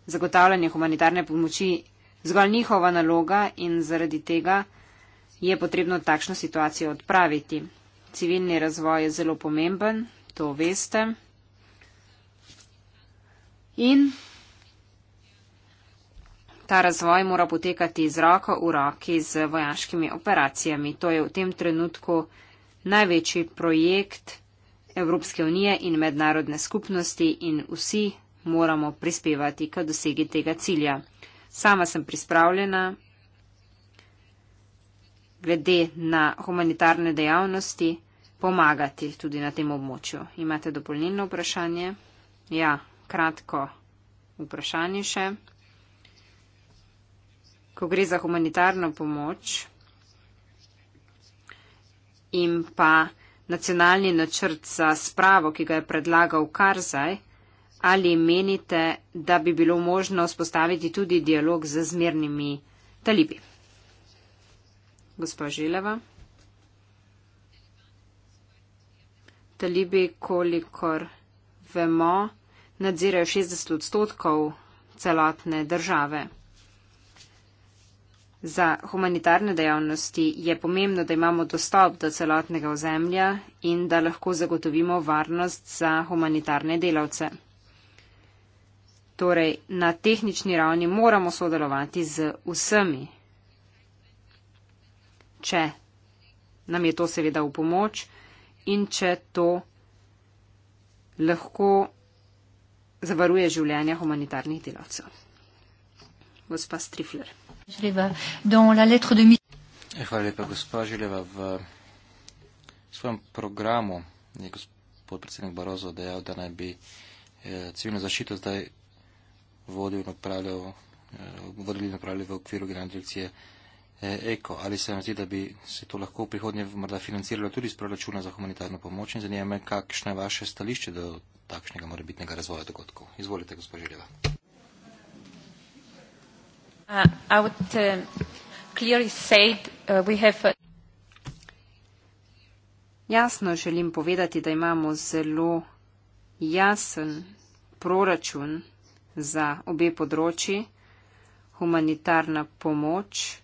zagotavljanje humanitarne pomoči zgolj njihova naloga in zaradi tega je potrebno takšno situacijo odpraviti civilni razvoj je zelo pomemben, to veste. In ta razvoj mora potekati z roko v roki z vojaškimi operacijami. To je v tem trenutku največji projekt Evropske unije in mednarodne skupnosti in vsi moramo prispevati k dosegi tega cilja. Sama sem pripravljena glede na humanitarne dejavnosti pomagati tudi na tem območju. Imate dopolnilno vprašanje? Ja, kratko vprašanje še. Ko gre za humanitarno pomoč in pa nacionalni načrt za spravo, ki ga je predlagal Karzaj, ali menite, da bi bilo možno spostaviti tudi dialog z zmernimi talibi? Gospa Želeva. talibi, kolikor vemo, nadzirajo 60 odstotkov celotne države. Za humanitarne dejavnosti je pomembno, da imamo dostop do celotnega ozemlja in da lahko zagotovimo varnost za humanitarne delavce. Torej, na tehnični ravni moramo sodelovati z vsemi. Če nam je to seveda v pomoč, in če to lahko zavaruje življenja humanitarnih delavcev. Gospa Strifler. E, hvala lepa, gospa Žileva. V svojem programu je gospod predsednik Barozo dejal, da naj bi eh, civilno zaščito zdaj vodil in upravljal, eh, vodili in upravljali v okviru generalne direkcije eh, Eh, Eko, ali se vam zdi, da bi se to lahko v prihodnje morda financiralo tudi iz proračuna za humanitarno pomoč in zanima me, kakšno je vaše stališče do takšnega morebitnega razvoja dogodkov. Izvolite, gospod Željeva. Uh, uh, uh Jasno želim povedati, da imamo zelo jasen proračun za obe področji, humanitarna pomoč,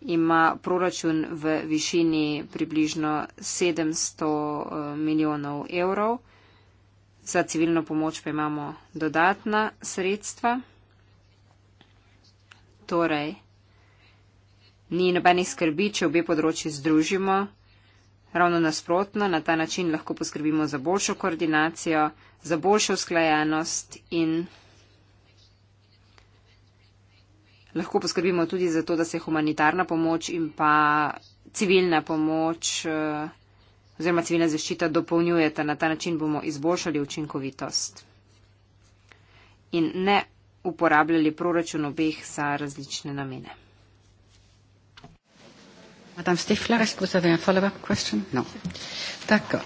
ima proračun v višini približno 700 eh, milijonov evrov. Za civilno pomoč pa imamo dodatna sredstva. Torej, ni nobenih skrbi, če obe področji združimo. Ravno nasprotno, na ta način lahko poskrbimo za boljšo koordinacijo, za boljšo usklajenost in lahko poskrbimo tudi za to, da se humanitarna pomoč in pa civilna pomoč eh, oziroma civilna zaščita dopolnjujeta. Na ta način bomo izboljšali učinkovitost in ne uporabljali proračun obeh za različne namene. Madame Stifler, est-ce que vous avez un follow-up question Non. D'accord.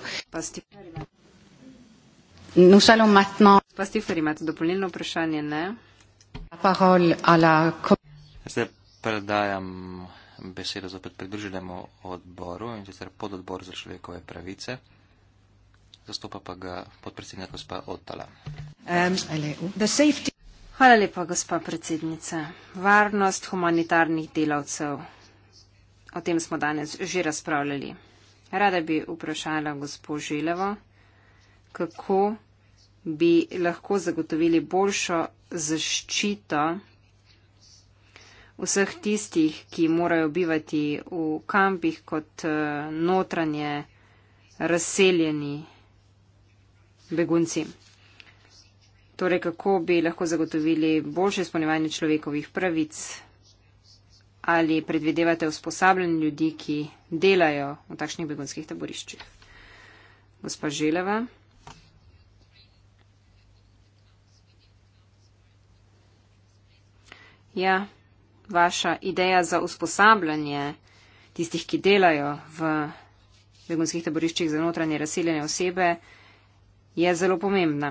Nous allons maintenant. Pas Stifler, il m'a dit de prendre nos prochaines, non Zdaj predajam besedo zopet pridruženemu odboru in sicer pod odbor za človekove pravice. Zastopa pa ga podpredsednik gospa Otala. Um, Hvala lepa, gospa predsednica. Varnost humanitarnih delavcev. O tem smo danes že razpravljali. Rada bi vprašala gospo Želevo, kako bi lahko zagotovili boljšo zaščita vseh tistih, ki morajo bivati v kampih kot eh, notranje razseljeni begunci. Torej, kako bi lahko zagotovili boljše spolnevanje človekovih pravic? Ali predvidevate usposabljanje ljudi, ki delajo v takšnih begunskih taboriščih? Gospa Želeva. Ja, vaša ideja za usposabljanje tistih, ki delajo v begunskih taboriščih za notranje razseljene osebe, je zelo pomembna.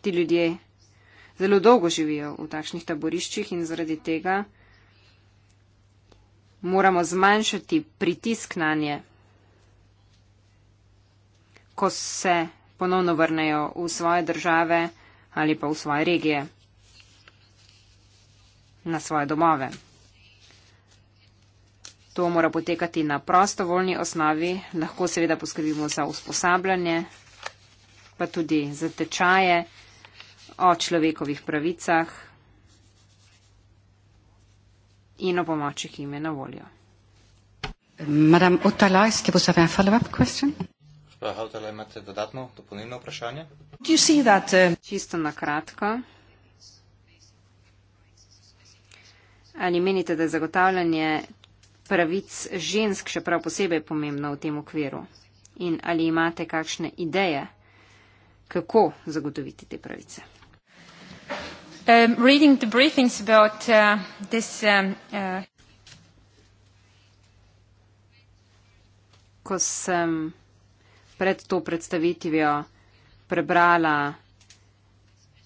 Ti ljudje zelo dolgo živijo v takšnih taboriščih in zaradi tega moramo zmanjšati pritisk na nje, ko se ponovno vrnejo v svoje države ali pa v svoje regije, na svoje domove. To mora potekati na prostovoljni osnovi, lahko seveda poskrbimo za usposabljanje, pa tudi za tečaje o človekovih pravicah in o pomoči, ki jim je na voljo. Madame Otalaj, ste bo zavedali follow-up question? Gospa Hautala, imate dodatno dopolnilno vprašanje? That, uh, Čisto na kratko. Ali menite, da je zagotavljanje pravic žensk še prav posebej pomembno v tem okviru? In ali imate kakšne ideje, kako zagotoviti te pravice? Um, about, uh, this, um, uh... Ko sem pred to predstavitvijo prebrala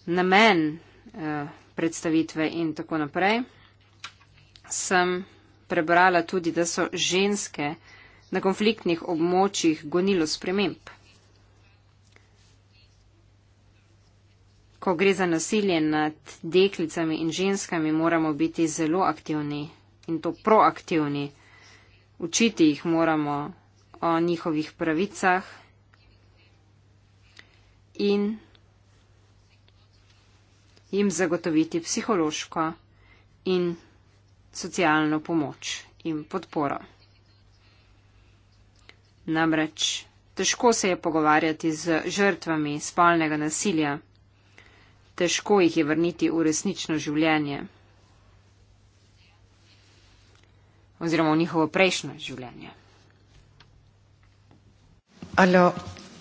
namen eh, predstavitve in tako naprej, sem prebrala tudi, da so ženske na konfliktnih območjih gonilo sprememb. Ko gre za nasilje nad deklicami in ženskami, moramo biti zelo aktivni in to proaktivni. Učiti jih moramo o njihovih pravicah, in jim zagotoviti psihološko in socialno pomoč in podporo. Namreč težko se je pogovarjati z žrtvami spolnega nasilja, težko jih je vrniti v resnično življenje oziroma v njihovo prejšnjo življenje. Alo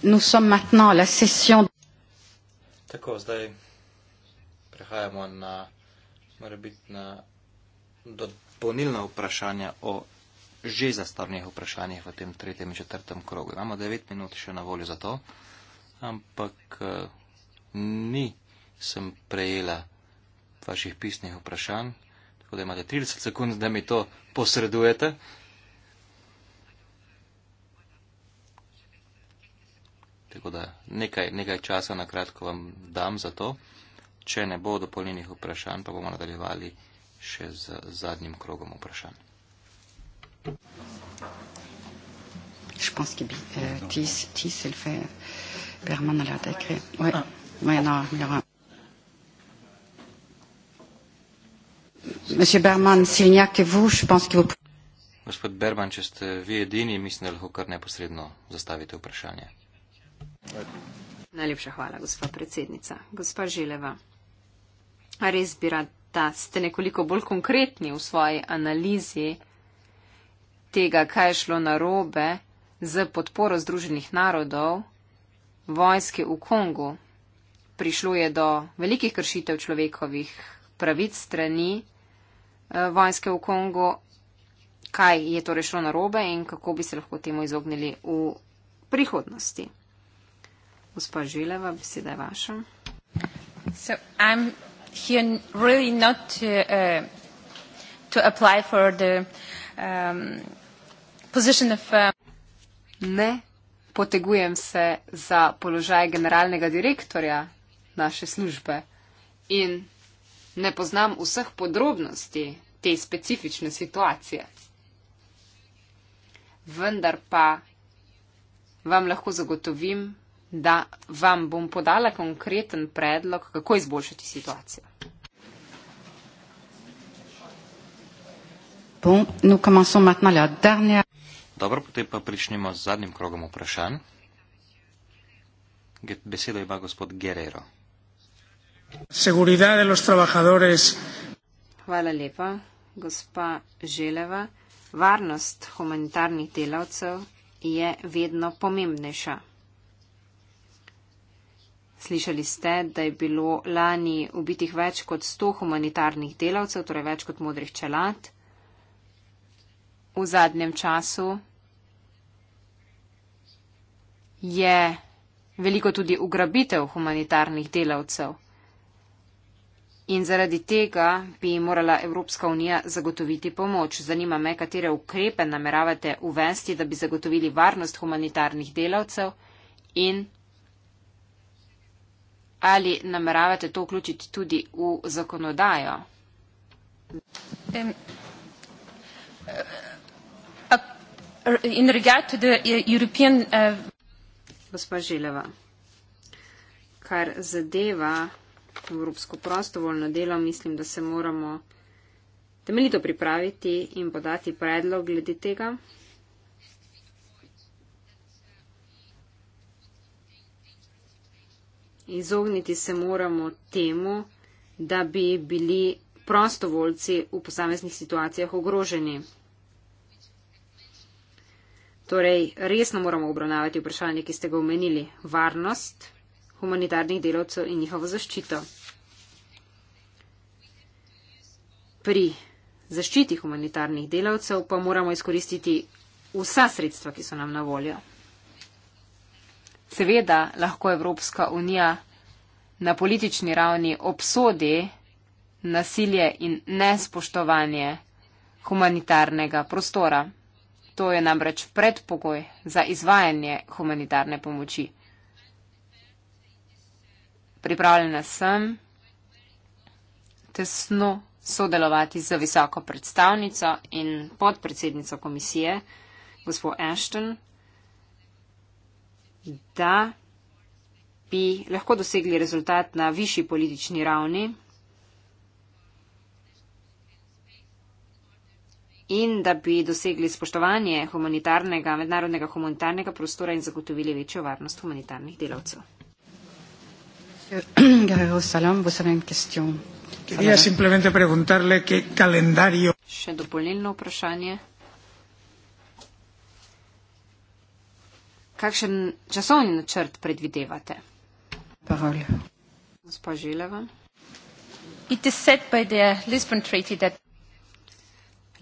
nous sommes maintenant à la session. Tako, zdaj prehajamo na morebitna dopolnilna vprašanja o že zastavljenih vprašanjih v tem tretjem in četrtem krogu. Imamo devet minut še na voljo za to, ampak ni sem prejela vaših pisnih vprašanj, tako da imate 30 sekund, da mi to posredujete. Tako da nekaj, nekaj časa na kratko vam dam za to. Če ne bo dopolnjenih vprašanj, pa bomo nadaljevali še z zadnjim krogom vprašanj. Je pense que euh, TIS, elle fait permanent euh, à l'heure d'écrire. Euh, oui, ah. ouais, non, il y aura. Monsieur Berman, s'il n'y a que vous, je pense que vous pouvez. Monsieur Berman, si vous êtes le seul, je pense que vous pouvez directement poser une question. Najlepša hvala, gospa predsednica. Gospa Žileva, a res bi rad, da ste nekoliko bolj konkretni v svoji analizi tega, kaj je šlo narobe z podporo Združenih narodov vojske v Kongu. Prišlo je do velikih kršitev človekovih pravic strani eh, vojske v Kongu. Kaj je torej šlo narobe in kako bi se lahko temu izognili v prihodnosti? Gospa Želeva, beseda je vaša. So I'm here really not to, uh, to apply for the um, position of um... Ne, potegujem se za položaj generalnega direktorja naše službe in ne poznam vseh podrobnosti te specifične situacije. Vendar pa vam lahko zagotovim, da vam bom podala konkreten predlog, kako izboljšati situacijo. Dobro, potem pa pričnemo z zadnjim krogom vprašanj. Besedo ima gospod Guerrero. Hvala lepa, gospa Želeva. Varnost humanitarnih delavcev je vedno pomembnejša. Slišali ste, da je bilo lani ubitih več kot 100 humanitarnih delavcev, torej več kot modrih čelad. V zadnjem času je veliko tudi ugrabitev humanitarnih delavcev. In zaradi tega bi morala Evropska unija zagotoviti pomoč. Zanima me, katere ukrepe nameravate uvesti, da bi zagotovili varnost humanitarnih delavcev in ali nameravate to vključiti tudi v zakonodajo? Eh, in, uh, European, uh... Gospa Žileva, kar zadeva Evropsko prostovoljno delo, mislim, da se moramo temeljito pripraviti in podati predlog glede tega. izogniti se moramo temu, da bi bili prostovoljci v posameznih situacijah ogroženi. Torej, resno moramo obravnavati vprašanje, ki ste ga omenili, varnost humanitarnih delavcev in njihovo zaščito. Pri zaščiti humanitarnih delavcev pa moramo izkoristiti vsa sredstva, ki so nam na voljo. Seveda lahko Evropska unija na politični ravni obsodi nasilje in nespoštovanje humanitarnega prostora. To je namreč predpogoj za izvajanje humanitarne pomoči. Pripravljena sem tesno sodelovati z visoko predstavnico in podpredsednico komisije, gospod Ashton da bi lahko dosegli rezultat na višji politični ravni in da bi dosegli spoštovanje humanitarnega, mednarodnega humanitarnega prostora in zagotovili večjo varnost humanitarnih delavcev. Ja, simplemente preguntarle, kaj kalendarijo. Še dopolnilno vprašanje. kakšen časovni načrt predvidevate?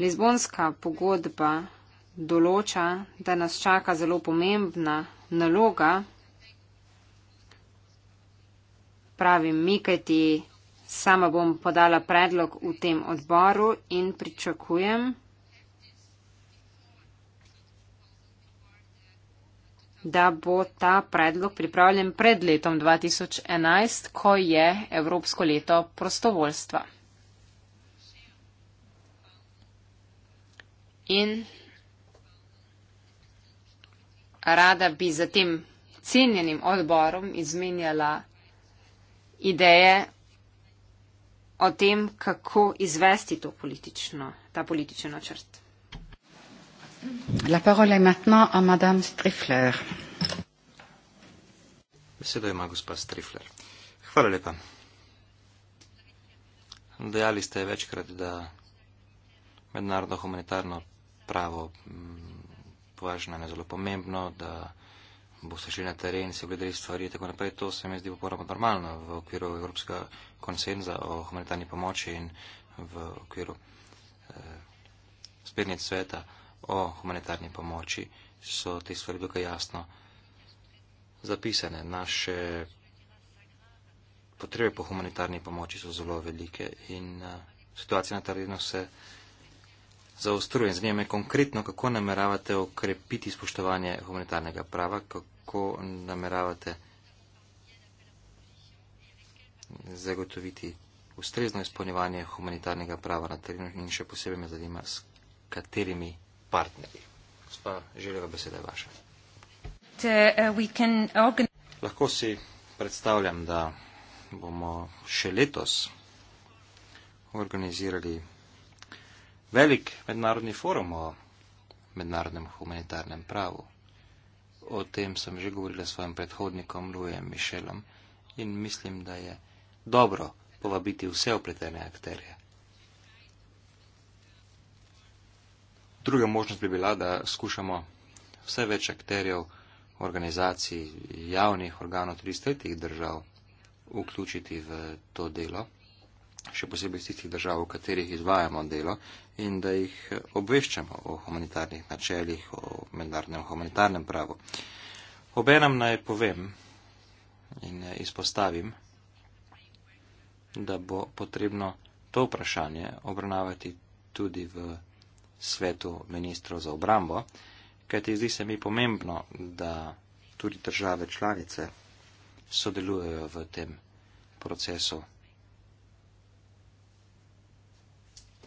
Lizbonska pogodba določa, da nas čaka zelo pomembna naloga. Pravim, mi, kajti sama bom podala predlog v tem odboru in pričakujem, da bo ta predlog pripravljen pred letom 2011, ko je Evropsko leto prostovoljstva. In rada bi za tem cenjenim odborom izmenjala ideje o tem, kako izvesti to politično, ta politično črt. La parole est maintenant à Madame Strifler. Beseda ima gospa Strifler. Hvala lepa. Dejali ste večkrat, da mednarodno humanitarno pravo mm, považena je zelo pomembno, da boste šli na teren, se ogledali stvari in tako naprej. To se mi zdi popolnoma normalno v okviru Evropskega konsenza o humanitarni pomoči in v okviru eh, spetnic sveta. Eh, o humanitarni pomoči, so te stvari dokaj jasno zapisane. Naše potrebe po humanitarni pomoči so zelo velike in eh, situacija na terenu se zaostruje. Zanima me konkretno, kako nameravate okrepiti spoštovanje humanitarnega prava, kako nameravate zagotoviti ustrezno izpolnjevanje humanitarnega prava na terenu in še posebej me zanima, s katerimi partnerji. Gospa, želja beseda je vaša. Eh, Lahko si predstavljam, da bomo še letos organizirali velik mednarodni forum o mednarodnem humanitarnem pravu. O tem sem že govorila s svojim predhodnikom Louisem Michelom in mislim, da je dobro povabiti vse opletene akterje Druga možnost bi bila, da skušamo vse več akterjev, organizacij, javnih organov, tudi iz tretjih držav, vključiti v to delo, še posebej iz tistih držav, v katerih izvajamo delo, in da jih obveščamo o humanitarnih načeljih, o mednarodnem humanitarnem pravu. Obenem naj povem in izpostavim, da bo potrebno to vprašanje obravnavati tudi v svetu ministrov za obrambo, kajti zdi se mi pomembno, da tudi države članice sodelujejo v tem procesu.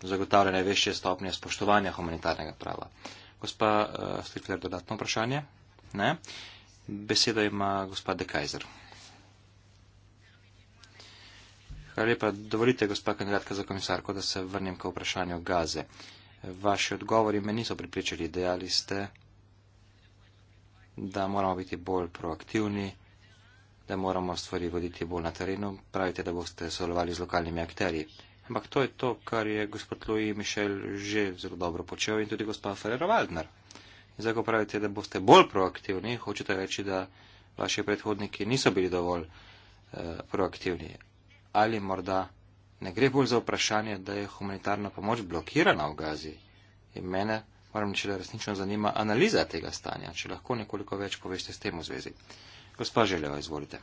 Zagotavljanje večje stopnje spoštovanja humanitarnega prava. Gospa uh, eh, Stikler, dodatno vprašanje? Ne. Besedo ima gospa De Kajzer. Hvala lepa. Dovolite, gospa kandidatka za komisarko, da se vrnem k vprašanju gaze. Uh, Vaši odgovori me niso pripričali, dejali ste, da moramo biti bolj proaktivni, da moramo stvari voditi bolj na terenu. Pravite, da boste sodelovali z lokalnimi akterji. Ampak to je to, kar je gospod Louis Michel že zelo dobro počel in tudi gospod Ferrero-Waldner. In zdaj, ko pravite, da boste bolj proaktivni, hočete reči, da vaši predhodniki niso bili dovolj eh, proaktivni. Ali morda ne gre bolj za vprašanje, da je humanitarna pomoč blokirana v Gazi. In mene, moram reči, da resnično zanima analiza tega stanja, če lahko nekoliko več poveste s tem v zvezi. Gospa Željeva, izvolite.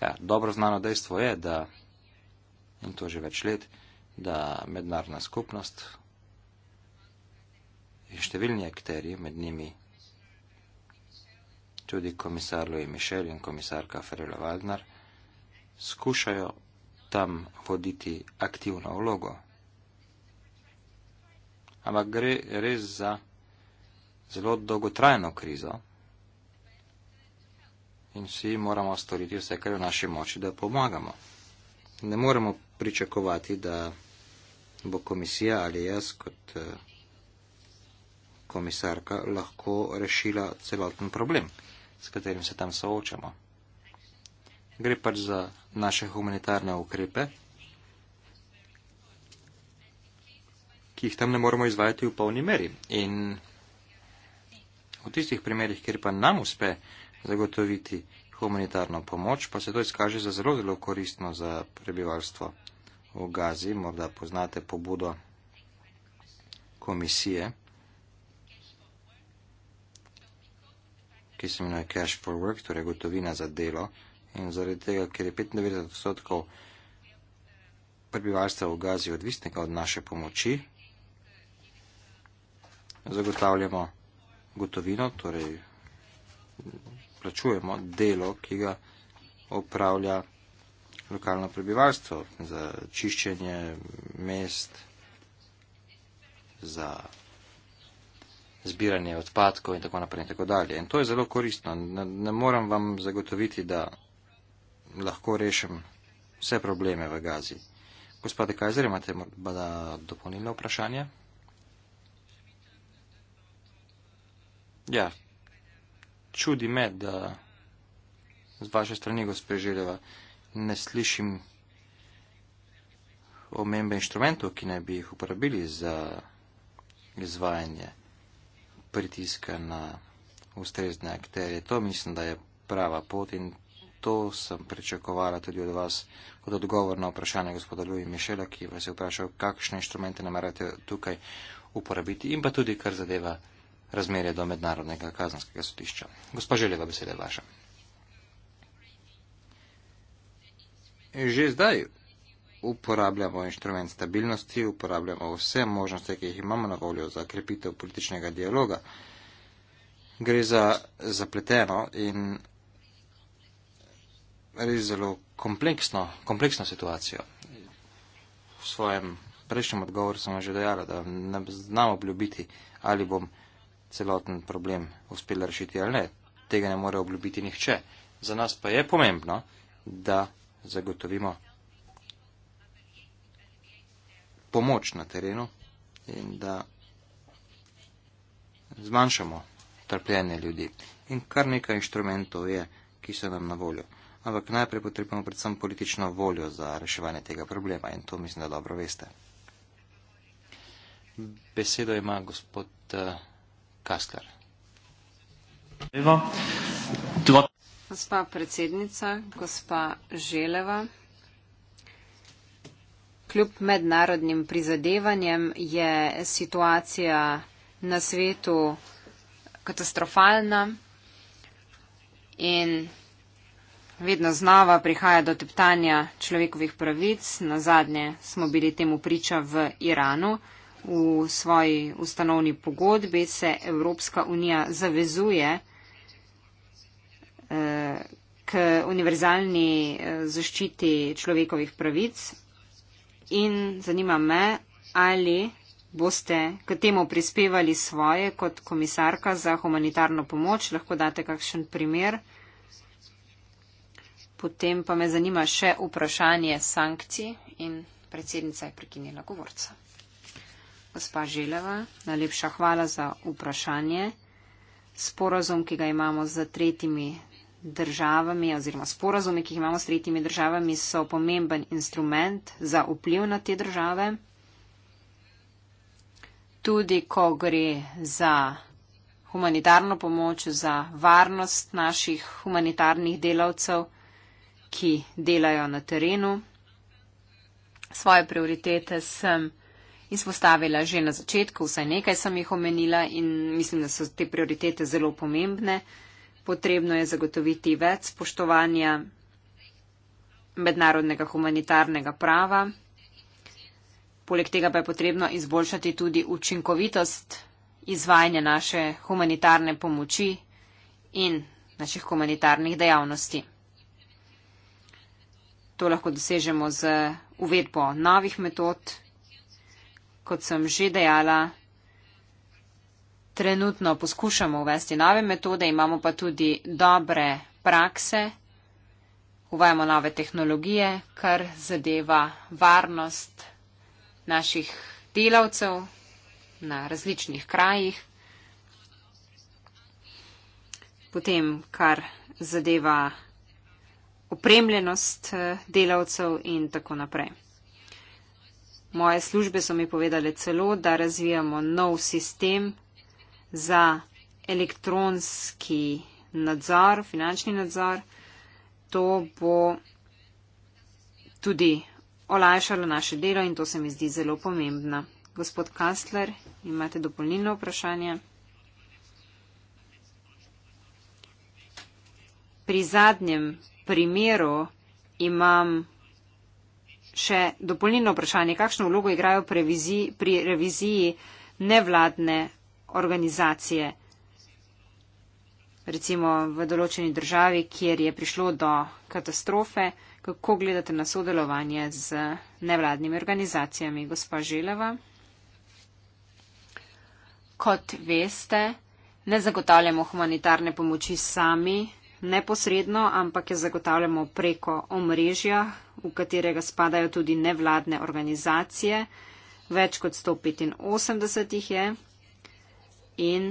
Ja, dobro znano dejstvo je, da, in to že več let, da mednarodna skupnost in številni akteri, med njimi tudi komisar Louis Michel in komisarka Ferrero Wagner, skušajo tam voditi aktivno vlogo. Ampak gre res za zelo dolgotrajno krizo in vsi moramo storiti vse, kar je v naši moči, da pomagamo. Ne moremo pričakovati, da bo komisija ali jaz kot eh, komisarka lahko rešila celoten problem, s katerim se tam soočamo gre pač za naše humanitarne ukrepe, ki jih tam ne moremo izvajati v polni meri. In v tistih primerjih, kjer pa nam uspe zagotoviti humanitarno pomoč, pa se to izkaže za zelo, zelo koristno za prebivalstvo v Gazi. Morda poznate pobudo komisije, ki se imenuje Cash for Work, torej gotovina za delo In zaradi tega, ker je 95% prebivalstva v Gazi odvisnega od naše pomoči, zagotavljamo gotovino, torej plačujemo delo, ki ga opravlja lokalno prebivalstvo za čiščenje mest, za zbiranje odpadkov in tako naprej in tako dalje. In to je zelo koristno. Ne, ne morem vam zagotoviti, da lahko rešim vse probleme v Gazi. Gospod Kajzer, imate morda dopolnilno vprašanje? Ja, čudi me, da z vaše strani, gospod Željeva, ne slišim omembe inštrumentov, ki naj bi jih uporabili za izvajanje pritiska na ustrezne akterje. To mislim, da je prava pot in to sem pričakovala tudi od vas kot odgovor na vprašanje gospoda Luji Mišela, ki vas je vprašal, kakšne inštrumente namerate tukaj uporabiti in pa tudi, kar zadeva razmerje do mednarodnega kazanskega sodišča. Gospa Želeva, beseda je vaša. Že zdaj uporabljamo inštrument stabilnosti, uporabljamo vse možnosti, ki jih imamo na voljo za krepitev političnega dialoga. Gre za zapleteno in res zelo kompleksno, kompleksno situacijo. V svojem prejšnjem odgovoru sem že dejala, da ne znam obljubiti, ali bom celoten problem uspela rešiti ali ne. Tega ne more obljubiti nihče. Za nas pa je pomembno, da zagotovimo pomoč na terenu in da zmanjšamo trpljenje ljudi. In kar nekaj inštrumentov je, ki so nam na voljo ampak najprej potrebujemo predvsem politično voljo za reševanje tega problema in to mislim, da dobro veste. Besedo ima gospod eh, Kaskar. Gospa predsednica, gospa Želeva. Kljub mednarodnim prizadevanjem je situacija na svetu katastrofalna in Vedno znova prihaja do teptanja človekovih pravic. Na zadnje smo bili temu priča v Iranu. V svoji ustanovni pogodbi se Evropska unija zavezuje eh, k univerzalni eh, zaščiti človekovih pravic. In zanima me, ali boste k temu prispevali svoje kot komisarka za humanitarno pomoč. Lahko date kakšen primer. Potem pa me zanima še vprašanje sankcij in predsednica je prekinila govorca. Gospa Želeva, najlepša hvala za vprašanje. Sporazum, ki ga imamo z tretjimi državami oziroma sporazumi, ki jih imamo s tretjimi državami, so pomemben instrument za vpliv na te države. Tudi, ko gre za humanitarno pomoč, za varnost naših humanitarnih delavcev ki delajo na terenu. Svoje prioritete sem izpostavila že na začetku, vsaj nekaj sem jih omenila in mislim, da so te prioritete zelo pomembne. Potrebno je zagotoviti več spoštovanja mednarodnega humanitarnega prava. Poleg tega pa je potrebno izboljšati tudi učinkovitost izvajanja naše humanitarne pomoči in naših humanitarnih dejavnosti. To lahko dosežemo z uvedbo novih metod. Kot sem že dejala, trenutno poskušamo uvesti nove metode, imamo pa tudi dobre prakse. Uvajamo nove tehnologije, kar zadeva varnost naših delavcev na različnih krajih. Potem, kar zadeva opremljenost eh, delavcev in tako naprej. Moje službe so mi povedali celo, da razvijamo nov sistem za elektronski nadzor, finančni nadzor. To bo tudi olajšalo naše delo in to se mi zdi zelo pomembno. Gospod Kastler, imate dopolnilno vprašanje? pri zadnjem primeru imam še dopolnilno vprašanje, kakšno vlogo igrajo pri reviziji nevladne organizacije, recimo v določeni državi, kjer je prišlo do katastrofe, kako gledate na sodelovanje z nevladnimi organizacijami, gospa Želeva? Kot veste, ne zagotavljamo humanitarne pomoči sami, neposredno, ampak jo zagotavljamo preko omrežja, v katerega spadajo tudi nevladne organizacije. Več kot 185 jih je in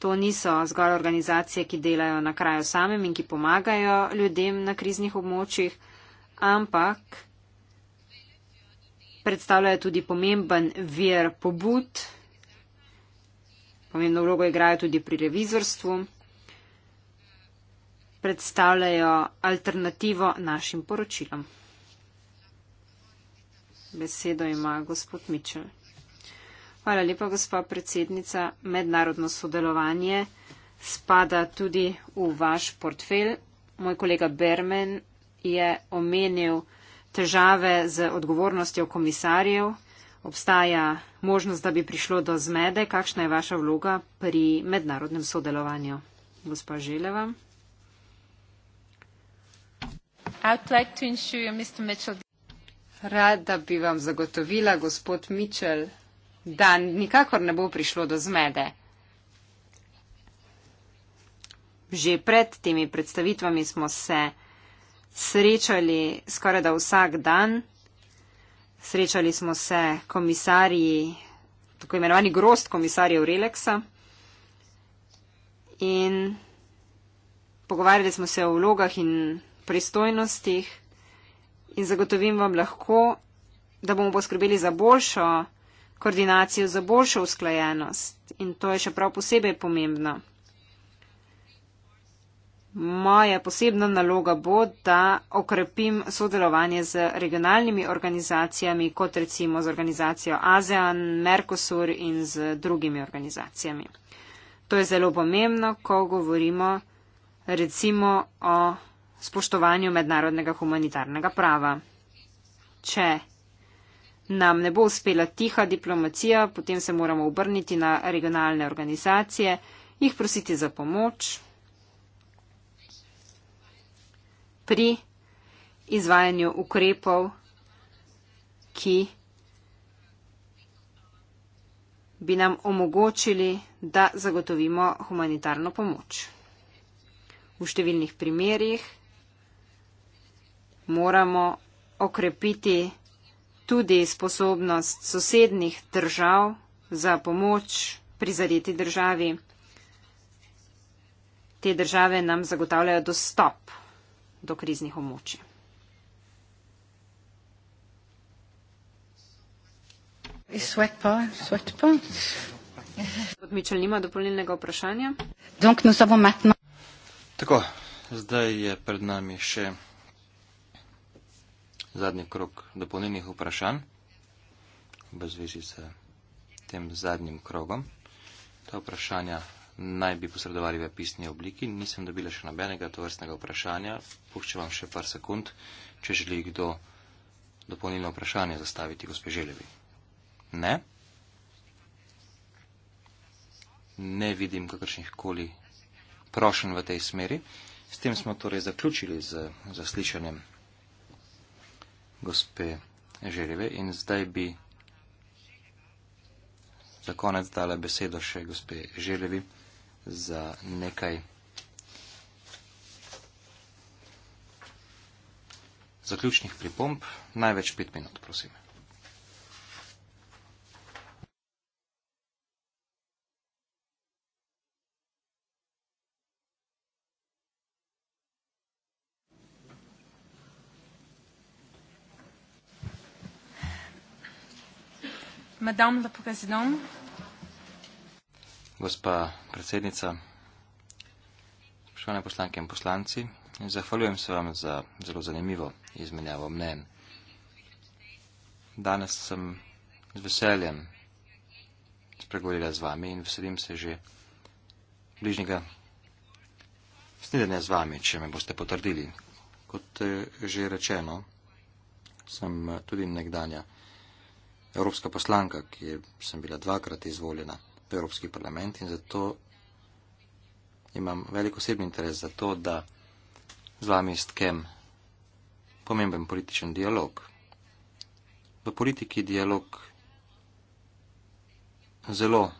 to niso zgolj organizacije, ki delajo na kraju samem in ki pomagajo ljudem na kriznih območjih, ampak predstavljajo tudi pomemben vir pobud. Pomembno vlogo igrajo tudi pri revizorstvu predstavljajo alternativo našim poročilom. Besedo ima gospod Mičel. Hvala lepa, gospa predsednica. Mednarodno sodelovanje spada tudi v vaš portfel. Moj kolega Berman je omenil težave z odgovornostjo komisarjev. Obstaja možnost, da bi prišlo do zmede. Kakšna je vaša vloga pri mednarodnem sodelovanju? Gospa Želeva. Rada bi vam zagotovila, gospod Mitchell, da nikakor ne bo prišlo do zmede. Že pred temi predstavitvami smo se srečali skoraj da vsak dan. Srečali smo se komisarji, tako imenovani grost komisarjev Relaxa. In pogovarjali smo se o vlogah in pristojnostih in zagotovim vam lahko, da bomo poskrbeli za boljšo koordinacijo, za boljšo usklajenost. In to je še prav posebej pomembno. Moja posebna naloga bo, da okrepim sodelovanje z regionalnimi organizacijami, kot recimo z organizacijo ASEAN, Mercosur in z drugimi organizacijami. To je zelo pomembno, ko govorimo recimo o spoštovanju mednarodnega humanitarnega prava. Če nam ne bo uspela tiha diplomacija, potem se moramo obrniti na regionalne organizacije, jih prositi za pomoč pri izvajanju ukrepov, ki bi nam omogočili, da zagotovimo humanitarno pomoč. V številnih primerjih moramo okrepiti tudi sposobnost sosednih držav za pomoč prizadeti državi. Te države nam zagotavljajo dostop do kriznih območij. Gospod Mičel nima dopolnilnega vprašanja. Tako, zdaj je pred nami še zadnji krok dopolnilnih vprašanj v zvezi s tem zadnjim krogom. Ta vprašanja naj bi posredovali v pisni obliki. Nisem dobila še nobenega tovrstnega vprašanja. Puščam vam še par sekund, če želi kdo dopolnilno vprašanje zastaviti, gospe Želevi. Ne? Ne vidim kakršnih koli prošen v tej smeri. S tem smo torej zaključili z zaslišanjem gospe Žereve. In zdaj bi za konec dala besedo še gospe Želevi za nekaj zaključnih pripomb. Največ pet minut, prosim. Madame la Présidente. Gospa predsednica, spoštovane poslanke in poslanci, zahvaljujem se vam za zelo zanimivo izmenjavo mnen. Danes sem z veseljem spregovorila z vami in veselim se že bližnjega snidenja z vami, če me boste potrdili. Kot eh, že rečeno, sem eh, tudi nekdanja evropska poslanka, ki je, sem bila dvakrat izvoljena v Evropski parlament in zato imam veliko osebni interes za to, da z vami stkem pomemben političen dialog. V politiki dialog zelo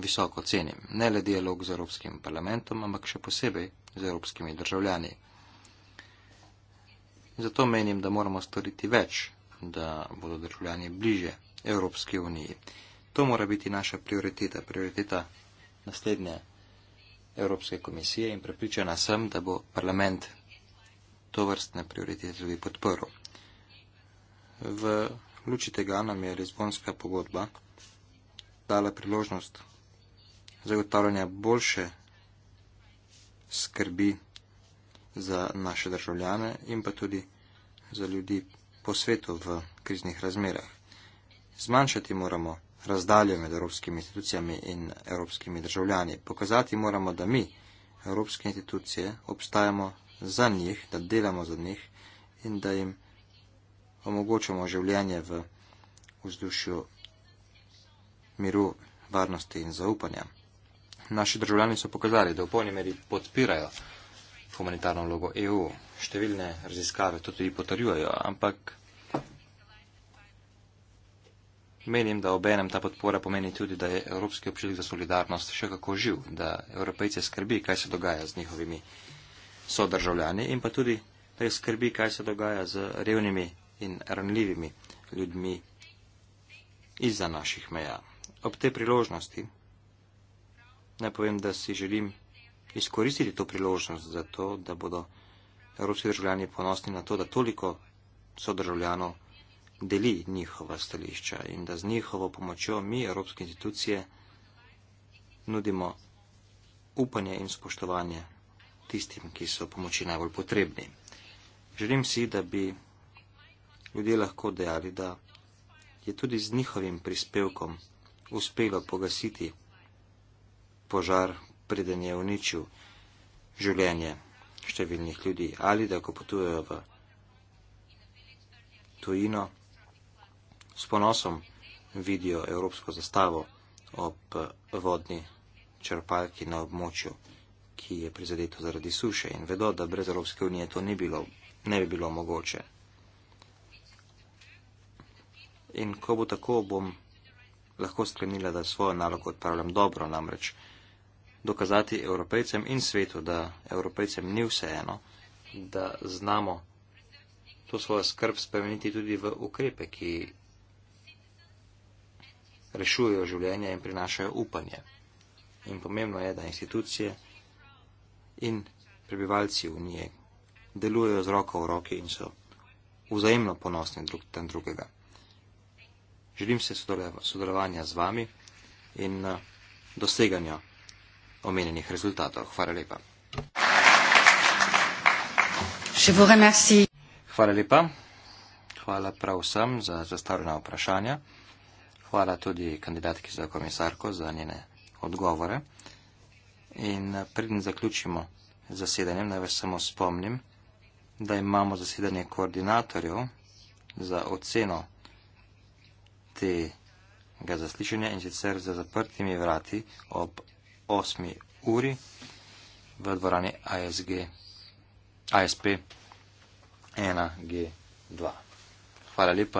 visoko cenim. Ne le dialog z Evropskim parlamentom, ampak še posebej z evropskimi državljani. Zato menim, da moramo storiti več da bodo državljani bliže Evropski uniji. To mora biti naša prioriteta, prioriteta naslednje Evropske komisije in prepričana sem, da bo parlament to vrstne prioritete tudi podporil. V luči tega nam je Lizbonska pogodba dala priložnost zagotavljanja boljše skrbi za naše državljane in pa tudi za ljudi po svetu v kriznih razmerah. Zmanjšati moramo razdaljo med evropskimi institucijami in evropskimi državljani. Pokazati moramo, da mi, evropske institucije, obstajamo za njih, da delamo za njih in da jim omogočamo življenje v vzdušju miru, varnosti in zaupanja. Naši državljani so pokazali, da v polni meri podpirajo humanitarno vlogo EU. Številne raziskave to tudi potrjujejo, ampak menim, da obenem ta podpora pomeni tudi, da je Evropski občutek za solidarnost še kako živ, da evropejce skrbi, kaj se dogaja z njihovimi sodržavljani in pa tudi, da jih skrbi, kaj se dogaja z revnimi in ranljivimi ljudmi izza naših meja. Ob te priložnosti naj povem, da si želim izkoristili to priložnost za to, da bodo evropski državljani ponosni na to, da toliko sodržavljanov deli njihova stališča in da z njihovo pomočjo mi, evropske institucije, nudimo upanje in spoštovanje tistim, ki so pomoči najbolj potrebni. Želim si, da bi ljudje lahko dejali, da je tudi z njihovim prispevkom uspelo pogasiti požar, preden je uničil življenje številnih ljudi ali da ko potujejo v tujino, s ponosom vidijo evropsko zastavo ob vodni črpalki na območju, ki je prizadeto zaradi suše in vedo, da brez Evropske unije to ni bilo, ne bi bilo mogoče. In ko bo tako, bom lahko sklenila, da svojo nalogo odpravljam dobro, namreč dokazati evropejcem in svetu, da evropejcem ni vseeno, da znamo to svojo skrb spremeniti tudi v ukrepe, ki rešujejo življenje in prinašajo upanje. In pomembno je, da institucije in prebivalci Unije delujejo z roko v roki in so vzajemno ponosni drug ten drugega. Želim se sodelovanja z vami in eh, doseganja omenjenih rezultatov. Hvala lepa. Hvala lepa. Hvala prav vsem za zastavljena vprašanja. Hvala tudi kandidatki za komisarko za njene odgovore. In predn zaključimo zasedanjem, naj vas samo spomnim, da imamo zasedanje koordinatorjev za oceno tega zaslišanja in sicer za zaprtimi vrati ob 18.30. 8. uri v dvorani ASG, ASP 1G2. Hvala lepa.